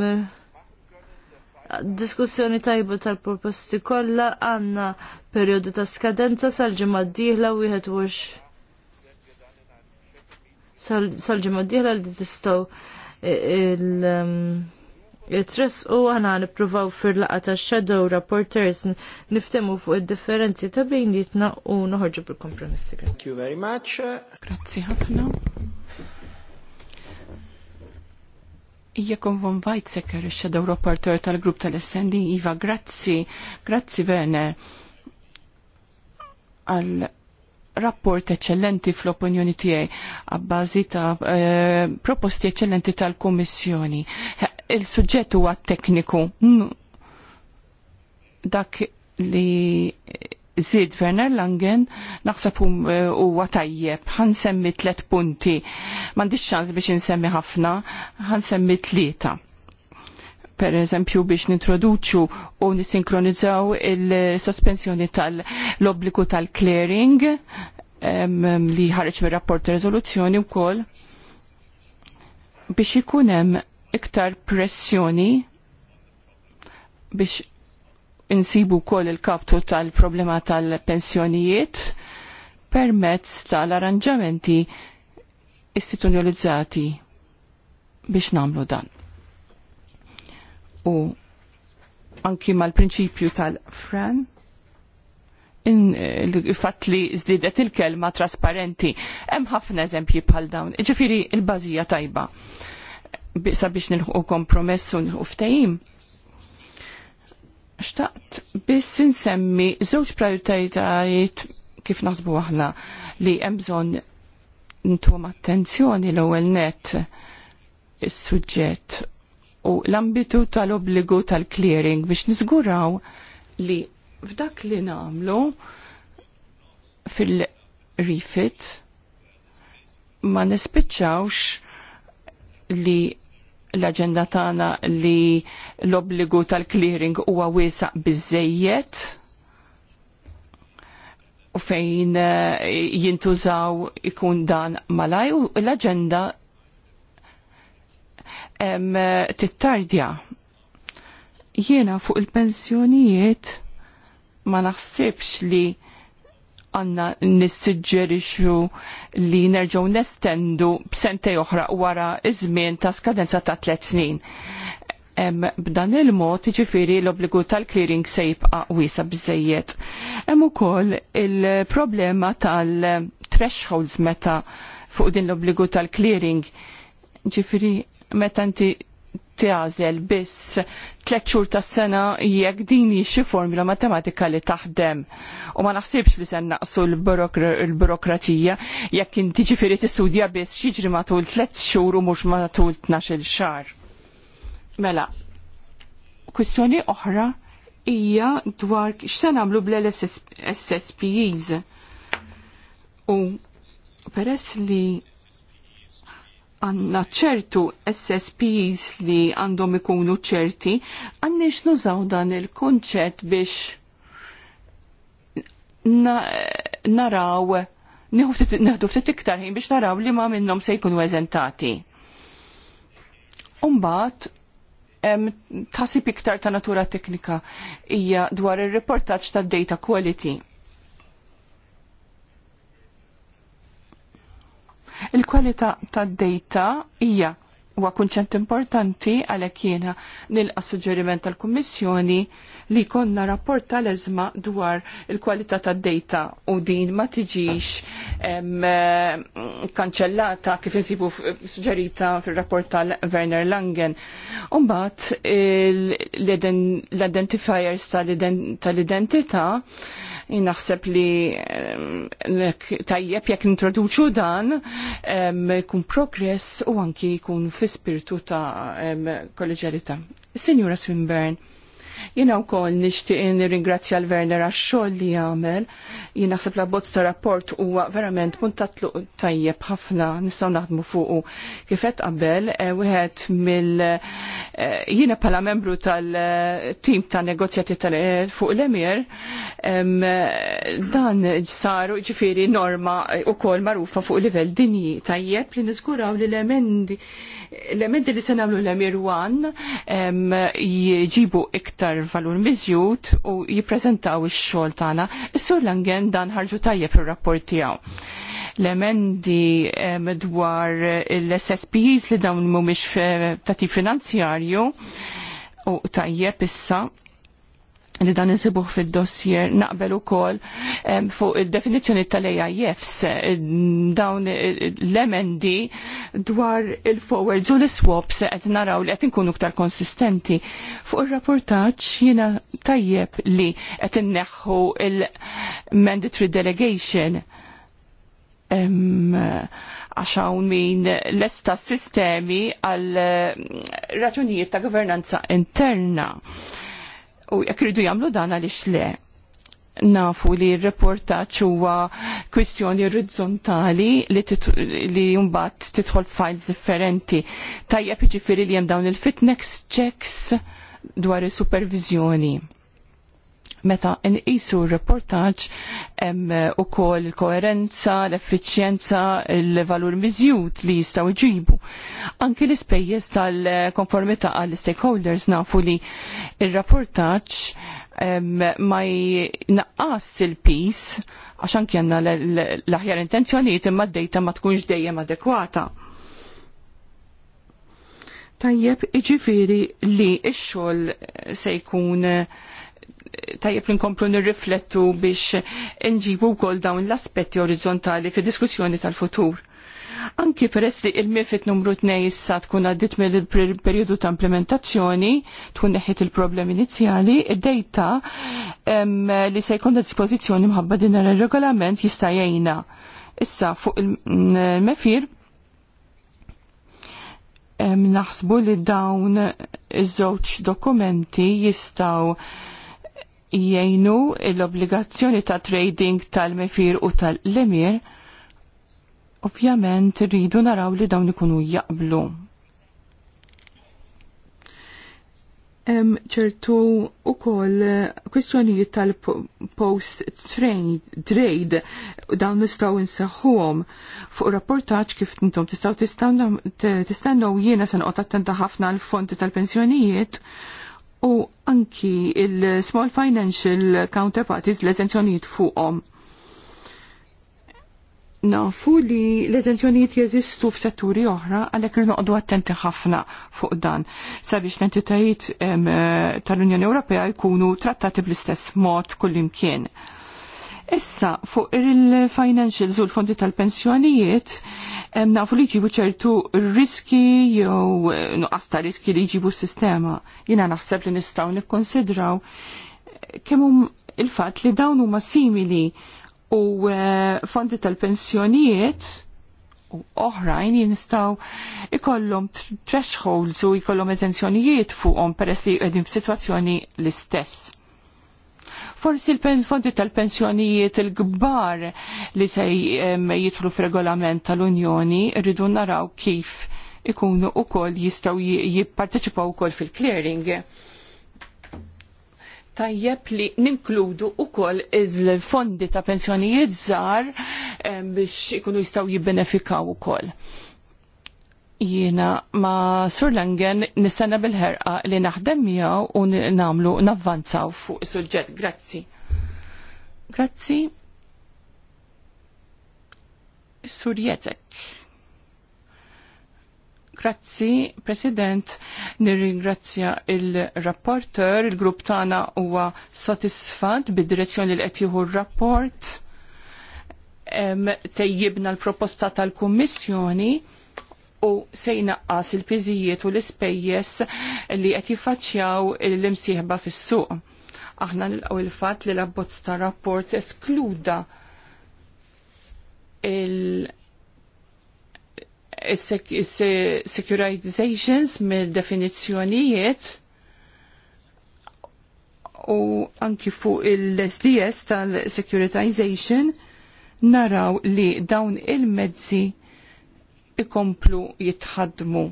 diskussjoni tajba tal-proposti kollha għandna perjodu ta' skadenza sal-ġimgħa d-dieħla wieħed wux sal-ġimgħa d-dieħla li tistgħu Um, il-tress u għana niprufaw fil-laqa ta' shadow rapporters niftemu fuq il-differenzi ta' bejnietna u noħorġu bil-kompromissi. Thank you very much. Grazzi ħafna. Ija konvon Weizsäcker, il-shadow rapporter tal-grupp tal-SND, Iva, grazzi, grazzi vene għal rapport eccellenti fl-opinjoni tiegħi għabbażi ta' eh, proposti eccellenti tal-Kummissjoni. Il-suġġett huwa tekniku. Dak li Zid Werner Langen naħseb eh, huwa tajjeb, ħansemmi tliet punti, m'għandix ċans biex insemmi ħafna, ħansemmi tlieta per eżempju biex nintroduċu u nisinkronizzaw il-sospensjoni tal-obbligu tal-clearing li ħareġ mir rapport rezoluzzjoni u wkoll biex ikun hemm iktar pressjoni biex insibu wkoll il-kaptu tal-problema tal-pensjonijiet permezz tal-arranġamenti istitunjolizzati biex namlu dan u anki mal-prinċipju tal-Fran eh, il fatt li zdidet il-kelma trasparenti. Hemm ħafna eżempji bħal dawn. Ġifiri il-bażija tajba. Sabiex biex nilħu kompromess u ftehim. Xtaqt biss insemmi żewġ prioritajiet kif naħsbu aħna li hemm bżonn ntuhom attenzjoni l-ewwel net is-suġġett u l-ambitu tal-obbligu tal-clearing biex nizguraw li f'dak li namlu fil-refit ma nispiċċawx li l-agenda tagħna li l-obbligu tal-clearing huwa wiesaq biżejjed u fejn eh, jintużaw ikun dan malaj u l-agenda Eh, tittardja. Jiena fuq il-pensjonijiet ma naħsibx li għanna nissuġġerixu li nerġaw nestendu b'sentej oħra wara iż-żmien ta' skadenza ta' tliet snin. B'dan il-mod ġifiri l-obbligu tal-clearing se jibqa' wiesa biżejjed. Hemm ukoll il-problema tal-thresholds meta fuq din l-obbligu tal-clearing ġifiri meta inti tiegħżel biss tliet xhur tas-sena jekk din hi xi formula matematika li taħdem. U ma naħsibx li se naqsu l-burokratija jekk inti ġifieri tistudja biss xiġri matul tliet xhur u mhux matul tnax-il xahar. Mela, kwistjoni oħra hija dwar x'se nagħmlu bl ssps U peress li għanna ċertu SSPs li għandhom ikunu ċerti, għannix nużaw dan il konċet biex naraw, neħdu ftit iktar ħin biex naraw li ma minnom se jkunu eżentati. Umbat, tasib iktar ta' natura teknika hija dwar ir reportaġġ tad data quality Il-kwalità tad-data hija huwa kunċent importanti għalhekk jiena nilqa' suġġeriment tal-Kummissjoni li konna rapport tal-eżma dwar il-kwalità tad-dejta u din ma tiġix kanċellata kif insibu suġġerita fir-rapport tal-Werner Langen. Umbagħad l-identifiers tal-identità naħseb li tajjeb jekk introduċu dan jkun progress u anki jkun fis spirtu ta' kolleġjalità. Signora Swinburne, jina u koll nishtiq nirringrazzja l-Werner għax xogħol li jagħmel. jina naħseb la bozz ta' rapport huwa verament punt tatluq tajjeb ħafna nistgħu naħdmu fuqu. Kif qed qabel eh, wieħed mill eh, jiena bħala membru tal-tim ta' negozjati tal eh, fuq l-Emir dan saru ġifiri norma wkoll magħrufa fuq livell dinji tajjeb li niżguraw li l-emendi l-elementi li se nagħmlu l-emir wan jġibu iktar valur miżjud u jippreżentaw ix-xogħol tagħna. Is-sur Langen dan ħarġu tajjeb pro rapport tiegħu. L-emendi dwar l-SSPs li dawn mhumiex eh, ta' tip finanzjarju u tajjeb issa li dan insibuħ fil-dossier naqbel ukoll fuq il-definizjoni tal-AIFs dawn e, l-emendi dwar il-forwards u l-swaps qed naraw li qed inkunu ktar konsistenti. Fuq ir-rapportaġġ jiena tajjeb li qed inneħħu il-mandatory delegation għaxawn min l-esta sistemi għal raġunijiet ta' governanza interna u jekk iridu jagħmlu dan għaliex le nafu li r-reportaċ huwa kwistjoni orizzontali li, li jumbat titħol files differenti. Tajjeb jiġifieri li hemm dawn il-fitnex checks dwar is-supervizjoni meta nqisu r reportaċ hemm eh, ukoll l koerenza l-effiċjenza, il-valur mizjut li jistgħu ġibu. Anki l-ispejjeż tal-konformità għall-stakeholders nafu li il rapportaġġ ma jnaqqas il-pis għax anki l-aħjar intenzjonijiet imma d-dejta ma tkunx dejjem adekwata. Tajjeb, iġifiri li x-xogħol se jkun uh, tajjeb li nkomplu nirriflettu biex nġibu wkoll dawn l-aspetti orizzontali fid diskussjoni tal-futur. Anki peress li il-mifit numru 2 issa tkun għaddit mill periodu ta' implementazzjoni, tkun neħet il-problem inizjali, id-dejta li se jkun dispożizzjoni mħabba din ir-regolament jista' jgħinna. Issa fuq il-mefir naħsbu li dawn iż-żewġ dokumenti jistaw jgħinu l-obbligazzjoni ta' trading tal-mefir u tal-lemir, ovvjament rridu naraw li dawn ikunu jaqblu. Hemm ċertu ukoll kwistjonijiet tal-post trade dawn nistgħu insaħħuhom fuq rapportaġġ kif intom tistaw tistennew jiena se noqgħod attenta ħafna l fonti tal-pensjonijiet u anki il-small financial counterparties l ezenzjonijiet fuqhom. Nafu li l-eżenzjonijiet jeżistu f'setturi oħra għalhekk noqdu attenti ħafna fuq dan sabiex l-entitajiet tal-Unjoni Ewropea jkunu trattati bl-istess mod kullimkien. Issa, fuq il-financials u l-fondi tal-pensjonijiet, nafu li ġibu ċertu riski jew eh, nuqqas ta' riski li ġibu s-sistema. Jina naħseb li nistaw nikkonsidraw eh, kemm il-fat li dawn huma simili u eh, fondi tal-pensjonijiet u oħrajn jinstaw ikollhom thresholds u jkollhom eżenzjonijiet fuqhom peress li qegħdin f'sitwazzjoni l-istess. Forsi l-fondi tal-pensjonijiet il-gbar li se jitlu f-regolament tal-Unjoni rridu naraw kif ikunu u koll jistaw jipparteċipaw u koll fil-clearing. Tajjeb li ninkludu u koll il-fondi ta' pensjonijiet zar biex ikunu jistaw jibbenefikaw u koll. Jiena ma Sur Langen nistenna bil-ħerqa li naħdem miegħu u nagħmlu navvanzaw fuq is-suġġett. Grazzi. Grazzi. Sur Grazzi, President, nirringrazzja il-rapporter, il-grupp tagħna huwa sodisfat bid-direzzjoni li qed jieħu r-rapport tejjibna l-proposta tal-Kummissjoni u se jnaqqas il-piżijiet u l-ispejjeż li qed jiffaċċjaw l-imsieħba fis-suq. Aħna nilqgħu il-fatt li l-abbozz ta' rapport eskluda il- securitizations mill definizzjonijiet u anki fuq il-SDS tal-securitization naraw li dawn il-mezzi ikomplu jitħadmu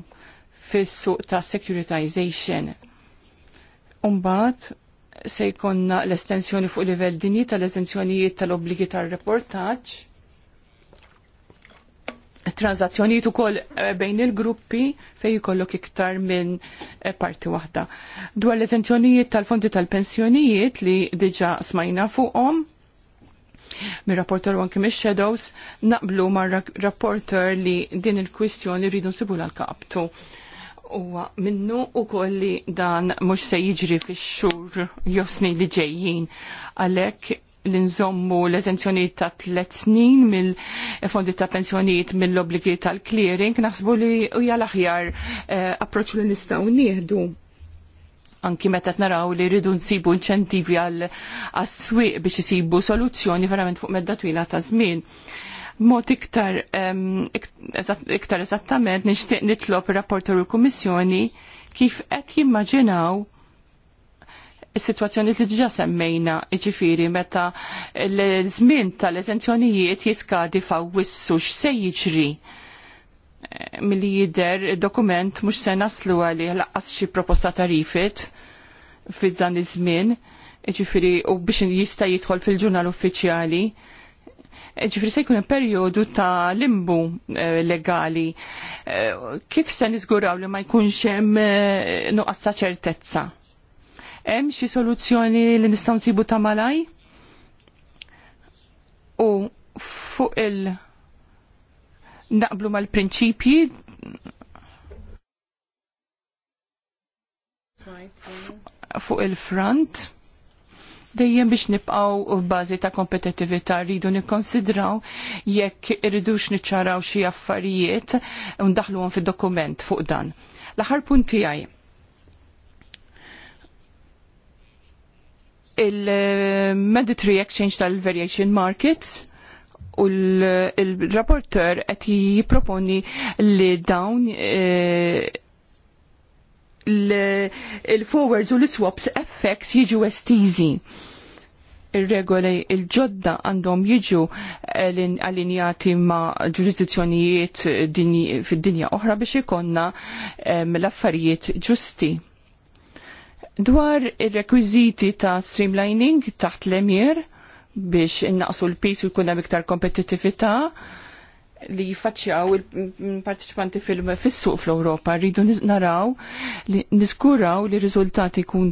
fis-suq ta' securitization. Umbat, se jkonna l-estensjoni fuq livell dinji tal-estensjonijiet tal-obbligi tal-reportaġġ, transazzjonijiet ukoll eh, bejn il-gruppi fej jkollok iktar minn eh, parti waħda. Dwar l-estensjonijiet tal-fondi tal-pensjonijiet li diġa smajna fuqhom, mir rapporter u anki shadows naqblu mar rapporter li din il-kwistjoni rridu nsibu l-kaptu. U minnu u li dan mux se jiġri fi xur josni li ġejjin għalek l-inżommu l-eżenzjoniet ta' tlet snin mill-fondi ta' pensjoniet mill-obligi tal-clearing naħsbu li u jgħal aħjar eh, approċ li nistaw nieħdu anki meta naraw li rridu nsibu inċentivi għal għas-swieq biex isibu soluzzjoni verament fuq medda twila ta' żmien. Mod iktar iktar eżattament nixtieq nitlob ir-rapporter u kummissjoni kif qed jimmaġinaw is-sitwazzjoni li diġa semmejna, ġifiri, meta l-żmien tal-eżenzjonijiet jiskadi f'Awwissu x'se jiġri milli jider dokument mhux se naslu għalih laqqas xi proposta tarifit fi dan iż-żmien, jiġifieri, u biex jista' jidħol fil-ġurnal uffiċjali. Ġifieri se jkun perjodu ta' limbu eh, legali. Eh, kif se niżguraw li ma jkunx hemm eh, nuqqas ta' ċertezza? Hemm xi soluzzjoni li nistgħu nsibu ta' malaj? U fuq il- naqblu mal-prinċipji fuq il-front dejjem biex nibqaw bazi ta' kompetitività rridu nikkonsidraw jekk irridux niċċaraw xi affarijiet u ndaħluhom fid-dokument fuq dan. L-aħħar punt tiegħi il-Mandatory Exchange tal-Variation Markets u l-rapporter qed jipproponi li dawn eh, il-forwards u l-swaps effects jiġu estizi. Ir-regoli il ġodda għandhom jiġu allinjati ma' ġurisdizzjonijiet fid-dinja oħra biex ikonna l-affarijiet ġusti. Dwar ir-rekwiżiti ta' streamlining taħt l-emir, biex innaqsu l-pis u jkun hemm iktar li jiffaċċjaw il-partiċipanti fis-suq fl-Ewropa. Rridu naraw li niskuraw li riżultati jkun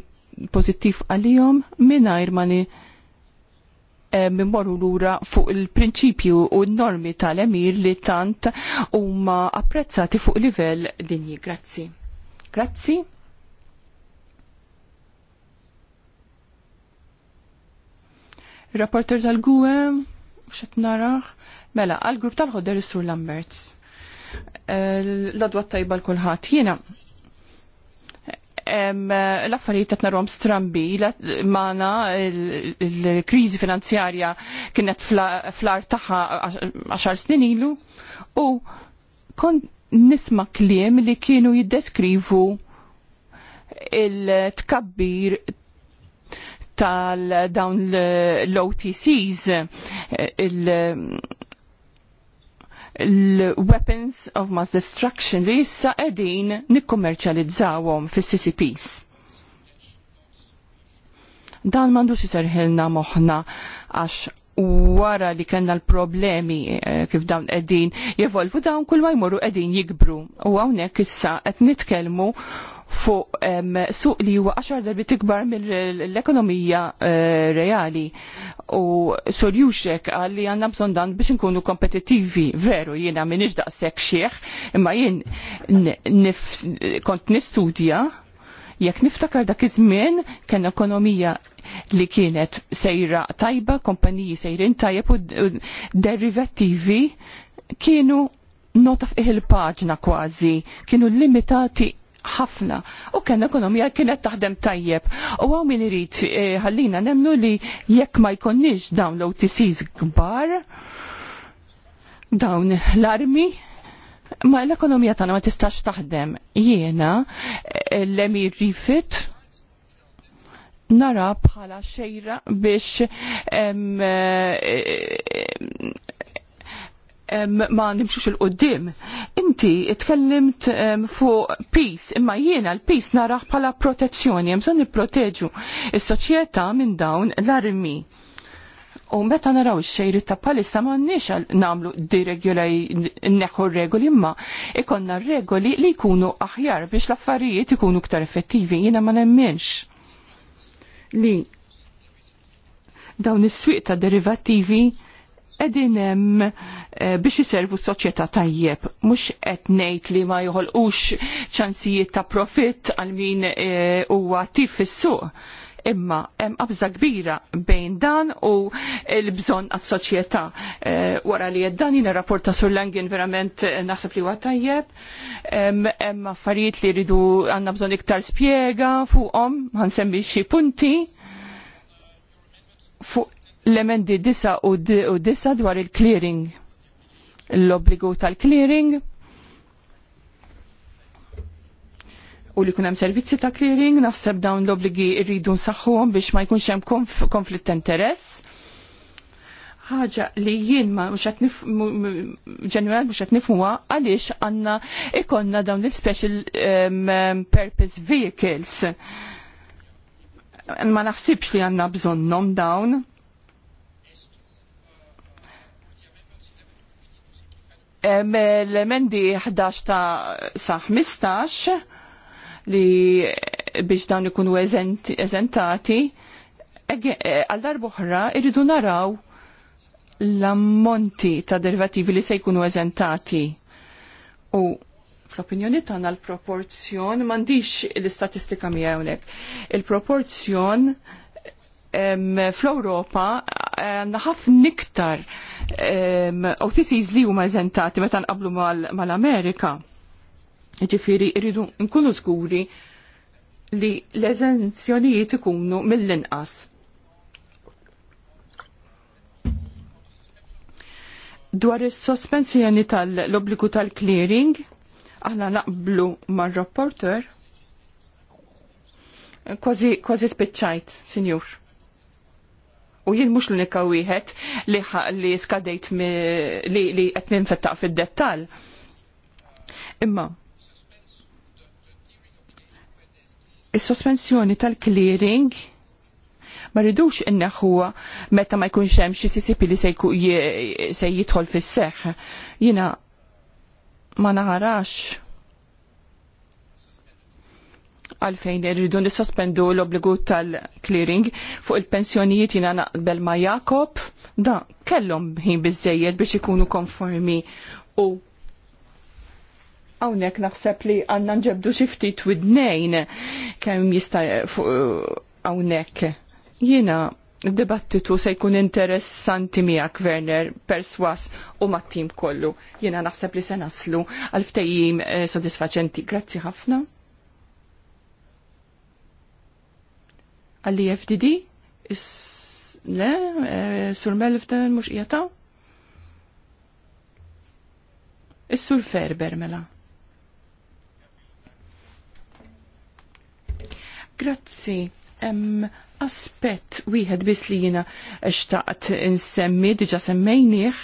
pożittiv għalihom mingħajr ma eh, mimmorru lura fuq il-prinċipju u n-normi tal-emir li tant huma apprezzati fuq livell dinji. Grazzi. Grazzi. Rapporter tal-Guem, xet narax, mela, għal-grupp tal-ħodder Sur Lamberts. Eh, l-adwa tajba l-kulħat, jena, l-affarijiet qed narhom strambi mana l-kriżi finanzjarja kienet fl-ar tagħha għaxar snin ilu u kon nisma kliem li kienu jiddeskrivu il-tkabbir tal-dawn l-OTCs il-weapons of mass destruction li jissa edin nikkommerċalizzawom fis-CCPs. Dan si serħilna moħna għax wara li kena l-problemi eh, kif dawn edin jevolvu dawn kull ma jmorru edin jikbru. U għawnek issa qed nitkellmu fuq suq li huwa għaxar darbi tikbar mill-ekonomija eh, reali u soljuxek għalli għanna bżon dan biex nkunu kompetittivi veru jiena minn iġdaqsek xieħ imma jien kont nistudja jekk niftakar dak iż-żmien kien ekonomija li kienet sejra tajba, kompaniji sejrin tajjeb u derivattivi kienu nota il-paġna kważi, kienu limitati ħafna u kien ekonomija kienet taħdem tajjeb. U għaw min irid e, ħallina nemnu li jekk ma jkonniex dawn l-OTCs kbar, dawn l-armi, ma l-ekonomija tagħna ma tistax taħdem. Jiena l-emir rifit nara bħala xejra biex e, e, ma nimxux il-qoddim. Inti itkellimt fuq peace, imma jiena l-peace naraħ bħala protezzjoni, jemżon nipproteġu il soċjetà minn dawn l-armi. U meta naraw xejri ta' palissa ma' nix namlu diregolaj neħu regoli imma ikonna regoli li jkunu aħjar biex l-affarijiet ikunu ktar effettivi jiena ma' nemmenx li dawn is-swieq ta' derivativi edin hemm eh, biex iservu s-soċjetà tajjeb, mhux qed ngħid li ma joħolqux ċansijiet ta' profitt għal min eh, huwa attiv fis-suq. Imma hemm qabża kbira bejn dan u l-bżonn għas-soċjetà. Eh, wara li dan jiena ir-rapport ta' Sur Langin verament naħseb li huwa tajjeb. Hemm affarijiet li jridu għandna bżonn iktar spjega fuqhom, ma nsemmi xi punti fuq l-emendi disa u disa dwar il-clearing. L-obbligu tal-clearing u li kunem servizzi ta' clearing, naħseb dawn l-obligi irridu nsaħħuhom biex ma jkunx hemm konflitt ta' interess. Ħaġa li jien ma mhux qed ġeneral mhux qed nifhmuha għaliex għandna ikonna dawn il-special um, purpose vehicles ma naħsibx li għanna bżonnom dawn. l-emendi 11 ta' sa' 15 li biex dan ikunu eżentati, e, għal uħra irridu naraw l-ammonti ta' derivativi li se jkunu eżentati. U fl-opinjoni tagħna l-proporzjon m'għandix l-istatistika mija Il-proporzjon fl-Ewropa naħaf ħafna iktar OTCs li huma eżentati meta nqablu mal-Amerika. Ġifiri, iridu nkunu żguri li l-eżenzjonijiet ikunu mill-inqas. Dwar is-sospensjoni tal-obbligu tal-clearing, aħna naqblu mar-rapporter, kważi spiċċajt, sinjur u jien mhux l-unika wieħed li, li skadejt li li qed ninfettaq fid-dettall. Imma is-sospensjoni tal-clearing ma rridux inneħħuha meta ma jkunx hemm xi CCP li se jidħol fis-seħħ. Jiena ma naħarax għalfejn irridu nissospendu l-obbligu tal-clearing fuq il-pensjonijiet jina naqbel ma' Jakob, da kellhom ħin biżejjed biex ikunu konformi u hawnhekk naħseb li għandna nġebdu xi ftit widnejn kemm jista' hawnhekk. Jiena dibattitu se jkun interessanti miak, Werner perswas u mat-tim kollu. Jiena naħseb li se naslu għal ftejjim eh, sodisfaċenti. Grazzi ħafna. għalli FDD? Is, le, eh, sur Melfden mux jataw? Is-sur Ferber mela. Grazzi. Um, aspett wieħed biss li jiena xtaqt insemmi diġa semmejnieh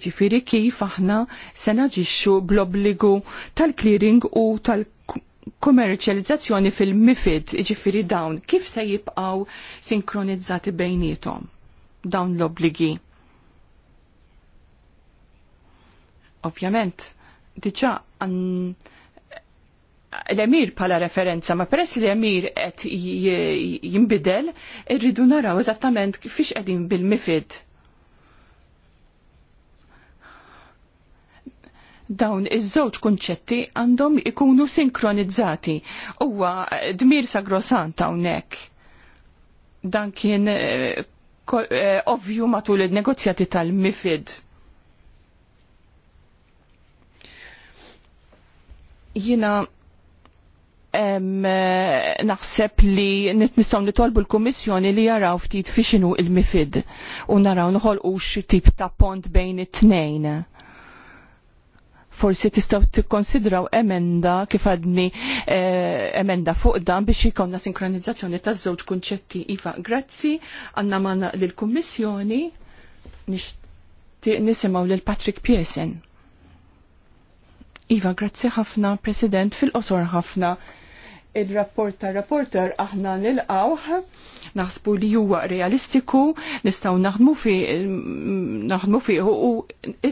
ġifiri kif aħna se naġixxu bl-obbligu tal-clearing u tal- kummerċjalizzazzjoni fil-mifid, iġifiri dawn, kif se jibqaw sinkronizzati bejnietom dawn l-obligi? Ovvjament, diċa għan l-emir pala referenza, ma peress li l-emir qed jimbidel, irridu naraw eżattament fiex qegħdin bil-mifid dawn iż-żewġ kunċetti għandhom ikunu sinkronizzati. Huwa dmir sagrosant hawnhekk. Dan kien eh, eh, ovvju matul il-negozjati tal-MIFID. Jina eh, naħseb li nitmissaw nitolbu l-Kommissjoni li jaraw ftit fi xinu il-mifid u naraw nħolqu xi tip ta' pont bejn it-tnejn forsi tistaw tikkonsidraw emenda kif għadni eh, emenda fuq dan biex jikonna sinkronizzazzjoni ta' żewġ kunċetti iva. Grazzi, għanna manna l-Kummissjoni, nisimaw l-Patrick Piesen. Iva, grazzi ħafna, President, fil-qosor ħafna il-rapport ta' rapporter aħna nilqawħ naħsbu li huwa realistiku, nistgħu naħdmu fi naħdmu fih u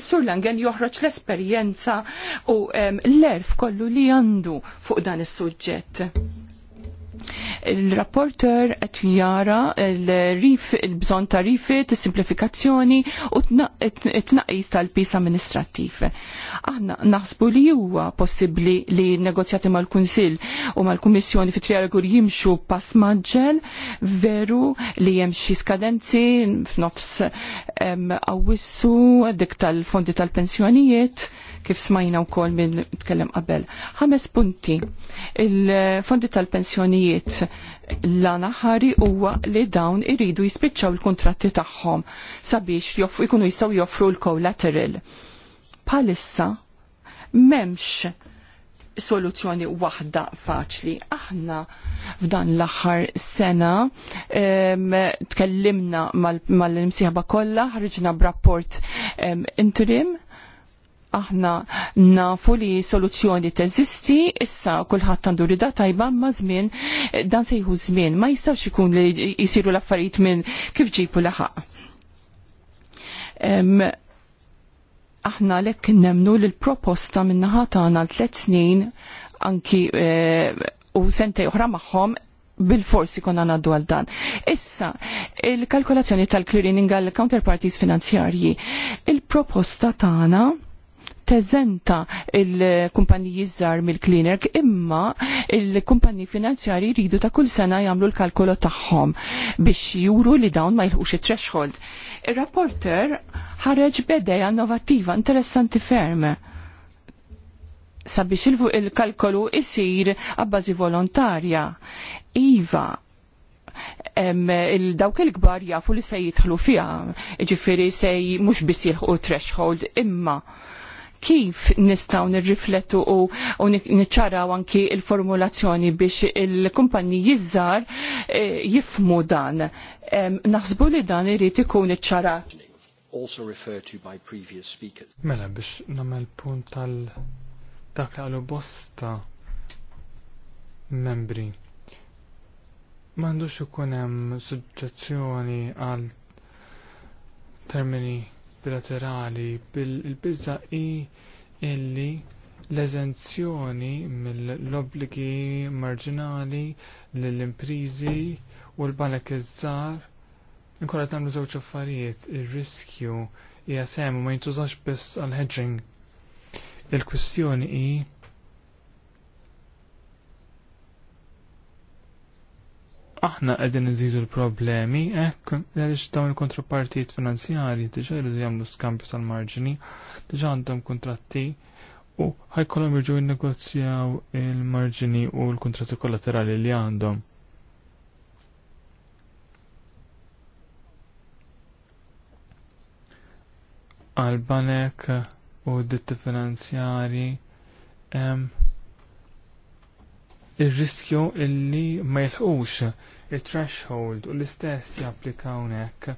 s-sur Langen joħroġ l-esperjenza u l-erf kollu li għandu fuq dan is-suġġett. Il-rapporter qed jara l-rif il-bżonn ta' rifit, is-simplifikazzjoni u t-tnaqqis tal-pis amministrattiv. Aħna naħsbu li huwa possibbli li negozjati mal-Kunsill u mal-Kummissjoni fit trialogu jimxu pass maġġel veru li hemm xi skadenzi f'nofs awwissu dik tal-fondi tal-pensjonijiet kif smajna u kol minn tkellem qabel. Ħames punti. Il-fondi tal-pensjonijiet l-għana ħari huwa li dawn iridu jispiċċaw il-kontratti tagħhom sabiex jkunu jistaw joffru l-collateral. Palissa, memx soluzzjoni waħda faċli. Aħna f'dan l-aħħar sena tkellimna mal-imsieħba kollha, ħarġna b'rapport interim aħna nafu li soluzzjoni teżisti, issa kulħadd għandu rida tajba ma żmien dan se jieħu żmien, ma jistgħux ikun li jsiru l-affarijiet minn kif ġipu laħaq. aħna lekk nemnu li l-proposta minn naħa tagħna tliet snin anki eh, u sentej oħra magħhom bil-forsi konna għana għal dan. Issa, il-kalkolazzjoni tal-clearing għal counterparties finanzjarji, il-proposta tagħna teżenta il-kumpaniji żar mill-klinek imma il-kumpaniji finanzjari jridu ta' kull sena jagħmlu l-kalkolo tagħhom biex juru li dawn ma jilħux it-threshold. Ir-rapporter ħareġ bedeja innovattiva interessanti ferm sabiex il-kalkolu isir għabbażi volontarja. Iva, dawk il-kbar jafu li se jidħlu fiha, ġifiri se mhux biss jilħu threshold imma kif nistaw nirriflettu u, u niċċaraw anki il-formulazzjoni biex il-kumpanji jizzar e, jifmu dan. E, Naħsbu li dan irrit ikun iċċarat. Also referred to by previous speakers. Mela biex namel punt tal dak għalu bosta membri. Mandux ikun hemm suġġazzjoni għal termini bilaterali bil-bizza i illi l-eżenzjoni mill-obbligi marġinali lill-impriżi u l-banek iż-żar inkolla tagħmlu żewġ affarijiet ir-riskju hija u ma jintużax biss għal hedging. Il-kwistjoni hi aħna qegħdin nżidu l-problemi hekk għaliex dawn il-kontrapartijiet finanzjari diġà jridu jagħmlu skambju tal-marġini, diġa' għandhom kuntratti u ħajkollhom jiġu jinnegozjaw il-marġini u l-kuntratti kollaterali li għandhom. Għalbanek u ditti finanzjari, ir-riskju illi ma jilħux il-threshold u l-istess japplika hawnhekk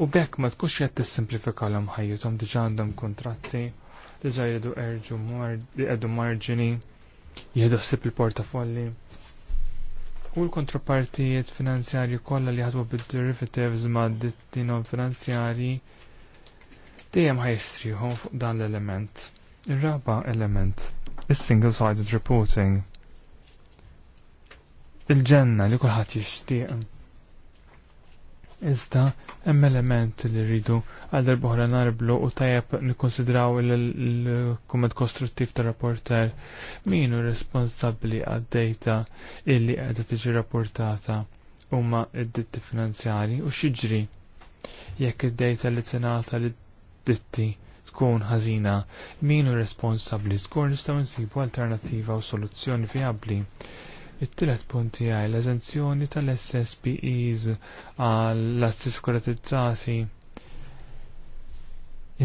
u bekk ma tkunx qed tissimplifikalhom ħajjithom diġà għandhom kuntratti diġà jridu erġu għedu marġini jieħdu ħsieb il-portafolli. U l-kontrapartijiet finanzjarji kollha li ħadwa bid-derivatives ma' d-dittinom finanzjarji dejjem ħajstriħu fuq dan l-element. Ir-raba element, is-single-sided reporting il-ġenna li kulħadd jixtieq. Iżda hemm element li rridu għal darbohra narblu u tajjeb nikkonsidraw il-kumment kostruttiv tar rapporter min hu responsabbli għad-dejta illi qiegħda tiġi rapportata huma id-ditti finanzjari u xiġri jekk id-dejta li tingħata lid-ditti tkun ħażina min hu responsabbli tkun nistgħu nsibu alternattiva u soluzzjoni viabbli It-tielet punt tiegħi l-eżenzjoni tal-SSPEs għall assikuratizzati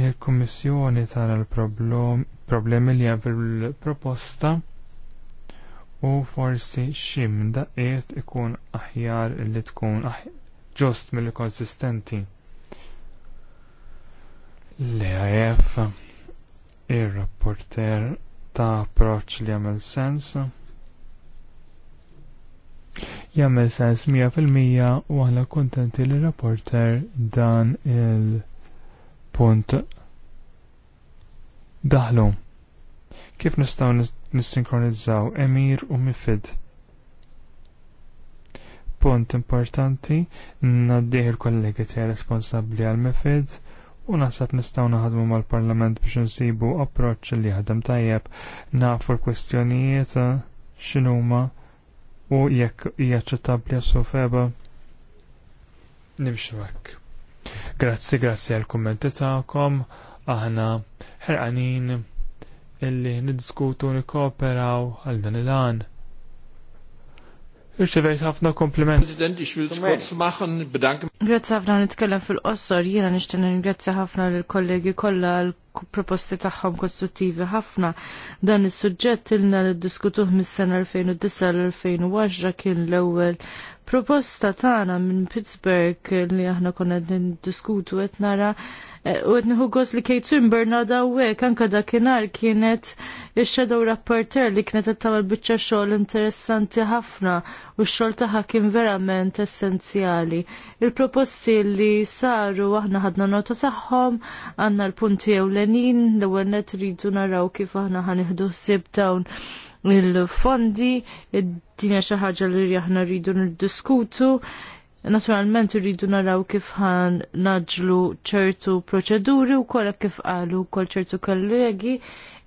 Il-Kummissjoni tara l-problemi li għavir l proposta u forsi xi mdaqqiet ikun aħjar li tkun ġost mill-konsistenti. L-EAF ir-rapporter ta' approċċ li għamil sens Jammel sens 100% u għala kontenti li rapporter dan il-punt daħlu. Kif nistaw nissinkronizzaw emir u mifid? Punt importanti, naddieħ il-kollegi tiegħi responsabbli għal mifid u naħseb nistgħu naħdmu mal-Parlament biex insibu approċċ li ħadem tajjeb nafu l-kwestjonijiet x'inhuma u jekk jaċċettabbli għassu sofeba? nimxu għek. Grazzi, grazzi għal kummenti tagħkom, aħna ħerqanin illi niddiskutu nikkooperaw għal dan il-għan. Irċevejt ħafna kompliment. President, ich will kurz machen, bedanke. Grazie ħafna nitkellem fil-qossor, jiena nixtieq ringrazzja ħafna lill kollegi kollha għal proposti taħħom konstruttivi ħafna. Dan is-suġġett l-diskutuħ mis-sena 2009 l-2010 kien l ewel proposta tagħna minn Pittsburgh li aħna konna diskutu qed nara eh, u qed nieħu għos li Kate u għadha hawnhekk anke dakinhar kienet ix-shadow rapporter li kienet qed tagħmel biċċa xogħol interessanti ħafna u x-xogħol kien verament essenzjali. Il-proposti li saru aħna ħadna nota saħħom, għandna l-punti ewlenin, l-ewwel net ridu naraw kif aħna ħanieħdu ħsieb dawn il-fondi, id-dinja xi ħaġa li aħna rridu niddiskutu. Naturalment irridu naraw kif ħan naġlu ċertu proċeduri u kolla kif qalu kol ċertu kollegi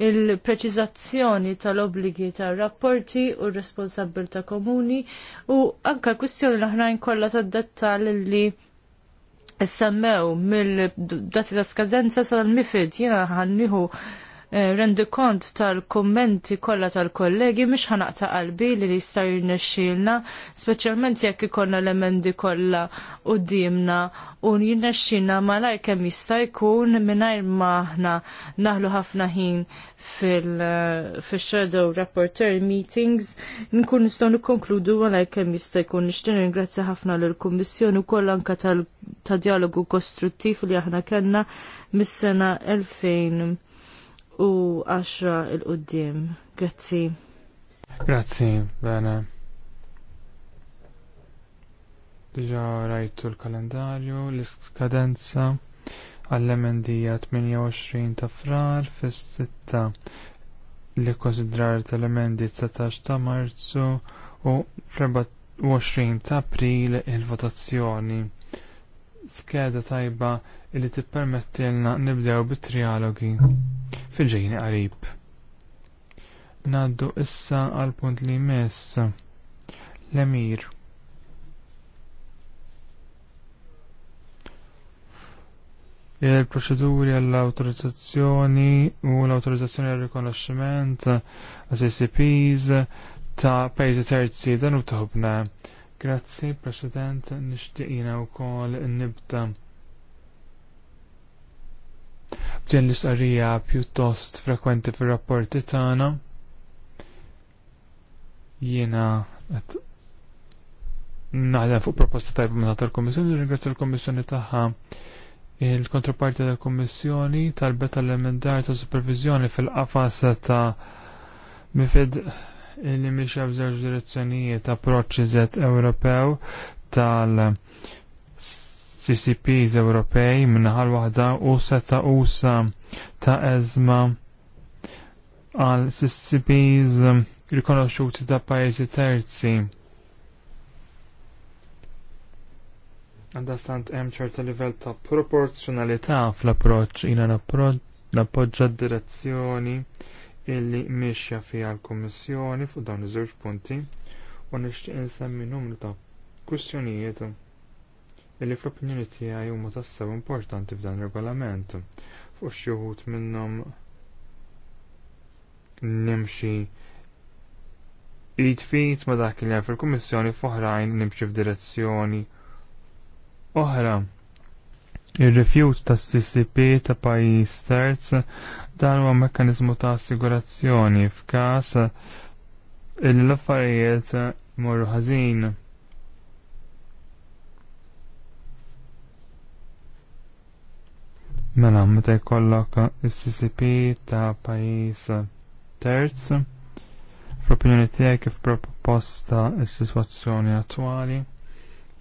il-preċizazzjoni tal-obligi tal-rapporti u r-responsabilta komuni u anka kwistjoni l-oħrajn kolla tad-dettal li semmew mill-dati ta' skadenza sal-mifid jena ħanniħu Eh, rendi kont tal-kommenti kollha tal-kollegi mhix ħanaqta qalbi li li jista' jirnexxilna, speċjalment jekk ikollna l-emendi kollha dimna u jirnexxielna malajr kemm jista' jkun mingħajr ma aħna naħlu ħafna ħin fil-shadow eh, rapporteur meetings nkun nistgħu nikkonkludu malajr kemm jista' jkun nixtieq ringrazzja ħafna lill-Kummissjoni kolla anke tal-dialogu kostruttiv li aħna kellna mis-sena 2000 u 10 il-qoddim. Grazzi. Grazzi, bene. Dġa rajtu l-kalendarju, l-iskadenza għall-emendija 28 ta' frar fis-sitta li konsidrar tal-emendi 17 ta' marzu u 24 ta' april il-votazzjoni skeda tajba illi tippermettilna nibdew bit-trialogi fil-ġejni qarib. Naddu issa għal punt li mess l-emir. il-proċeduri għall-autorizzazzjoni u l-autorizzazzjoni għall-rikonoxximent, CCPs, ta' pejzi terzi dan u taħobna Grazzi, President, nishtiqina u kol nibda. Bġen l-isqarija pjuttost frekwenti fir rapporti tagħna. Jiena qed naħdem fuq proposta tajba minn tal komissjoni, ringrazzi l komissjoni tagħha il-kontraparti tal-Kommissjoni tal-beta l-emendar ta' supervizjoni fil-qafas ta' mifid li miexa f'żewġ direzzjonijiet approċċ iżet Ewropew tal CCPs Ewropej minnaħal waħda u seta usa ta' eżma għal CCPs rikonoxxuti ta' pajjiżi terzi. Għandastant hemm ċerta livell ta' proporzjonalità fl-approċċ jiena nappoġġa d-direzzjoni illi miexja fiha l-Kummissjoni fuq dawn iż-żewġ punti u nixtieq insemmi numru ta' kwistjonijiet illi fl-opinjoni tiegħi huma tassew importanti f'dan ir-regolament fuq xi wħud minnhom nimxi id fit ma dak li fil-Kummissjoni f'oħrajn nimxi f'direzzjoni oħra Ir-rifjut tas CCP ta' pajjiż terz dan huwa mekkaniżmu ta' assigurazzjoni f'każ l affarijiet morru ħażin. Mela, meta jkollok is-CCP ta' pajjiż terz, fl-opinjoni tiegħi kif proposta s-sitwazzjoni attwali,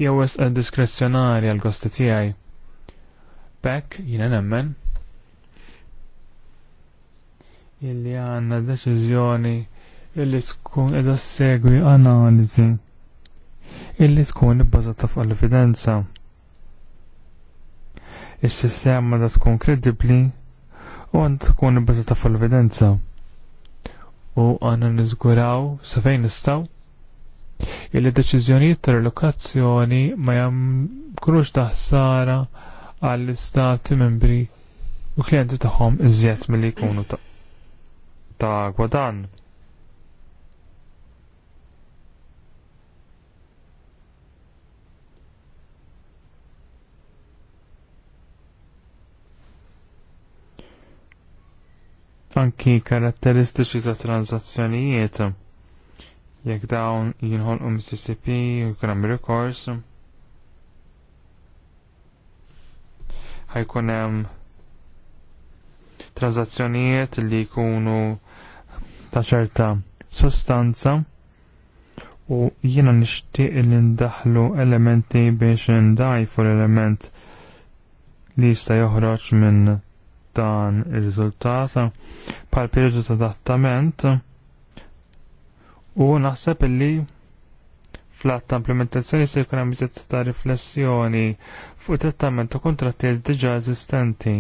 jew wisq diskrezzjonarja għal gosti tiegħi Bekk jiena nemmen illi għandna deċiżjoni illi tkun qiegħda segwi analizi illi tkun ibbażata fuq l-evidenza. Is-sistema da tkun kredibbli u għand tkun ibbażata fuq l-evidenza. U għandna niżguraw sa fejn nistgħu illi deċiżjonijiet ta' relokazzjoni ma jkunux taħsara sara għall istati membri u klienti tagħhom iżjed milli jkunu ta', ta gwadan. Anki karatteristiċi ta' tranzazzjonijiet jekk dawn jinħolqu Mississippi u jkun hemm ħajkun hemm transazzjonijiet li jkunu ta' ċerta sostanza u jiena nixtieq li ndaħlu elementi biex ndajfu l-element li jista' joħroġ minn dan ir-riżultat bħal periodu ta' trattament u naħseb illi fl-att ta' implementazzjoni se jkun hemm ta' riflessjoni fuq trattament ta' kuntratti diġà eżistenti.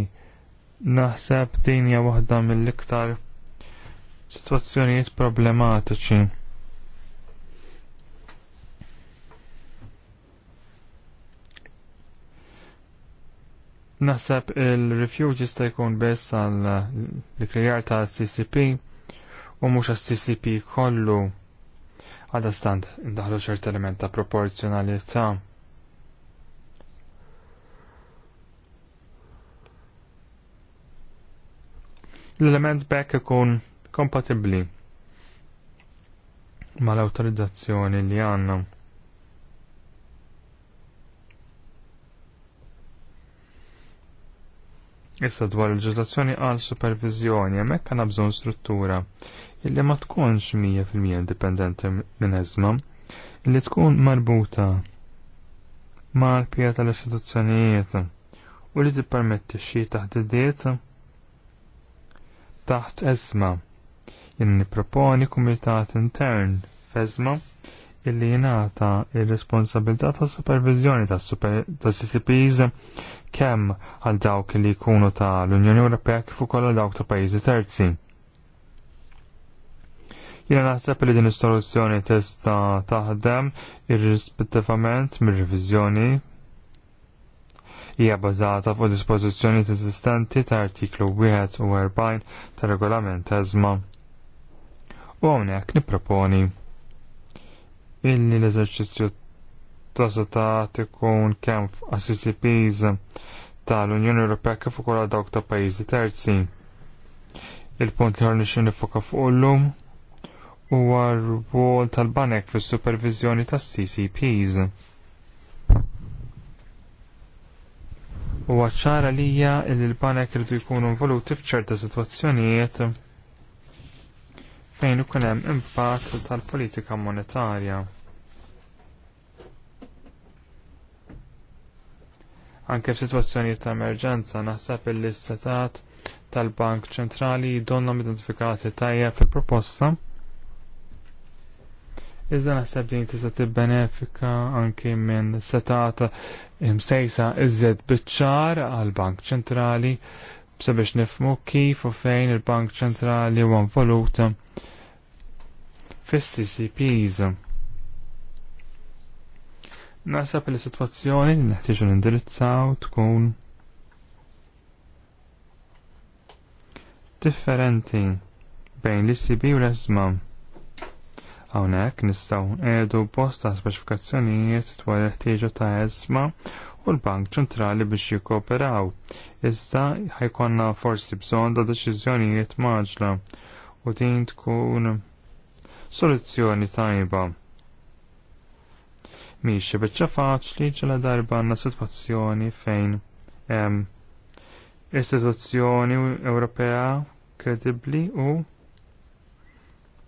Naħseb din hija waħda mill-iktar sitwazzjonijiet problematiċi. Naħseb il-refugee jista' jkun biss għal l ta' CCP u mhux għas CCP kollu Għada stand, indaħlu ċert element ta' proporzjonalità. L-element back ikun kompatibli ma l-autorizzazzjoni li għanna. Issa dwar il-ġudazzjoni għal supervizjoni, hemmhekk għandna bżonn struttura illi ma tkunx 100% indipendenti minn eżma, illi tkun marbuta mal-pija tal-istituzzjonijiet u li tippermetti xi taħdidiet taħt eżma. Jenni nipproponi kumitat intern f'eżma illi jingħata il responsabilità ta' tas supervizjoni tas super, ta CCPs kemm għal dawk li jkunu tal unjoni Ewropea kif ukoll għal dawk ta' pajjiżi terzi. Jena naħseb li din is-soluzzjoni testa taħdem irrispettivament mir riviżjoni hija bażata fuq dispożizzjoni eżistenti ta' artiklu 41 ta' regolament eżma. U hawnhekk nipproponi illi l-eżerċizzju ta' seta' ikun kemm f'ACCPs tal-Unjoni Ewropea kif ukoll dawk ta' pajjiżi terzi. Il-punt li ħarnix nifoka fuq llum huwa r-rwol tal-banek fis-supervizjoni tas-CCPs. Huwa ċara lija li l-banek irdu jkunu involuti f'ċerta sitwazzjonijiet fejn ikun hemm impatt tal-politika monetarja. Anke f'sitwazzjonijiet ta' emerġenza naħseb il-istatat tal-Bank Ċentrali jdollhom identifikati tajjeb fil-proposta Iżda naħseb li tista' tibbenefika anki minn setata imsejsa iżed biċċar għal-Bank Ċentrali sabiex nifmu kif u fejn il-Bank Ċentrali huwa involut fis-CCPs. Naħseb li sitwazzjoni li neħtieġu nindirizzaw tkun differenti bejn l-ICB u l-ESMA. Hawnhekk nistgħu edu bosta speċifikazzjonijiet dwar il-ħtieġa ta' esma u l-Bank ċentrali biex jikkooperaw. Iżda ħajkonna forsi bżonn ta' deċiżjonijiet maġla u din tkun soluzzjoni tajba. Miex biċċa faċli ġela darba għandna sitwazzjoni fejn hemm istituzzjoni Ewropea kredibbli u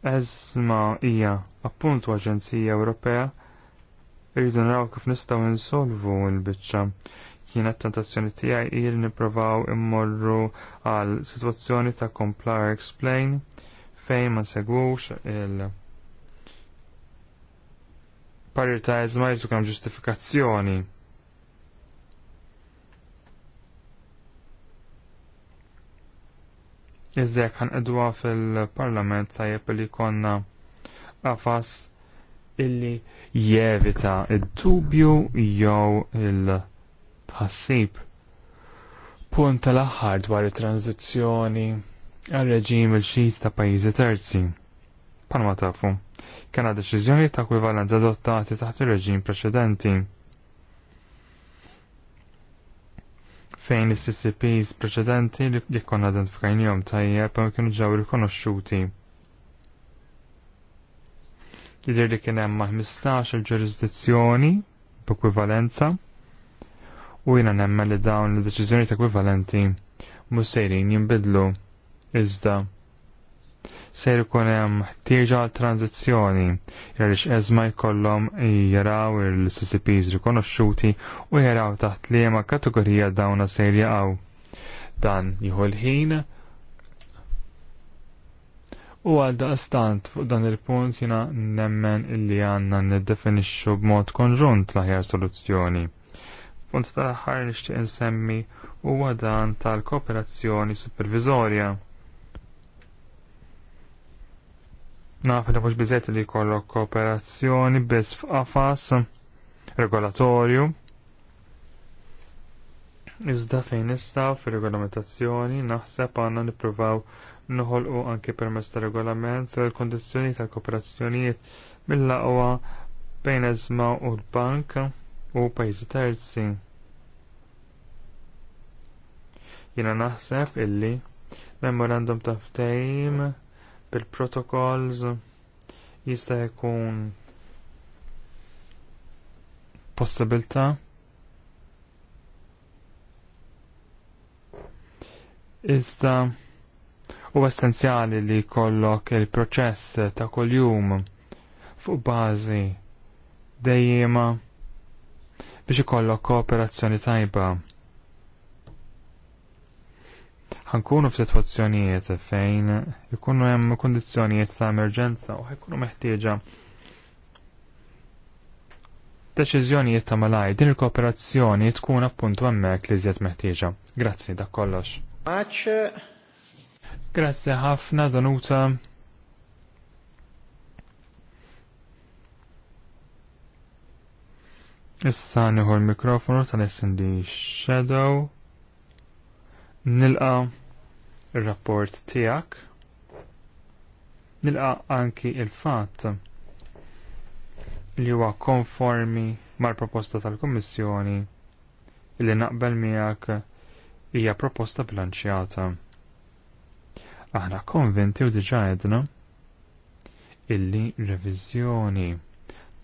Ezma hija appunt Aġenzija Ewropea rridu naraw kif nistgħu insolvu l-biċċa kienet tentazzjoni tiegħi il nipprovaw immorru għal sitwazzjoni ta' Complar Explain fejn ma segwux il- parir ta' eżmajtu kemm ġustifikazzjoni għan ħanqidwa fil-parlament tajjeb li konna għafas illi jevita id-dubju jew il passib Punt tal-aħħar dwar it-tranzizzjoni għal reġim il-xit ta' pajjiżi terzi. Palma tafu, kena deċiżjoni ta' ekwivalenza adottati taħt ir reġim preċedenti. fejn is-CCPs preċedenti li konna identifikajnijom tajjeb ma kienu ġew rikonoxxuti. Jidher li kien hemm ma' 15 il-ġurisdizzjoni b'ekwivalenza u jiena nemmen li dawn il-deċiżjoni ta' ekwivalenti mhux sejrin jinbidlu iżda ser ikun hemm ħtieġa għal tranzizzjoni għaliex eżma jkollhom jaraw il-CCPs rikonoxxuti u jaraw taħt jema kategorija dawna ser jaqgħu. Dan jieħu l-ħin u għal daqstant fuq dan il-punt jina nemmen illi għanna niddefinixxu b'mod konġunt l-aħjar soluzzjoni. Punt tal-ħar nixtieq insemmi huwa dan tal-kooperazzjoni supervizorja. naf li mhux biżejt li jkollok kooperazzjoni biss f'qafas regolatorju. Iżda fejn nista' fir-regolamentazzjoni naħseb għandna nippruvaw noħolqu anke permezz ta' regolament l-kondizzjoni tal kooperazzjonijiet mill laqwa bejn eżma u l-bank u pajjiżi terzi. Jiena naħseb illi memorandum ta' ftehim bil protocols jista' jkun possibilità iżda u essenzjali li jkollok il-proċess ta' kuljum fuq bażi dejjema biex ikollok kooperazzjoni tajba ħankunu f'sitwazzjonijiet fejn ikunu hemm kundizzjonijiet ta' emerġenza u ħajkunu meħtieġa deċiżjonijiet ta' malaj din il-kooperazzjoni tkun appuntu hemmhekk li żjed meħtieġa. Grazzi dak kollox. Grazzi ħafna Danuta. Issa nieħu l-mikrofonu tal-SND Shadow. Nilqa' il-rapport tijak. Nilqa anki il-fat li huwa konformi mal-proposta tal-Kommissjoni li naqbel miegħek hija proposta bilanċjata. Aħna konvinti u diġa għedna illi reviżjoni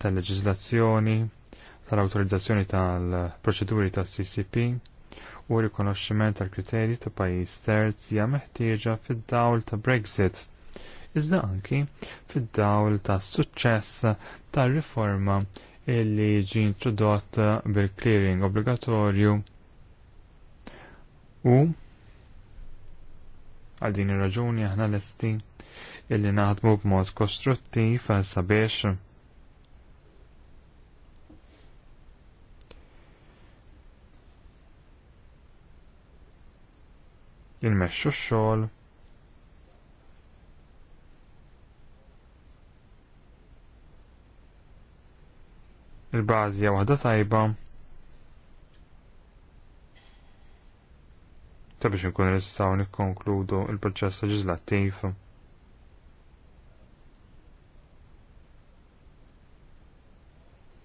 tal-leġiżlazzjoni tal-awtorizzazzjoni tal-proċeduri tal-CCP u rikonoxximent tal-kriterji ta' pajjiż terz hija meħtieġa fid-dawl ta' Brexit. Iżda anki fid-dawl ta' suċċess tar-riforma illi ġie introdott bil-clearing obbligatorju u għal din ir-raġuni aħna lesti illi naħdmu b'mod kostruttiv sabiex jinmexxu x-xogħol. Il-bażja waħda tajba. Ta' biex nkun nistgħu nikkonkludu l proċess leġislattiv.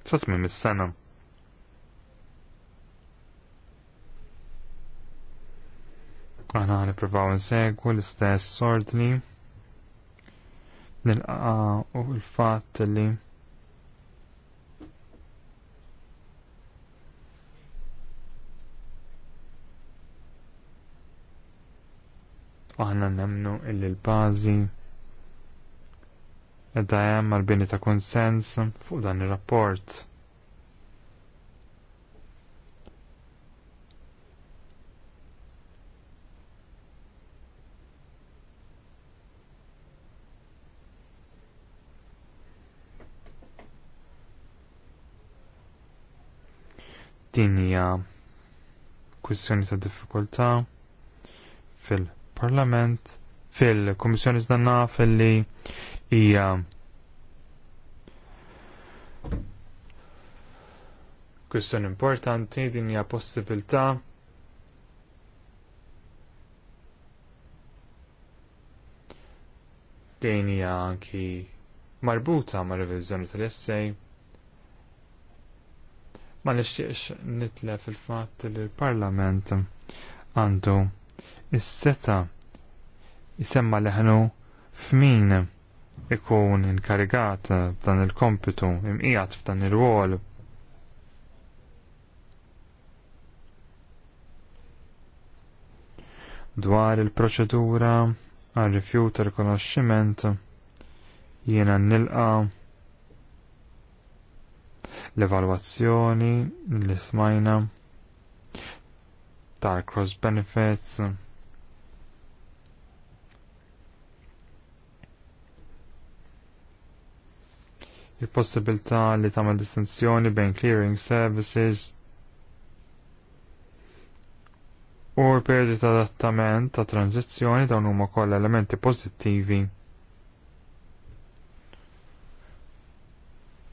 Tfat minn mis-sena. aħna nippruvaw insegwu l-istess ordni nilqa u l-fatt li aħna nemnu illi l bazi edha hemm għal-bini ta' konsens fuq dan ir-rapport. Din hija kwistjoni ta' diffikultà fil-Parlament, fil-Kummissjoni zdanna fil-li hija kwistjoni importanti din hija possibilità din hija anki marbuta ma' revizjoni tal-essej ma nixtieqx nitlef il-fatt li l-Parlament għandu is-seta jisemma leħnu f'min ikun inkarigat f'dan il-kompitu imqijat f'dan il-wol. Dwar il-proċedura għal rifjut rikonoxximent jiena nilqa' l-evalwazzjoni li smajna tal-cross benefits. il-possibilità li tagħmel distinzjoni bejn clearing services u l-perdi ta' adattament ta' tranzizzjoni dawn huma koll elementi pożittivi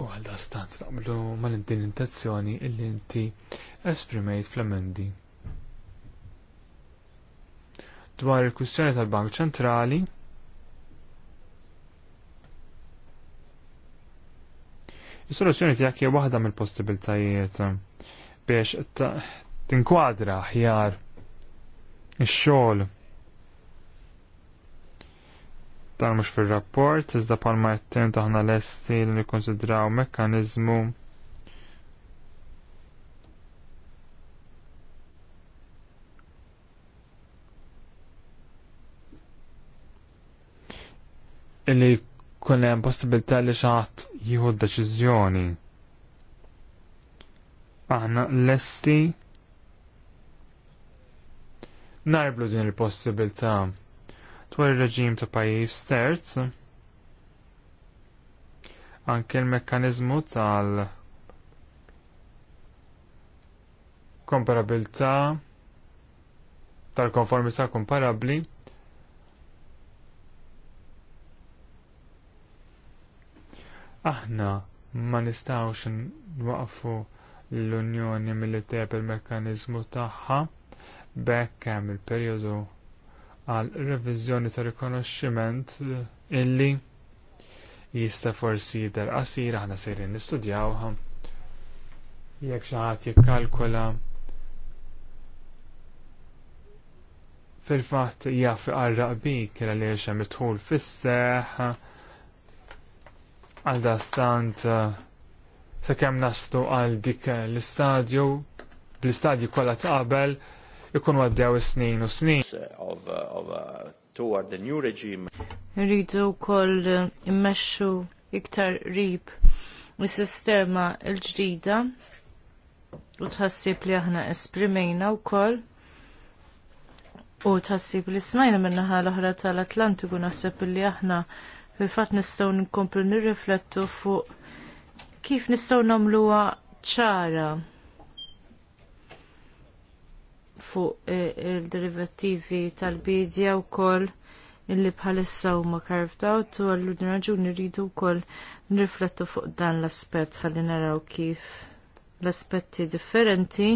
U għal da stanz naqblu mal din intenzjoni illi inti esprimejt fl-emendi. Dwar il-kwistjoni tal-Bank Ċentrali, Is-soluzzjoni tiegħek hija waħda mill-possibilitajiet biex tinkwadra ħjar ix-xogħol dan mhux fir-rapport, iżda pal Martin taħna lesti li nikkonsidraw mekkaniżmu illi kun hemm possibilità li xaħat jieħu deċiżjoni. Aħna lesti narblu din il-possibilità dwar ir-reġim ta' pajjiż terz anke l-mekkaniżmu tal komparabilità tal-konformità komparabbli aħna ma nistawx nwaqfu l-Unjoni mill-teb il-mekkanizmu tagħha bekk hemm il-perjodu għal reviżjoni ta' rikonoxximent eh, illi jista forsi jidher qasir aħna sejrin nistudjawha. Jekk xi ħadd jikkalkola fil-fatt jaf iqarraq bik għaliex hemm idħul fis seħ għal dastant eh, sakemm nastu għal dik l-istadju bl-istadju kollha taqbel qabel ikunu għaddew snin u snin. Uh, uh, toward the new Rridu wkoll immexxu iktar rib is-sistema l-ġdida u tħassib li aħna esprimejna wkoll u tħassib li smajna min-naħa l-oħra tal-Atlantiku naħseb li aħna fil-fatt nistgħu nkomplu nirriflettu fuq kif nistgħu nagħmluha ċara fuq e, il-derivativi tal-bidja u koll illi bħalissa u ma carved out u għallu din raġuni rridu koll nriflettu fuq dan l-aspet ħalli naraw kif l-aspetti differenti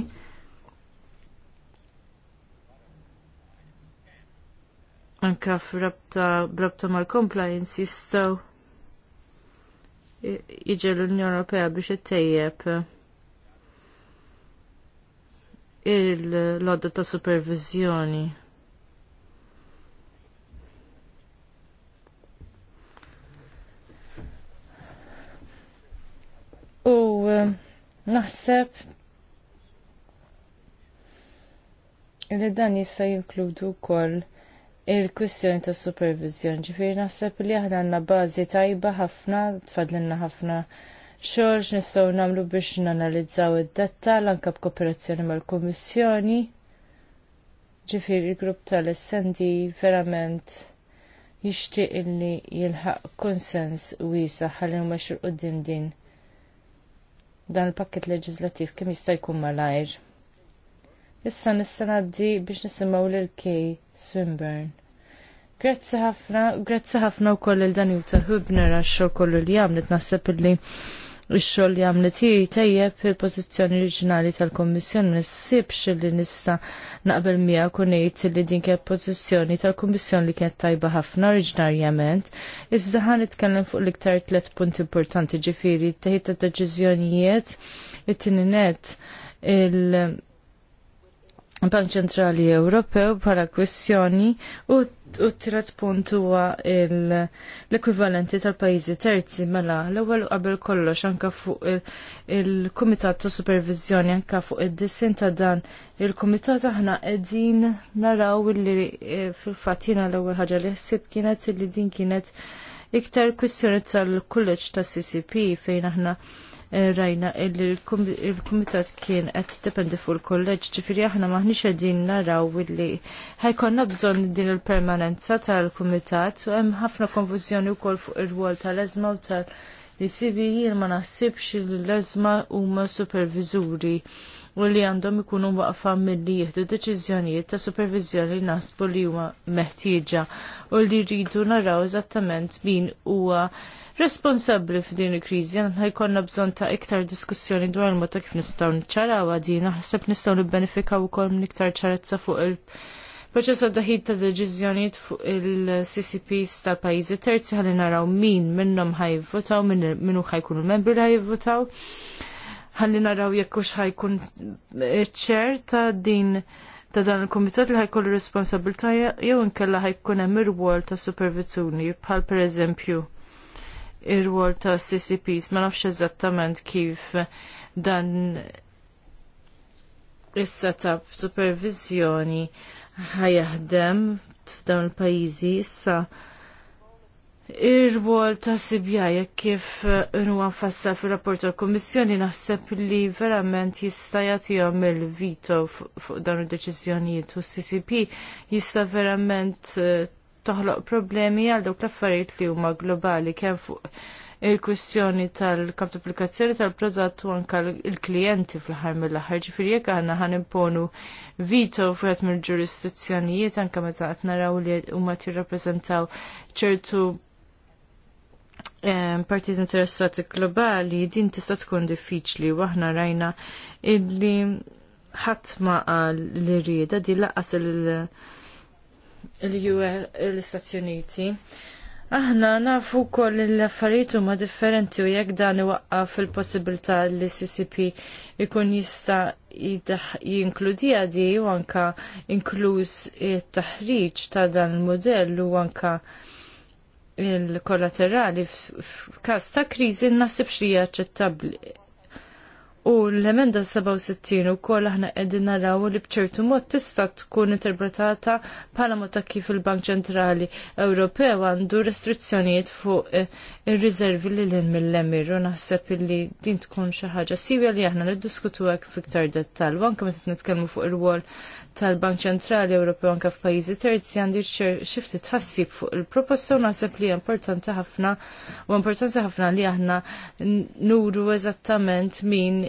anka f'rabta mal-compliance jistaw jiġi l-Unjoni Ewropea biex ittejjeb il-lodda ta' supervizjoni. U eh, naħseb li dan jista' jinkludu wkoll il-kwistjoni ta' supervizjoni. Ġifieri naħseb li aħna għandna bażi tajba ħafna, tfadlinna ħafna xorx nistaw namlu biex nanalizzaw id-detta l-anka b'kooperazzjoni mal-Komissjoni. Ġifir il-grupp tal-essendi verament jixtieq illi jilħaq konsens jisa ħalli mhux qoddim din dan il-pakket leġislattiv kemm jista' jkun malajr. Issa nista' ngħaddi biex nisimgħu lil Kay Swinburne. Grazzi ħafna, grazzi ħafna wkoll lil Danuta Hubner għax xor kollu li għamlet naħseb illi ix-xogħol li għamlet hi tejjeb il-pożizzjoni oriġinali tal-Kummissjoni nissibx li nista' naqbel miegħek kun ngħid li din kienet pożizzjoni tal-Kummissjoni li kienet tajba ħafna oriġinarjament. Iżda ħa nitkellem fuq l-iktar tliet punti importanti ġifieri t-teħid tad deċiżjonijiet it-tininet il- Bank Ċentrali Ewropew bħala kwistjoni u t-tret punt huwa l-ekwivalenti tal-pajjiżi terzi mela l-ewwel qabel kollox anke fuq il-Kumitat ta' Supervizjoni anke fuq id-dissin ta' dan il-Kumitat aħna qegħdin naraw li eh, fil-fatt l-ewwel ħaġa li ħsib kienet li din kienet iktar kwistjoni tal-kulleġġ ta' CCP fejn aħna Eh, rajna il-Kumitat kien qed dependi fuq il-kolleġġ, ġifieri aħna maħniex qegħdin naraw illi ħajkonna bżonn din il-permanenza tal-Kumitat u hemm ħafna konfużjoni wkoll fuq ir-rwol tal-eżma u tal-ICB ma naħsibx li l-eżma huma superviżuri u li għandhom ikunu waqfa mill-li jihdu deċiżjonijiet ta' supervizjoni li nasbu li huma meħtieġa u li rridu naraw eżattament min huwa responsabbli f'din il-kriżi għandna jkollna bżonn ta' iktar diskussjoni dwar il mota kif kif nistgħu u għadin, naħseb nistgħu nibbenefika ukoll kol iktar ċarezza fuq il- Proċess daħid ta' deċiżjonijiet fuq il-CCPs tal-pajjiżi terzi ħalli naraw min minnhom ħajvvotaw, minnu ħajkunu membri li ħajvvotaw. Ħalli naraw jekk hux ħajkun ċer ta' din ta' dan il-komitat li ħajkollu responsabilta jew nkella ħajkun hemm ir-wol ta' supervizjoni bħal pereżempju ir-rwol ta' CCPs, ma nafx eżattament kif dan is-setup supervizjoni ħajaħdem f'dawn il-pajjiżi issa ir-rwol ta' sibjaja kif nu nfassal fir-rapport tal-Kummissjoni naħseb li verament jista' jagħtihom il-vito fuq dawn id-deċiżjonijiet u s-CCP jista' verament eh, toħloq problemi għal dawk l-affarijiet li huma globali kemm fuq il-kwistjoni tal-kamp applikazzjoni tal-prodott u anka il-klijenti fl-ħar mill-aħħar ġifieri jekk aħna ħan imponu vito fuqet mill-ġurisdizzjonijiet anke meta qed naraw li huma tirrappreżentaw ċertu ehm, partijiet interessati globali din tista' tkun diffiċli u aħna rajna illi ħadd ma qal li rieda di laqas il- l-Istati Uniti. Aħna nafu kol l-affarijiet huma differenti u jekk dan iwaqqaf fil-possibilità li CCP ikun jista' jinkludija di u anka inkluż il taħriġ ta' dan il-modell u anka il-kollaterali f'każ ta' kriżi nasibx li hija aċċettabbli U l-emenda 67 u koll aħna qegħdin naraw li bċertu mod tista' tkun interpretata bħala mod ta' kif il-Bank Ċentrali Ewropew għandu restrizzjonijiet fuq eh, ir-riservi li l-in mill-emir u naħseb li din tkun xi ħaġa sivja li aħna niddiskutu hekk fiktar dettall u anke meta nitkellmu fuq il wol tal-Bank Ċentrali Ewropew anke f'pajjiżi terzi għandi xifti tħassib fuq il-proposta u naħseb li importanti ħafna u importanti ħafna li aħna nuru eżattament min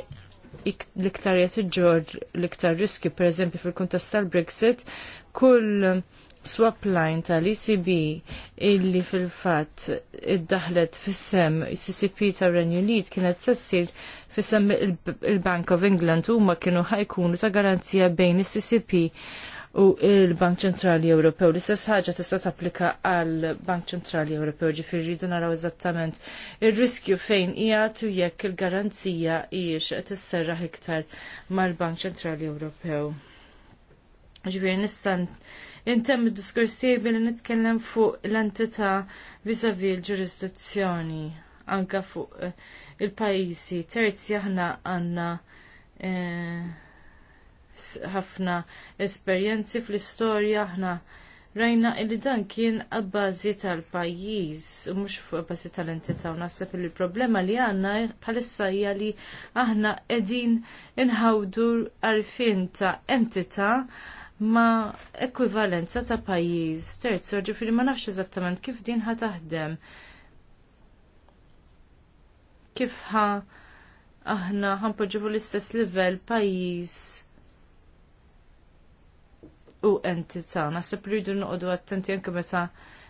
l-iktar jett l-iktar riski, per eżempju fil-kuntest tal-Brexit, kull swap line tal-ECB illi fil-fat id-daħlet fis-sem e CCP ta' Unit kienet sessir fis-sem il-Bank of England u ma kienu ħajkunu ta' garanzija bejn is-CCP e u il-Bank Ċentrali Ewropew. L-istess ħaġa tista' tapplika għal Bank Ċentrali Ewropew ġifieri rridu naraw eżattament ir-riskju fejn hija tu jekk il-garanzija hijiex qed isserraħ iktar mal-Bank Ċentrali Ewropew. Ġifieri nista' intemm id-diskors li nitkellem fuq l-entità vis-à-vis l-ġurisdizzjoni anka fuq eh, il-pajjiżi terzi aħna għandna eh, ħafna esperjenzi fl-istorja aħna rajna illi dan kien għabbażi tal-pajjiż, mhux fuq bażi tal-entità, u naħseb li l-problema li għandna bħalissa hija li aħna qegħdin inħawdu għarfien ta' entità ma ekwivalenza ta' pajjiż terzo, ġifiri ma nafx eżattament kif din ħa taħdem. Kif ħa aħna ħanpoġġu l-istess livell pajjiż u entità. Naħseb li rridu noqogħdu attenti anke meta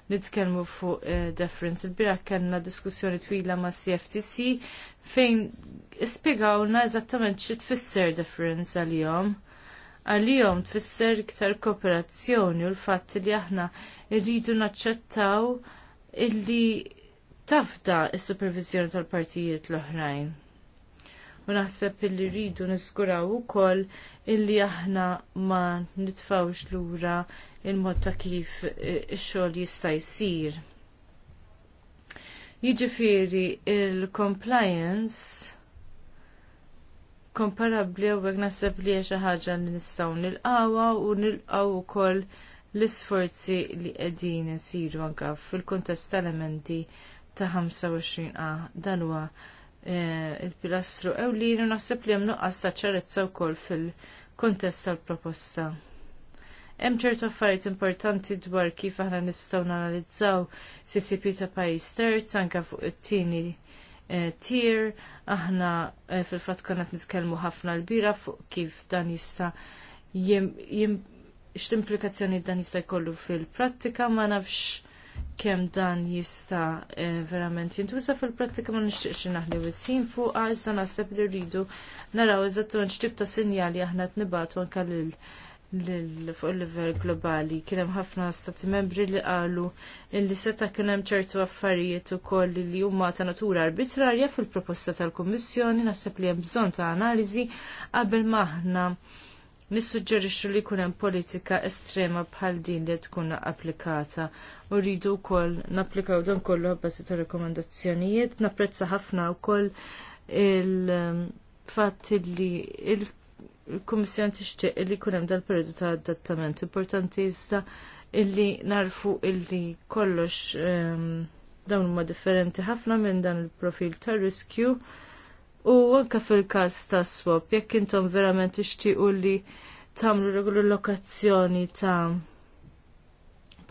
nitkellmu fuq eh, deference. Il-bira kellna diskussjoni twila ma' CFTC fejn ispjegawna eżattament xi tfisser deference għal-jom għalihom tfisser iktar kooperazzjoni u l-fatt li aħna rridu naċċettaw illi tafda s-supervizjoni tal-partijiet l-oħrajn. U naħseb illi rridu niskuraw ukoll illi aħna ma nitfawx lura il-mod ta' kif ix-xogħol e, jista' jsir. Jiġifieri il-compliance komparabli u għek nasib li xi ħaġa li nistgħu nilqawha u nilqgħu ukoll l-isforzi li qegħdin isiru anke fil-kuntest tal-elementi ta' 25a dan huwa e, il-pilastru u naħseb li hemm nuqqas ta' ċarezza wkoll fil-kuntest tal-proposta. Hemm ċertu affarijiet importanti dwar kif aħna nistgħu nanalizzaw CCP ta' pajjiż terz anke fuq it-tieni Eh, tir, aħna eh, fil-fat konna nitkellmu ħafna l-bira fuq kif dan jista' jim x'implikazzjoni dan jista' jkollu fil-prattika ma nafx kemm dan jista' eh, verament jintuża fil-prattika ma nixtieqx naħli wisħin fuq iżda naħseb li rridu naraw eżattament x'tib ta' sinjali aħna tnibatu nibatu anke lil fuq il-livell globali. Kien hemm ħafna stati membri li qalu illi seta' kien hemm ċertu affarijiet ukoll li huma ta' natura arbitrarja fil-proposta tal-Kummissjoni naħseb li hemm bżonn ta' analiżi qabel ma aħna nissuġġerixxu li jkun hemm politika estrema bħal din li tkun applikata u rridu wkoll napplikaw dan kollu bbażi ta' rekomandazzjonijiet. Napprezza ħafna wkoll il-fatt li l il-Kummissjon tixtieq li jkun hemm dal-perjodu ta' adattament importanti iżda illi narfu illi kollox ehm, dawn huma differenti ħafna minn dan il-profil ta' riskju u anke fil-każ ta' swap jekk intom verament tixtiequ li tagħmlu regolu lokazzjoni ta'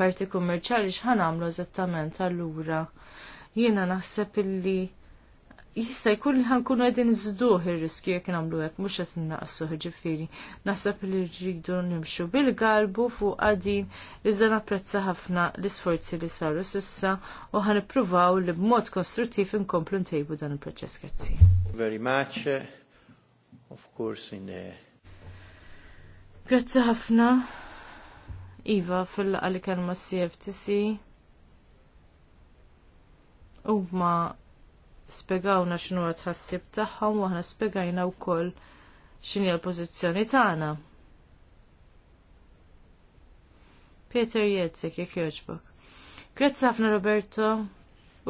parti kummerċjali x'ħan eżattament allura jiena naħseb illi jista' jkun ħankunu qegħdin żduh ir-riskju jekk nagħmlu hekk mhux qed naqsu ħġifiri. Naħseb li rridu nimxu bil-galbu fuq li zan napprezza ħafna l-isforzi li saru sissa u ħanippruvaw li b'mod kostruttiv inkomplu ntejbu dan il-proċess grazzi. Very much, of course, in Grazzi ħafna, Iva, fil għalikan kan ma' CFTC u ma' spiegawna x'inhu tħassib tagħhom u aħna spiegajna wkoll x'inhi l-pożizzjoni tagħna. Peter Jetzek, jekk jogħġbok. Grazzi ħafna Roberto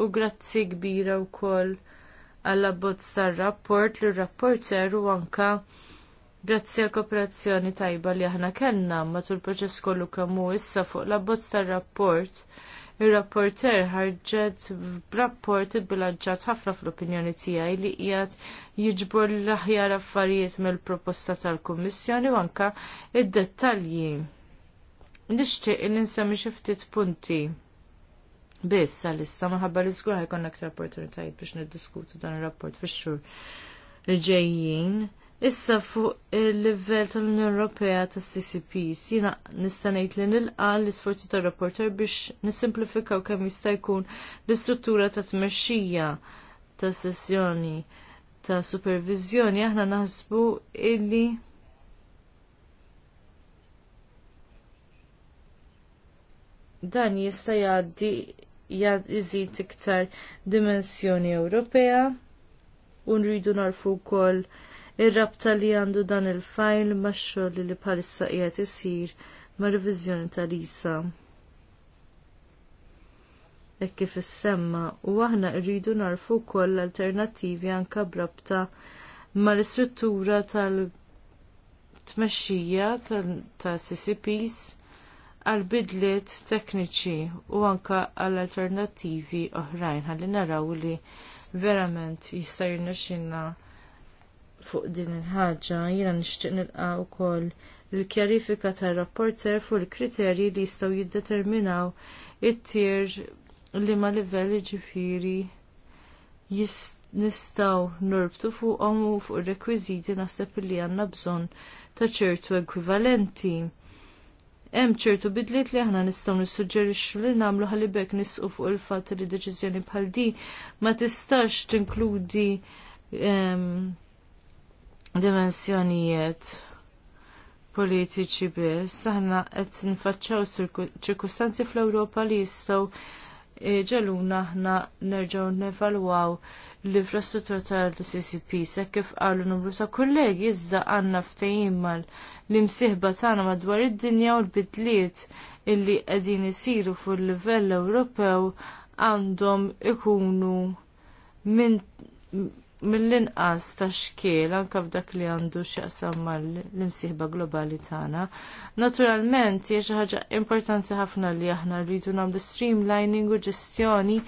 u grazzi kbira wkoll għall abbozz tar-rapport li rapporter u anka Grazzi għal kooperazzjoni tajba li aħna kellna matul proċess kollu kemm hu issa fuq l-abbozz tar-rapport ir-rapporter ħarġet b'rapport bilanċat ħafna fl-opinjoni tiegħi li qiegħed jiġbor l-aħjar affarijiet mill-proposta tal-Kummissjoni u anke id-dettalji. Nixtieq li nsemmi xi ftit punti. Biss għalissa maħabba li żgur ħajkun aktar opportunitajiet biex niddiskutu dan ir-rapport fix-xhur li ġejjin. Issa fuq il-livell tal-Unjoni Ewropea tas-CCPs jiena nista' ngħid li nilqa l-isforzi tar-rapporter biex nisimplifikaw kemm jista' jkun l-istruttura ta' tmexxija ta' sessjoni ta' supervizjoni aħna naħsbu illi dan jista' jgħaddi jżid iktar dimensjoni Ewropea u nridu narfu wkoll ir-rabta li għandu dan il-fajl max-xogħol li bħalissa qiegħed isir ma' riviżjoni tal-isa. Jekk kif issemma u aħna rridu narfu wkoll alternattivi anke brabta mal istruttura tal-tmexxija tal-CCPs għal bidliet tekniċi u anke għall alternattivi oħrajn ħalli naraw li verament jista' jirnexxinna fuq din il-ħaġa, jiena nixtieq nilqa' wkoll il-kjarifika tar-rapporter fuq il-kriterji li jistgħu jiddeterminaw it-tier li ma livell ġifiri nistgħu norbtu fuqhom u fuq ir-rekwiżiti naħseb li għandna bżonn ta' ċertu ekwivalenti. Hemm ċertu bidliet li aħna nistgħu nissuġġerixxu li nagħmlu ħalibek nisqu fuq il-fatt li deċiżjoni bħal din ma tistax tinkludi ehm, dimensjonijiet politiċi biss, aħna qed nfaċċaw ċirkustanzi fl-Ewropa li jistgħu e, ġeluna aħna nerġgħu nevalwaw l-infrastruttura tal-CCP se kif qalu numru ta' kollegi iżda għandna ftehim mal l-imsieħba tagħna madwar id-dinja u l-bidliet illi qegħdin isiru fuq livell Ewropew għandhom ikunu minn mill-inqas ta' xkiel anke f'dak li għandu x'jaqsam mal-imsieħba globali tagħna. Naturalment hija xi ħaġa importanti ħafna li aħna rridu nagħmlu streamlining u ġestjoni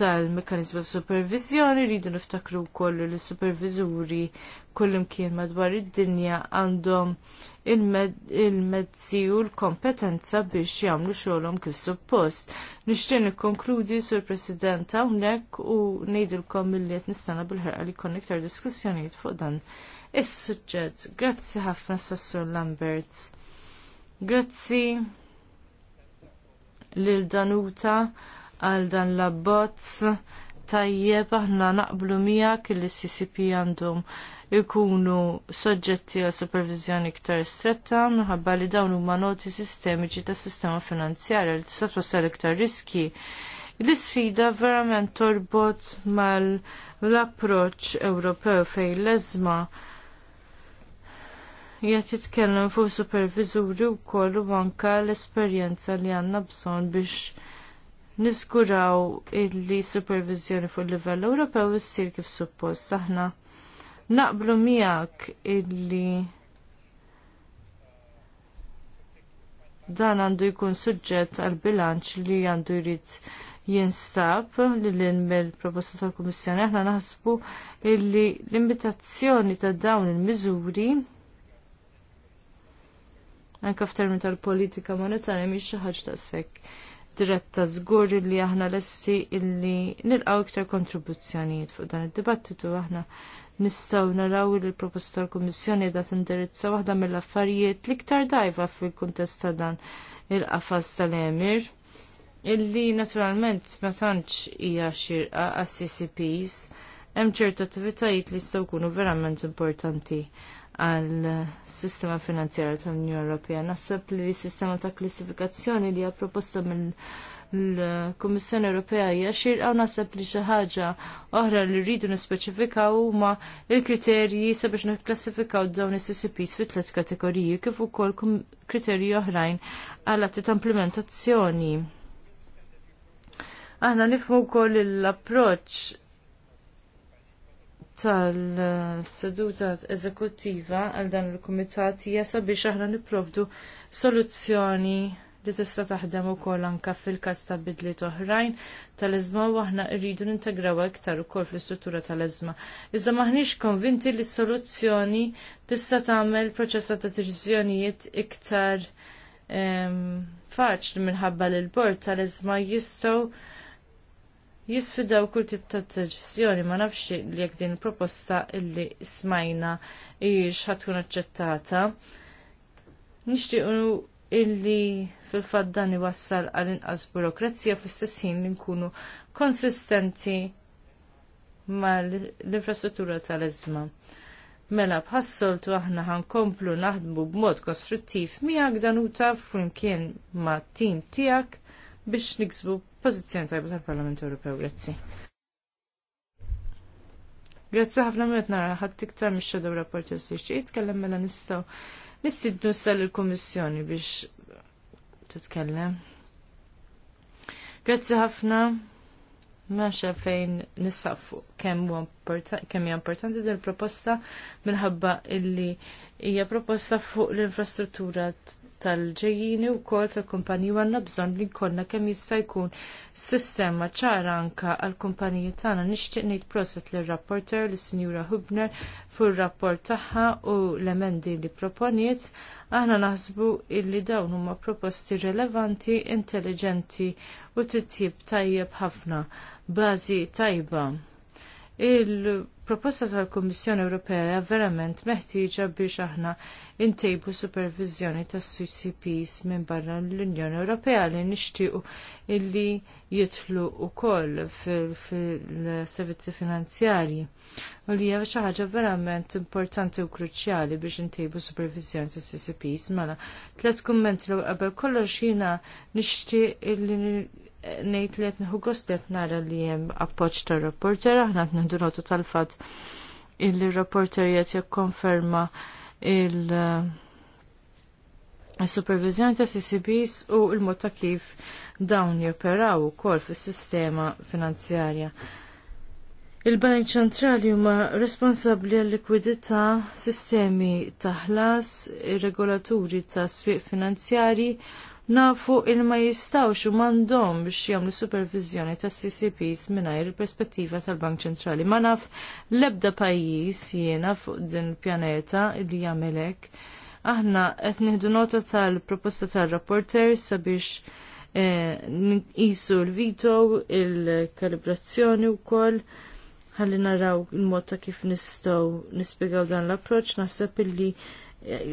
tal-mekkanizmu ta' supervizjoni, rridu niftakru wkoll li superviżuri kullimkien madwar id-dinja għandhom il-mezzi u l-kompetenza biex jagħmlu xogħolhom kif suppost. Nixtieq nikkonkludi sur President hawnhekk u ngħidilkom milli qed nistana bil-ħerqa li jkun iktar diskussjonijiet fuq dan is-suġġett. Grazzi ħafna Sassur Lamberts. Grazzi lil Danuta għal dan l-abbozz tajjeb aħna naqblu miegħek il CCP għandhom ikunu soġġetti għal supervizjoni iktar stretta minħabba li dawn huma noti sistemiċi tas sistema finanzjarja li tista' twassal iktar riski. L-isfida verament torbot mal-approċ Ewropew fejn l-eżma jgħat jitkellem fuq supervizuri u kollu anke l-esperjenza li għandna bżonn biex niżguraw illi supervizjoni fuq livell Ewropew issir kif suppost aħna naqblu miegħek illi dan għandu jkun suġġett għal bilanċ li għandu jrid jinstab li l-inmel proposta tal-Kummissjoni aħna naħsbu illi l imitazzjoni ta' dawn il-miżuri anke f'termin tal-politika monetarja mhix xi ħaġa sekk diretta żgur li aħna lesti illi nilqgħu iktar kontribuzzjonijiet fuq dan id-dibattitu aħna nistaw naraw li l-proposta tal-Kummissjoni da tindirizza waħda mill-affarijiet l-iktar dajva fil-kuntest ta' dan il-qafas tal-emir illi naturalment ma tantx hija xirqa għas-CCPs hemm ċertu attivitajiet li jistgħu jkunu verament importanti għal sistema finanzjarja tal-Unjoni Ewropea. Naħseb li s-sistema ta' klassifikazzjoni li hija proposta mill l-Kummissjoni Ewropea hija xirqa u naħseb li xi ħaġa oħra li rridu nispeċifikaw huma l-kriterji sabiex nikklassifikaw dawn is-CCPs fi tliet kategoriji kif ukoll kriterji oħrajn għal atti ta' implementazzjoni. Aħna nifhmu wkoll l-approċċ tal-seduta eżekuttiva għal dan il-kumitat hija sabiex aħna nipprovdu soluzzjoni li tista' taħdem ukoll anke fil-każ ta' bidliet oħrajn tal-eżma u aħna rridu nintegrawha iktar ukoll fl-istruttura tal-eżma. Iżda maħniex konvinti li s-soluzzjoni tista' tagħmel proċess ta' deċiżjonijiet iktar ehm, faċli minħabba l bord tal-eżma jistgħu jisfidaw kull tip ta' deċiżjoni ma nafx li jekk din il-proposta illi smajna ix ħatkun aċċettata. Nixtiequ illi fil-fatt dan iwassal għal inqas burokrazija fl-istess ħin li nkunu konsistenti mal-infrastruttura tal-eżma. Mela bħassoltu aħna ħankomplu naħdmu b'mod kostruttiv miegħek dan u taf flimkien ma' tim tiegħek biex niksbu pożizzjoni tajba tal-Parlament Ewropew. Grazzi. Grazzi ħafna miet nara ħadd iktar mix-shadow rapporter se jitkellem mela nistgħu nistidnu sal il-Kummissjoni biex titkellem. Grazzi ħafna. Maxa fejn nisaqfu kemm kemm hija importanti din proposta minħabba illi hija proposta fuq l-infrastruttura tal-ġejjini u kol tal-kumpaniju għanna bżon li nkonna kemm jista' jkun sistema ċara anka għal-kumpaniji tagħna nixtieq ngħid proset lir rapporter lis sinjura Hubner fuq ir-rapport tagħha u l-emendi li proponiet aħna naħsbu illi dawn huma proposti rilevanti, intelligenti u titjib tajjeb ħafna, bażi tajba. Il proposta tal-Kummissjoni Ewropea verament meħtieġa biex aħna intejbu supervizjoni tas CCPs minn barra l-Unjoni Ewropea li nixtiequ illi u wkoll fil-servizzi finanzjarji. U li hija xi ħaġa verament importanti u kruċjali biex intejbu supervizjoni tas CCPs mela tlet kumment l qabel kollox jina nixtieq illi nejt li qed nieħu nara li hemm appoġġ tar-rapporter aħna qed nieħdu tal-fatt il-rapporter qed jikkonferma il- il-supervizjoni eh, ta' CCBs u l-mod kif dawn joperaw ukoll fis-sistema finanzjarja. Il-Bank ċentrali huma responsabbli għal likwidità sistemi ta' ħlas, regolaturi ta' swieq finanzjari nafu il ma jistawx u mandom biex jamlu supervizjoni ta' CCPs minnajr il-perspettiva tal-Bank Ċentrali. Ma naf lebda pajis jiena fuq din pjaneta li jamelek. Aħna qed nieħdu nota tal-proposta tal-rapporter sabiex eh, isu l-vito, il-kalibrazzjoni wkoll ħalli naraw il-mod ta' kif nistgħu nispjegaw dan l-approċċ naħseb illi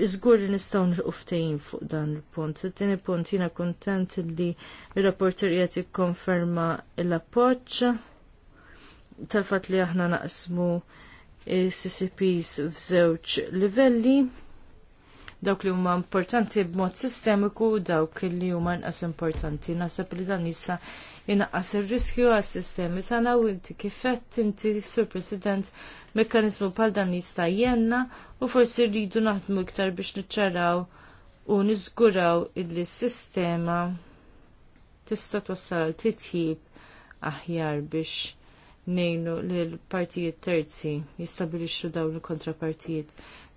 Iżgur li nistgħu nirqu fuq dan il-punt. il punt jiena kuntent li r-rapporter jgħet jikkonferma l-appoġġ tal-fatt li aħna naqsmu CCPs f'żewġ livelli dawk li huma importanti b'mod sistemiku dawk li huma nqas importanti. Naħseb li dan issa jinaqqas ir-riskju għas-sistemi tagħna u inti kifett inti sur President mekkaniżmu bħal dan jista' jenna u forsi rridu naħdmu iktar biex niċċaraw u niżguraw illi s-sistema tista' twassal titjib aħjar biex nejnu li l-partijiet terzi jistabilixxu dawn il-kontrapartijiet.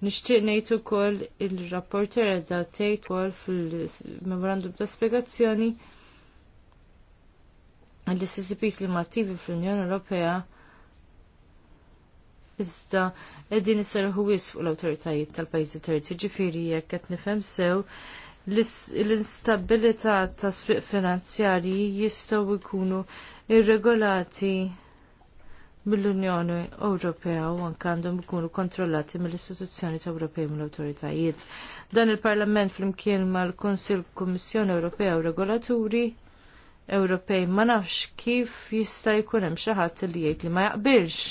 Nixtieq ngħid ukoll il-rapporter qiegħda tgħid ukoll fil-memorandum ta' spjegazzjoni l-CCPs li mattivi fl-Unjoni Ewropea iżda qegħdin isserħu wis fuq l-awtoritajiet tal-pajjiżi terzi, ġifieri jekk qed nifhem sew l-instabilità ta' swieq finanzjarji jistgħu jkunu irregolati mill-Unjoni Ewropea u anke għandhom ikunu kontrollati mill-istituzzjoni ta' u mill-awtoritajiet. Dan il-Parlament flimkien mal-Kunsill Kummissjoni Ewropea u Regolaturi Ewropej ma nafx kif jista' jkun hemm xi ħadd li jgħid li ma jaqbilx.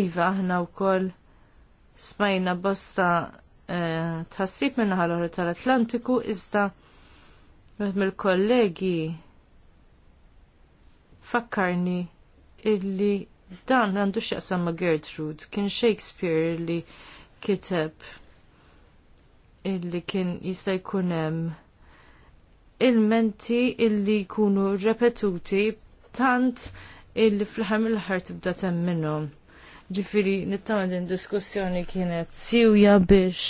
Iva, aħna wkoll smajna bosta eh, tħassib l ħal tal-Atlantiku iżda mill-kollegi fakkarni illi dan għandu x'jaqsam ma' Gertrude kien Shakespeare illi kiteb illi kien jista' jkun hemm il-menti illi jkunu repetuti tant illi fl-ħar mill-ħar tibda temm minnhom. Ġifieri nittama din diskussjoni kienet siwja biex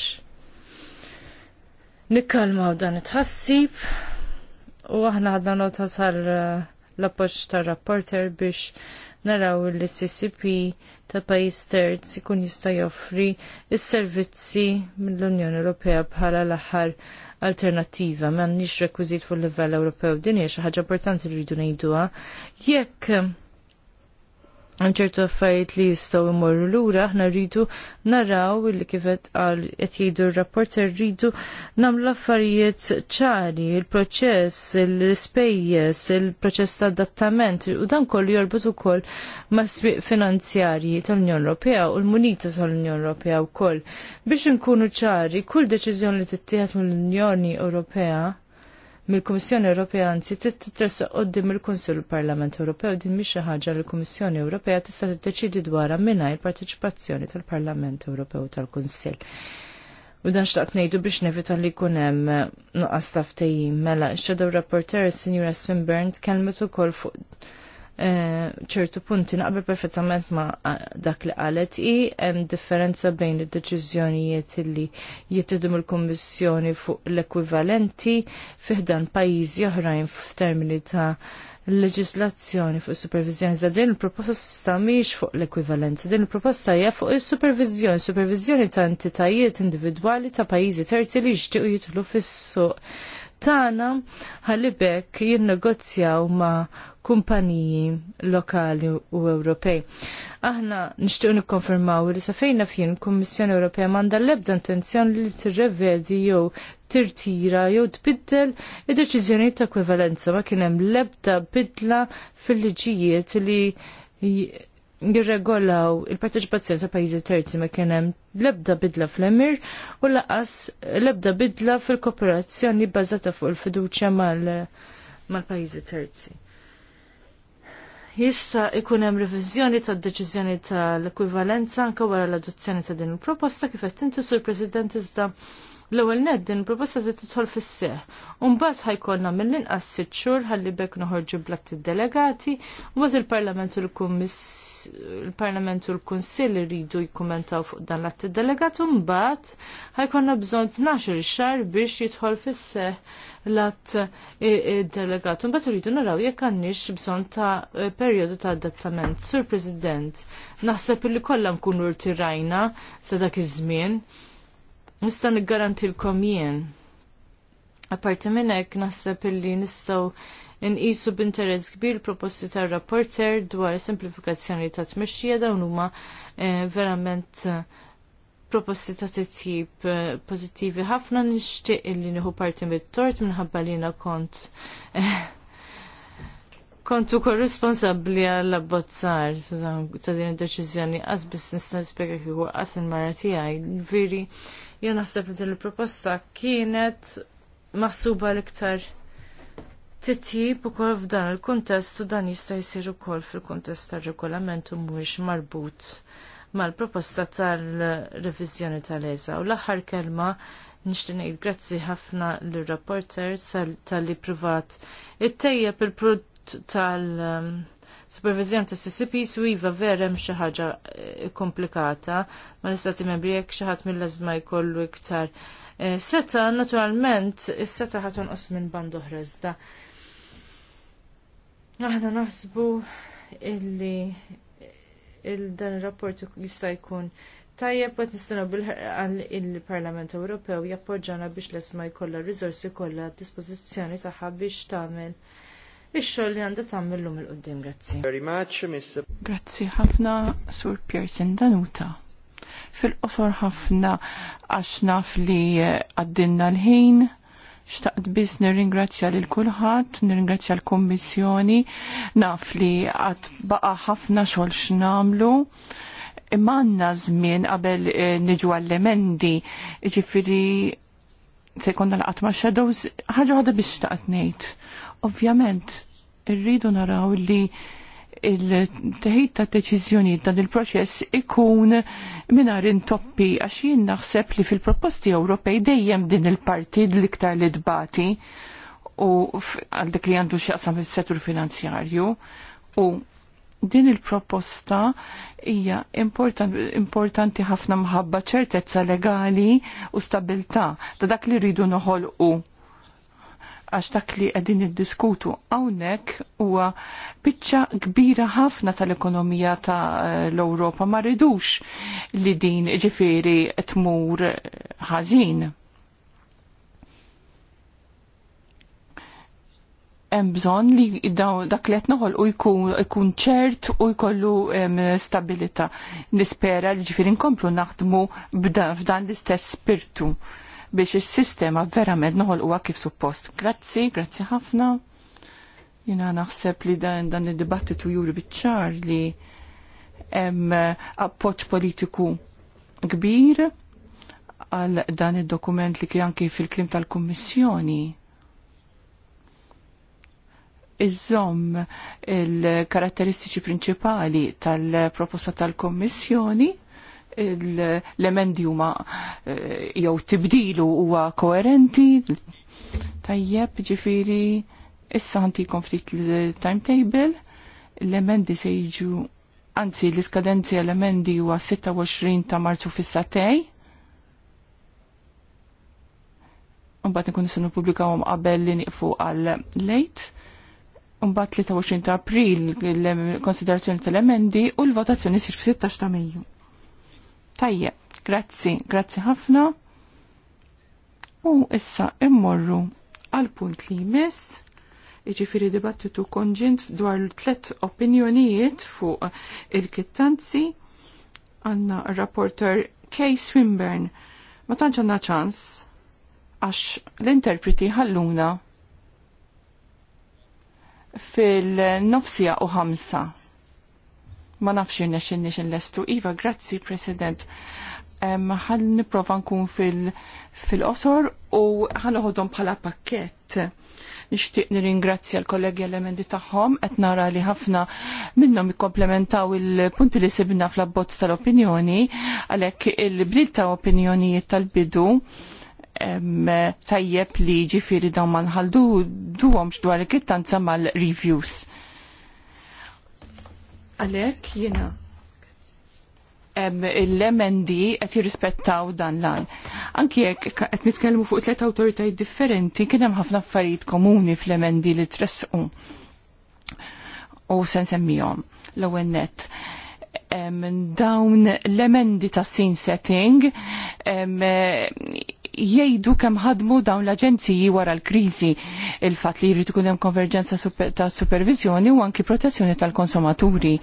nikkalmaw dan it-ħassib u aħna ħadna nota tal eh, l-appoġġ tar-rapporter biex naraw l-CCP ta' pajjiż terz ikun jista' joffri s-servizzi mill-Unjoni Ewropea bħala l-aħħar alternattiva m'għandniex rekwiżit fuq livell Ewropew din hija xi ħaġa importanti li rridu ngħiduha. Jekk hemm ċertu affarijiet li jistgħu imorru lura, aħna rridu naraw li kif qed qal qed jgħidu r-rapporter rridu nagħmlu affarijiet ċari, il-proċess, l-ispejjeż, il-proċess ta' adattament u dan kollu jorbut ukoll ma' sbieq finanzjarji tal-Unjoni Ewropea u l-munita tal-Unjoni Ewropea wkoll. Biex inkunu ċari, kull deċiżjoni li tittieħed mill-Unjoni Ewropea mill-Kummissjoni Ewropea anzi titressaq qoddim il-Kunsill Parlament Ewropew din mhix xi ħaġa li l-Kummissjoni Ewropea tista' tiddeċiedi dwarha mingħajr parteċipazzjoni tal-Parlament Ewropew tal-Kunsill. U dan xtaqt nejdu biex nevita li kunem eh, nuqqas taftejjim mela, Shadow Rapporteur Signora Swinburne tkellmet ukoll fuq Eh, ċertu punti naqbel perfettament ma' dak li qalet i hemm differenza bejn id-deċiżjonijiet li jittidum il-Kummissjoni fuq l-ekwivalenti fiħdan pajjiżi oħrajn f'termini ta' leġislazzjoni fuq supervizjoni za din il-proposta miex fuq l-ekwivalenza, din il-proposta hija fuq is-supervizjoni, supervizjoni ta' entitajiet individwali ta' pajjiżi terzi li jixtiequ jidħlu fis-suq tagħna ħalli bekk jinnegozjaw ma' kumpaniji lokali u Ewropej. Aħna nixtiequ nikkonfermaw li sa fejna fien Kummissjoni Ewropea m'għandha l-ebda intenzjoni li tirrevedi jew tirtira jew tbiddel id-deċiżjoni ta' ekwivalenza ma kien hemm l-ebda bidla fil-liġijiet li jirregolaw il-parteċipazzjoni ta' pajjiżi terzi ma kien hemm l-ebda bidla fl-emir u laqas l-ebda bidla fil-kooperazzjoni bbażata fuq il-fiduċja mal-pajjiżi terzi jista' ikun hemm reviżjoni tad-deċiżjoni tal-ekwivalenza anke wara l-adozzjoni ta' din il-proposta kif qed tintu, sur President iżda L-ewwel neddin din proposta trid tidħol fis-seħ. Imbagħad ħajkollna mill-inqas sitt xhur ħalli bekk noħorġu id delegati mbagħad il-Parlament u l-Parlament u l-Kunsill iridu jikkumentaw fuq dan l id delegat u mbagħad ħajkollna bżonn 12 xahar biex jidħol fis-seħ l-att delegat. Mbagħad iridu naraw jekk għandniex bżonn ta' perjodu ta' adattament. Sur President, naħseb illi kollha nkunu rtirajna sa dak iż-żmien nista' niggarantilkom jien. Apparti minn hekk naħseb illi nistgħu isu b'interess kbir proposti tar-rapporter dwar simplifikazzjoni ta' tmexxija dawn huma eh, verament eh, proposti ta' titjib eh, pozittivi ħafna nixtieq illi nieħu parti mit-tort minħabba li kont kontu kol għall abbozzar ta' din id-deċiżjoni qas biss nista' nispjega kieku qas il-mara tiegħi. Viri, Jien naħseb li din il-proposta kienet maħsuba l-iktar titjib u kol f'dan il-kontest u dan jista' jsir ukoll fil-kontest tar-regolament u mhuwiex marbut mal-proposta tal-reviżjoni tal-eża. U l-aħħar kelma nixtieq ngħid grazzi ħafna lir-rapporter tal-li privat ittejjeb il-prod tal- supervizjon ta' CCP su iva verem xi ħaġa eh, komplikata ma l-istati membri jekk xi ħadd mill lazma jkollu iktar. Eh, seta, naturalment, is-seta ħatun os minn bandu ħrezda. Aħna naħsbu illi il-dan il-rapport jista' jkun Tajjeb għet nistenu bil ħal il-Parlament Ewropew jappoġġana biex l-esma jkollha r-rizorsi kollha għad dispożizzjoni tagħha biex tagħmel ix-xogħol li għandha tagħmilhom il qudiem grazzi. Very much, Mr. Grazzi ħafna Sur Pearson Danuta. Fil-qosor ħafna għax naf li eh, għaddinna l-ħin xtaqt biss nirringrazzja lil kulħadd, nirringrazzja l-Kummissjoni, naf li għad baqa' ħafna xol x'namlu. Imma għandna żmien qabel eh, niġu għall-emendi, ġifieri se konna laqgħat ma' shadows, ħaġa ħadha biex xtaqt ngħid. Ovvjament, irridu naraw li il-teħid ta' deċizjoni dan il-proċess ikun minar intoppi għax jien naħseb li fil-proposti Ewropej dejjem din il-parti l-iktar li dbati u għal dik li għandu x'jaqsam il settur finanzjarju u din il-proposta hija important, importanti ħafna mħabba ċertezza legali u stabilta ta' dak li rridu noħolqu għax dak li qegħdin diskutu hawnhekk huwa biċċa kbira ħafna tal-ekonomija ta' l-Ewropa ma rridux li din ġifiri tmur ħażin. Hemm bżonn li dak li qed noħolqu jkun ċert u jkollu stabilità. Nispera li ġifieri nkomplu naħdmu f'dan l-istess spirtu biex is-sistema verament noħolquha kif suppost. Grazzi, grazzi ħafna. Jina naħseb li dan, dan id-dibattitu juri bitċar li hemm appoġġ politiku kbir għal dan id-dokument li kien anki fil krim tal-Kummissjoni iżomm il-karatteristiċi prinċipali tal-proposta tal-Kommissjoni l-emendi huma eh, jew tibdilu huwa koerenti. Tajjeb, ġifiri, issa ħanti konflitt l-timetable, l-emendi se jiġu, anzi l-iskadenzi l-emendi huwa 26 ta' marzu fissatej. Umbat nkun sinu publikawhom qabel li niqfu għal lejt. Umbat 23 ta' april l-konsiderazzjoni tal-emendi u l-votazzjoni sir 16 ta' Mejju. Tajje, grazzi, grazzi ħafna. U issa immorru għal punt li jmiss iġifiri dibattitu konġint dwar tlet opinjonijiet fuq il-kittanzi għanna rapporter Kay Swinburne. Ma tantx għandna ċans għax l-interpreti ħalluna fil-nofsija u ħamsa ma nafx jirna xinni xinlestru. Iva, grazzi, President. Għal um, niprofa nkun fil-qosor fil u għal uħodom bħala pakket. Nishtiq nir ingrazzi l-kollegi elementi taħħom, et nara li ħafna minnom jikomplementaw il-punti li sibna fl-abbozz tal-opinjoni, għalek il bril ta' opinjonijiet tal-bidu tajjeb li ġifiri dawman ħaldu duwom dwar il-kittanza mal-reviews Għalek jina l-emendi qed jirrispettaw dan lan. Anki jekk qed nitkellmu fuq tliet awtoritajiet differenti kien hemm ħafna affarijiet komuni fl-emendi li tressqu. U se nsemmihom l-ewwel nett. Dawn l-emendi ta' sin setting jgħidu kemm ħadmu dawn l-aġenziji wara l-kriżi il-fatt li jrid ikun hemm konverġenza super, ta' supervizjoni u anki protezzjoni tal-konsumaturi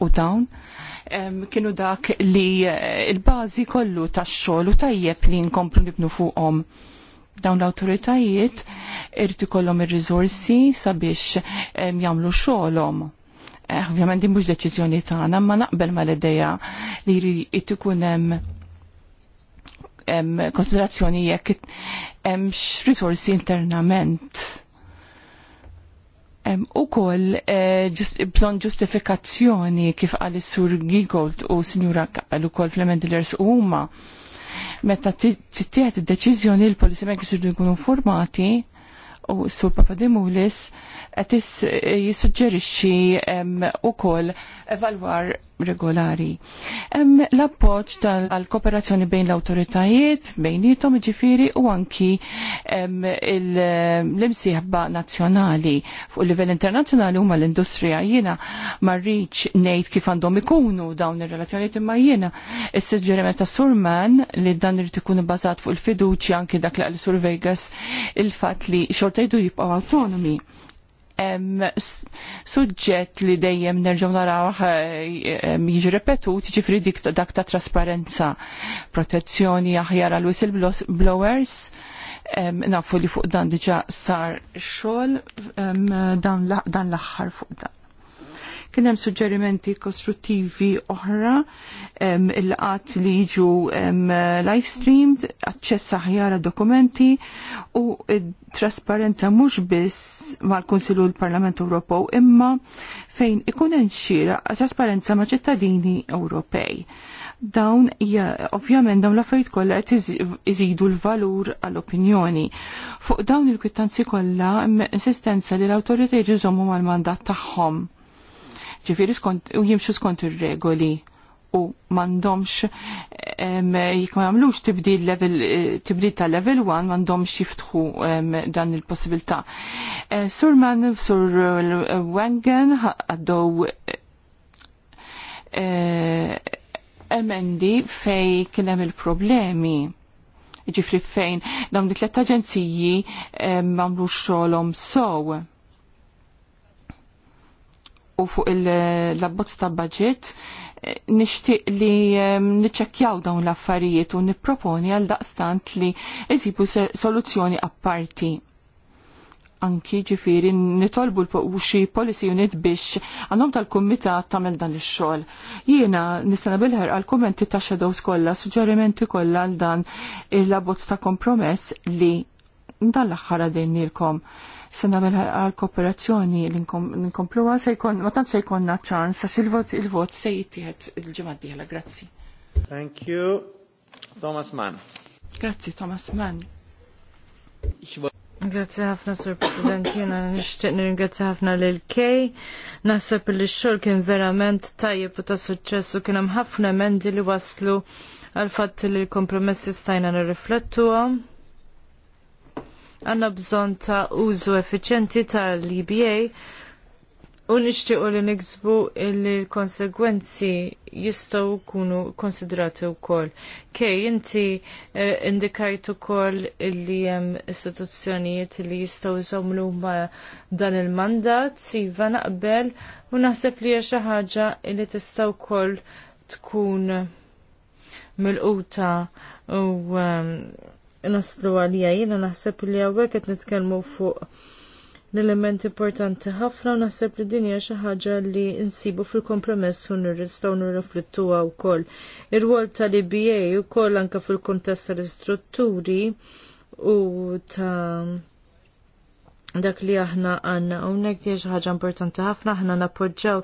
u dawn kienu dak li eh, il-bażi kollu tax-xogħol u tajjeb li nkomplu nibnu fuqhom dawn l-autoritajiet irti kollom il-rizorsi sabiex jagħmlu xogħolhom. Eh, ovvjament din mhux deċiżjoni tagħna, ma naqbel mal-idea li jrid ikun hemm konsiderazzjoni jekk hemmx risorsi internament. Em, u koll eh, bżon ġustifikazzjoni kif għal sur Gigold u Sinjura Kappel u koll fl-Mendlers u huma meta tittieħed id-deċiżjoni l-polisi mek jisiru jkunu formati u sur Papadimulis qed jissuġġerixxi ukoll evalwar regolari. l-appoġġ tal-kooperazzjoni bejn l-awtoritajiet, bejnietom ġifiri u anki l-imsieħba nazzjonali fuq livell internazzjonali huma l-industrija jiena marriċ ngħid kif għandhom ikunu dawn ir-relazzjonijiet imma jiena is-suġġeriment ta' Surman li dan irid ikun bazat fuq il fiduċi anki dak li Sur Vegas il-fatt li xorta jdu jibqgħu autonomi suġġett li dejjem nerġgħu naraw eh, jiġi repetut ġifri dik dak ta' trasparenza, protezzjoni aħjar għal whistleblowers, nafu li fuq dan diġà sar xogħol dan l-aħħar fuq dan Kien hemm suġġerimenti kostruttivi oħra il-qat li jiġu live streamed, aċċess aħjar dokumenti u trasparenza mhux biss mal-Kunsilu l-Parlament Ewropew imma fejn ikun hemm xira trasparenza ma' ċittadini Ewropej. Dawn ovvjament dawn l-affarijiet kollha qed iżidu l-valur għall-opinjoni. Fuq dawn il-kwittanzi kollha insistenza li l-awtoritajiet jiżommu mal-mandat tagħhom ġifiri skont, u jimxu skont ir-regoli u mandomx jik ma jamlux eh, tibdil ta' level 1 mandomx jiftħu dan il-possibilità. Eh, sur man sur eh, Wangen għaddow emendi fej kienem il-problemi ġifri fejn dawn l tlet aġenziji mamlu xolom sow u fuq il-labbozz ta' budget eh, nixtieq li ehm, niċċekkjaw dawn l-affarijiet u nipproponi għal daqstant li eżibu soluzzjoni apparti anki ġifiri nitolbu l-xi policy unit biex għannom tal kumitat tamel dan il-xol. Jiena nistana bilħer għal-kommenti ta' xedows kolla, suġġerimenti kolla għal dan il labbozz ta' kompromess li dan l-axħara dejnilkom se nagħmel għal-kooperazzjoni l inkompluwa se jkun ma tant se jkollna ċans għax il-vot il-vot se jittieħed il-ġimgħa d-dieħla. Grazzi. Thank you. Thomas Mann. Grazzi Thomas Mann. Grazzi ħafna Sur President, jena nishtiq nirgrazzi ħafna lil Kej. Naħseb li x-xogħol kien verament tajjeb u ta' suċċess u kien hemm ħafna emendi li waslu għal fatt li l-kompromessi stajna nirriflettuhom għanna bżon ta' użu effiċenti tal-EBA u nixtiequ li niksbu li l-konsegwenzi jistgħu jkunu konsidrati wkoll. Kej inti eh, indikajt ukoll li hemm istituzzjonijiet li jistgħu jżomlu ma' dan il-mandat iva naqbel u naħseb li hija xi ħaġa li tista' wkoll tkun milquta u ehm, naslu għalija jina naħseb li hawnhekk qed nitkellmu fuq l-element importanti ħafna u naħseb li din hija xi ħaġa li nsibu fil-kompromess u nirristgħu nirriflettuha wkoll. Ir-rwol tal-IBA wkoll anke fil-kuntest tal-istrutturi u ta' dak li aħna għanna unnek diex ħaġa importanti ħafna aħna napoġġaw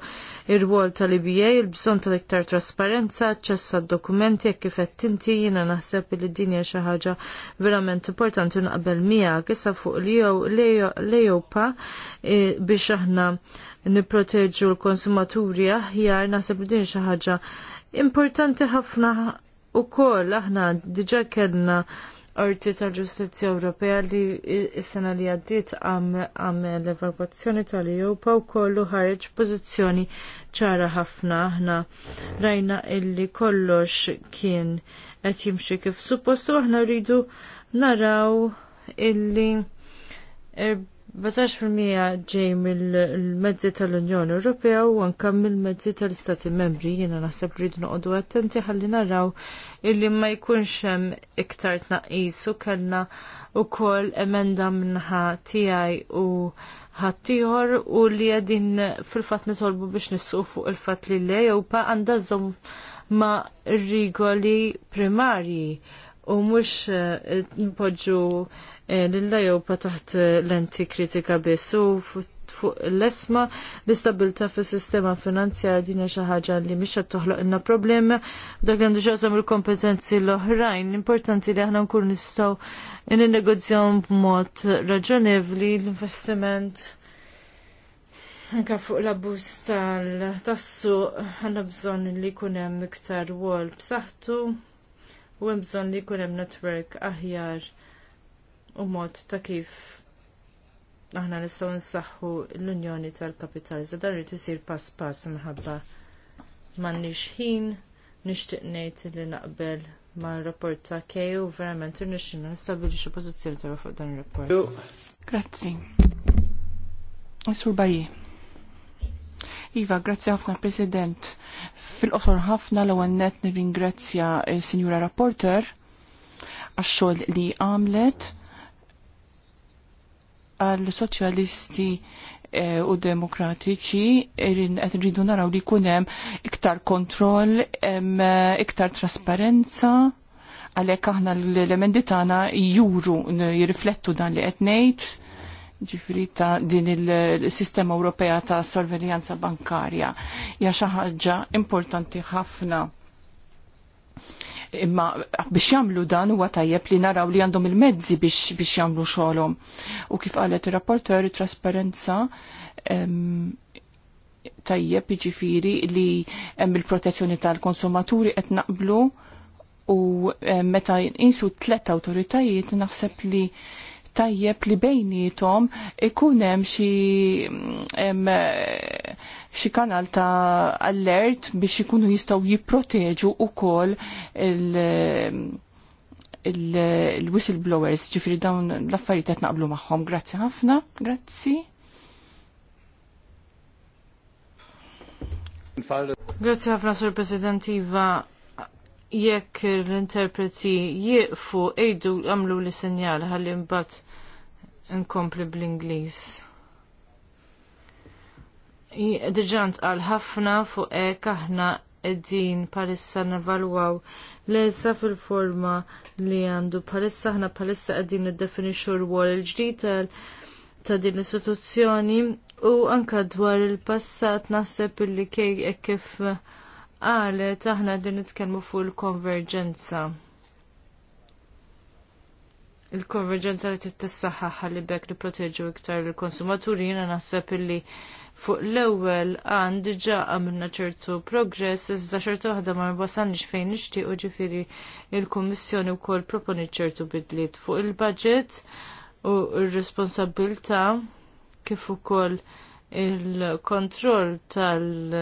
ir-wol tal-IBA il-bżon tal-iktar trasparenza, ċessa dokumenti jekk kif qed jina jiena naħseb li din hija xi ħaġa verament importanti naqbel miegħek issa fuq li jew lejopa e e, biex aħna nipproteġu l-konsumaturi aħjar naħseb li din xi ħaġa importanti ħafna ukoll aħna diġà kellna Orti tal-Ġustizzja Ewropea li s-sena li għaddit għamel evakuazzjoni tal-Ejopa u kollu ħareġ pożizzjoni ċara ħafna aħna rajna illi kollox kien qed jimxi kif suppostu aħna rridu naraw illi Mija ġej mill-mezzi tal-Unjoni Ewropea u anke mill-mezzi tal-Istati Membri jiena naħseb li rridu noqogħdu attenti ħalli naraw illi ma jkunx hemm iktar tnaqqis u kellna wkoll emenda minnħa tiegħi u ħaddieħor u li qegħdin fil-fatt nitolbu biex nissuq fuq il-fatt li l-Ewpa għandha żomm ma' rigoli primarji u mhux eh, npoġġu uh, lilla eh, jew taħt eh, lenti kritika biss u fuq l-esma l-istabilta fis sistema finanzjar dina xi ħaġa li mhix qed toħloq ilna problemi dak li għandu x'għasam il-kompetenzi l-oħrajn. L-importanti li aħna nkun nistgħu ninnegozjaw b'mod raġonevli l-investiment anke fuq l-abbuż tal-tassu għanna bżonn li jkun hemm iktar wol b'saħħtu u hemm bżonn li jkun hemm netwerk aħjar u mod ta' kif aħna nistgħu nsaħħu l-Unjoni tal-Kapital. Dan irid isir pass pass minħabba m'għandniex ħin nixtieq ngħid li naqbel ma' rapport ta' Kew verament irnexxinna nistabbilixxu pożizzjoni tagħha fuq dan ir-rapport. Grazzi. Sur Bajji. Iva, grazzi ħafna President. Fil-qosor ħafna l ewwel net nirringrazzja eh, Sinjura Rapporter għax-xogħol li għamlet għal soċjalisti eh, u demokratiċi qed rridu naraw li jkun hemm iktar kontroll, eh, iktar trasparenza għalhekk aħna l-elementi tagħna juru jirriflettu dan li qed ngħid ġifiri ta' din il-sistema Ewropea ta' sorveljanza bankarja. Ja xi ħaġa importanti ħafna imma biex jagħmlu dan huwa tajjeb li naraw li għandhom il-mezzi biex, jamlu jagħmlu xogħolhom. U kif qalet ir-rapporter trasparenza tajjeb jiġifieri li hemm il-protezzjoni tal-konsumaturi qed naqblu u meta insu tlet awtoritajiet naħseb li tajjeb li bejnietom ikun hemm xi xi kanal ta' allert biex ikunu jistgħu jipproteġu wkoll il il, whistleblowers ġifiri dawn l-affarijiet qed naqblu magħhom. Grazzi ħafna, grazzi. Grazzi ħafna, Sur President Iva jekk l-interpreti jieqfu ejdu għamlu li sinjal ħalli mbagħad inkompli bl-Ingliż. Diġant għal ħafna fuq kaħna aħna din palissa nevalwaw l-essa fil-forma li għandu palissa aħna palissa għedin id-definixu l-wall il-ġdijt ta' din l-istituzzjoni u anka dwar il-passat naħseb li kej e kif għalet aħna din nitkellmu fuq il-konverġenza. Il-konverġenza li tittessaħħaħ li bekk li proteġu iktar il-konsumaturi jina naħseb illi fuq l-ewwel għan diġà għamilna ċertu progress iżda ċertu waħda ma wasalniex fejn nixtiequ ġifieri il-Kummissjoni wkoll proponi ċertu bidliet fuq il-budget u r-responsabilità kif ukoll il-kontroll tal-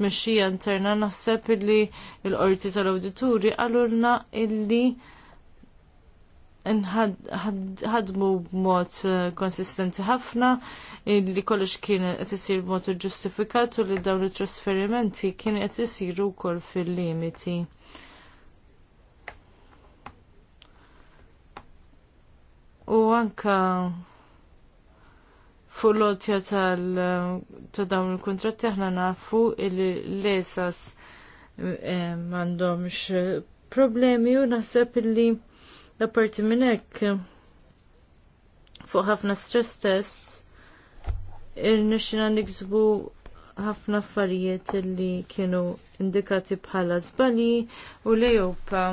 Mexxija interna naħseb illi l-qorti tal-awdituri għalulna illi nħadmu b'mod eh, konsistenti ħafna li kollox kien qed isir b'mod mod ġustifikatu li dawn it-trasferimenti kien qed isiru wkoll fil-limiti. U anka fuq tal ta' dawn il-kontratti aħna nafu li l-esas eh, m'għandhomx problemi u naħseb illi L-apparti minn hekk fuq ħafna stress tests irnexxina niksbu ħafna affarijiet li kienu indikati bħala zbani u li jopa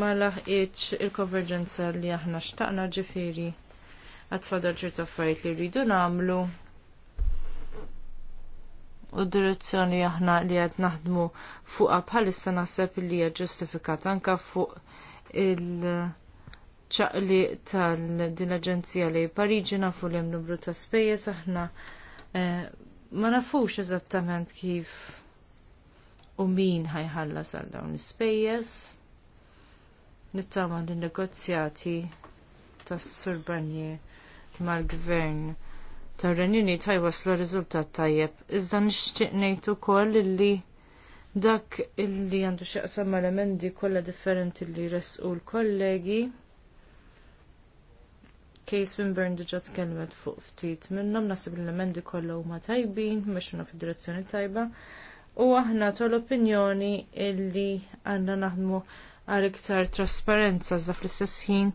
ma laħqitx il-konverġenza li aħna xtaqna ġifieri għatfadar ċertu affarijiet li rridu nagħmlu u direzzjoni aħna li għed naħdmu fuqa bħalissa naħseb li hija ġustifikat anke fuq il-ċaqli tal-din l-Aġenzija li Pariġi nafu li hemm numru ta' spejjeż aħna eh, ma nafux eżattament kif u min ħajħallas għal dawn l-ispejjeż. Nittama l-negozjati tas-surbanji mal-gvern tar-Renjuni tajwaslu riżultat tajjeb. Iżda nixtieq ngħid ukoll illi dak illi għandu xaqsam mal emendi kollha differenti li resqu l-kollegi. Case Winburn diġa tkellmet fuq ftit minnhom nasib l-emendi kollha huma tajbin, mexxuna fid-direzzjoni tajba. U aħna tal-opinjoni illi għandna naħdmu għal iktar trasparenza za fl-istess ħin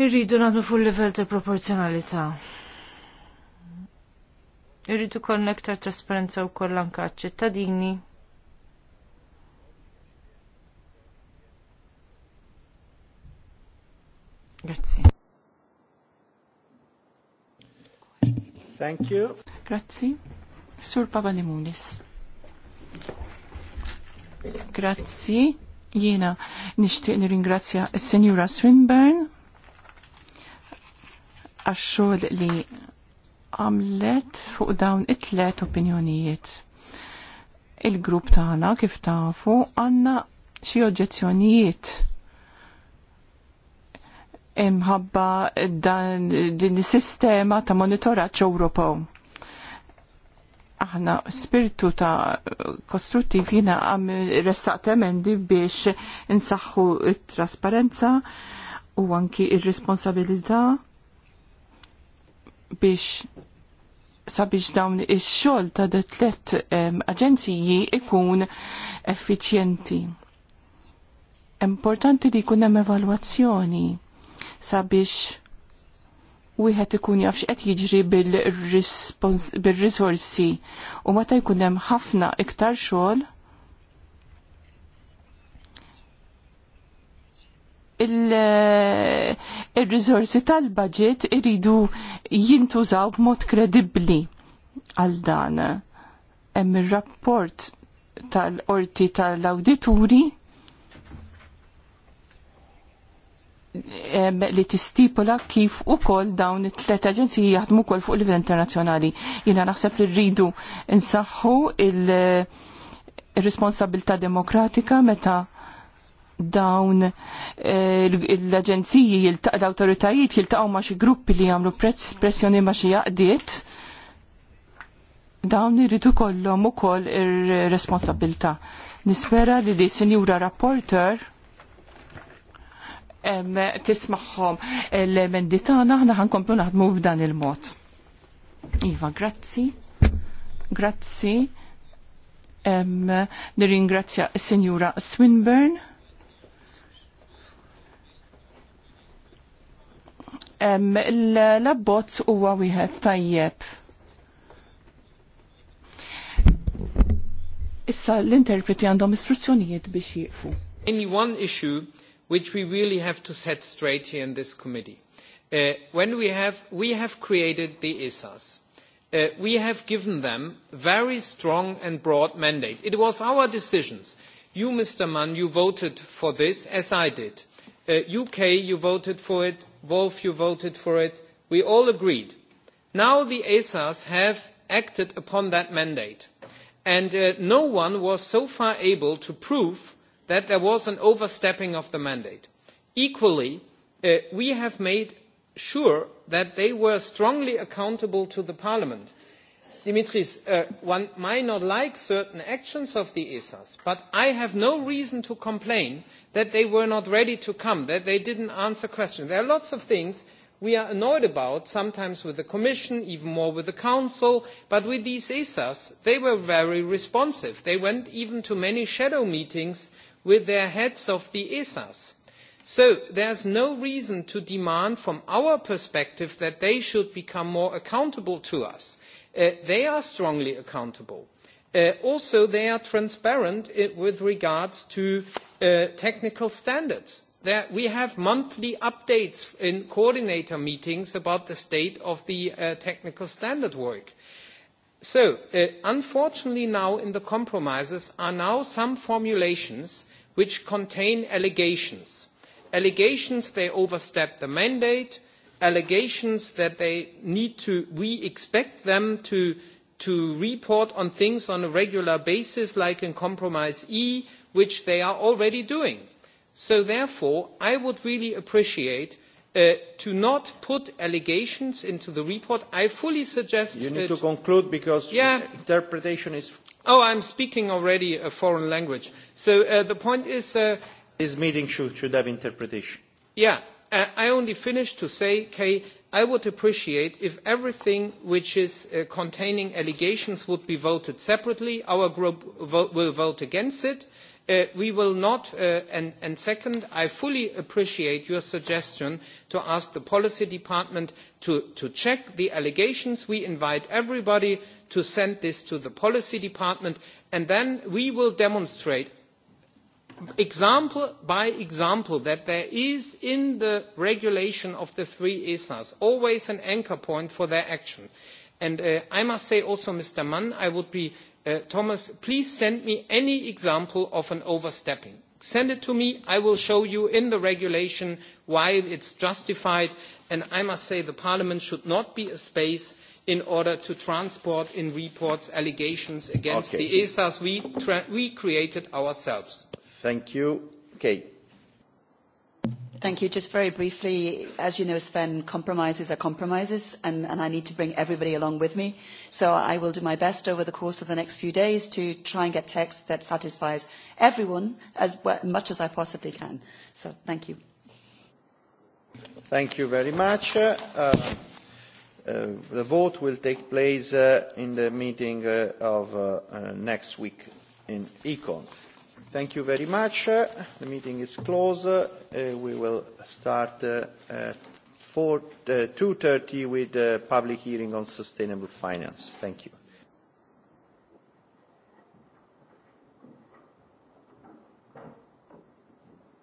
Irridu naħdmu fuq livell ta' proporzjonalità. Irridu kollna aktar trasparenza wkoll anke ċittadini. Grazzi. Thank you. Grazzi. Sur Papa Papanimulis. Grazzi. Jiena nixtieq nirringrazzja s-Senjura Swinburne għax-xogħol li għamlet fuq dawn it-tlet opinjonijiet. Il-grupp tagħna kif tafu għandna xi oġġezzjonijiet imħabba dan din is-sistema ta' monitoraġġ Ewropew. Aħna spiritu ta' kostruttiv jiena għam ressaqt emendi biex insaħħu t trasparenza u anki ir-responsabilità biex sabiex dawn ix-xogħol ta' detlet aġenziji ikun effiċjenti. Importanti li jkun hemm evalwazzjoni sabiex wieħed ikun jaf x'qed jiġri bil-risorsi u meta jkun hemm ħafna iktar xogħol Eh, il-rizorsi tal-budget iridu jintużaw b'mod kredibbli għal dan. Hemm ir-rapport tal-qorti tal-awdituri li tistipula kif u kol dawn it-tlet aġenziji jaħdmu kol fuq livell internazzjonali. Jina naħseb li rridu nsaħħu eh, il-responsabilta demokratika meta dawn eh, l-aġenziji jiltaq l-autoritajiet jiltaqgħu ma' xi gruppi li jagħmlu pressjoni ma' xi jaqdiet dawn iridu kollhom ukoll ir-responsabilità. Nispera li li sinjura rapporter tismaħħom l-emendi tagħna aħna ħankomplu naħdmu b'dan il-mod. Iva, grazzi. Grazzi. Nirringrazzja s-Sinjura Swinburne l-abbozz huwa wieħed tajjeb. Issa l-interpreti għandhom istruzzjonijiet biex jieqfu. Any one issue which we really have to set straight here in this committee. Uh, when we have, we have created the ISAs. Uh, we have given them very strong and broad mandate. It was our decisions. You, Mr. Mann, you voted for this, as I did. Uh, UK, you voted for it both you voted for it, we all agreed. Now the ESAs have acted upon that mandate, and uh, no one was so far able to prove that there was an overstepping of the mandate. Equally, uh, we have made sure that they were strongly accountable to the Parliament Dimitris, uh, one might not like certain actions of the ESAs, but I have no reason to complain that they were not ready to come, that they didn't answer questions. There are lots of things we are annoyed about, sometimes with the Commission, even more with the Council, but with these ESAs, they were very responsive. They went even to many shadow meetings with their heads of the ESAs. So there is no reason to demand from our perspective that they should become more accountable to us. Uh, they are strongly accountable. Uh, also, they are transparent with regards to uh, technical standards. That we have monthly updates in coordinator meetings about the state of the uh, technical standard work. So, uh, unfortunately now in the compromises are now some formulations which contain allegations. Allegations they overstep the mandate, allegations that they need to, we expect them to, to report on things on a regular basis, like in Compromise E, which they are already doing. So therefore, I would really appreciate uh, to not put allegations into the report. I fully suggest... You need it, to conclude because yeah, interpretation is... Oh, I'm speaking already a foreign language. So uh, the point is... Uh, this meeting should, should have interpretation. Yeah, Uh, I only finish to say, Kay, I would appreciate if everything which is uh, containing allegations would be voted separately. Our group will vote against it. Uh, we will not, uh, and, and second, I fully appreciate your suggestion to ask the policy department to, to check the allegations. We invite everybody to send this to the policy department, and then we will demonstrate example by example that there is in the regulation of the three ESAs always an anchor point for their action. And uh, I must say also, Mr. Mann, I would be, uh, Thomas, please send me any example of an overstepping. Send it to me. I will show you in the regulation why it's justified. And I must say the Parliament should not be a space in order to transport in reports allegations against okay. the ESAs we, we created ourselves. Thank you. Kate. Thank you. Just very briefly, as you know, Sven, compromises are compromises, and, and I need to bring everybody along with me. So I will do my best over the course of the next few days to try and get text that satisfies everyone as well, much as I possibly can. So thank you. Thank you very much. Uh, uh, the vote will take place uh, in the meeting uh, of uh, uh, next week in Econ. Thank you very much. Uh, the meeting is closed. Uh, we will start uh, at four uh, 2.30 with the public hearing on sustainable finance. Thank you.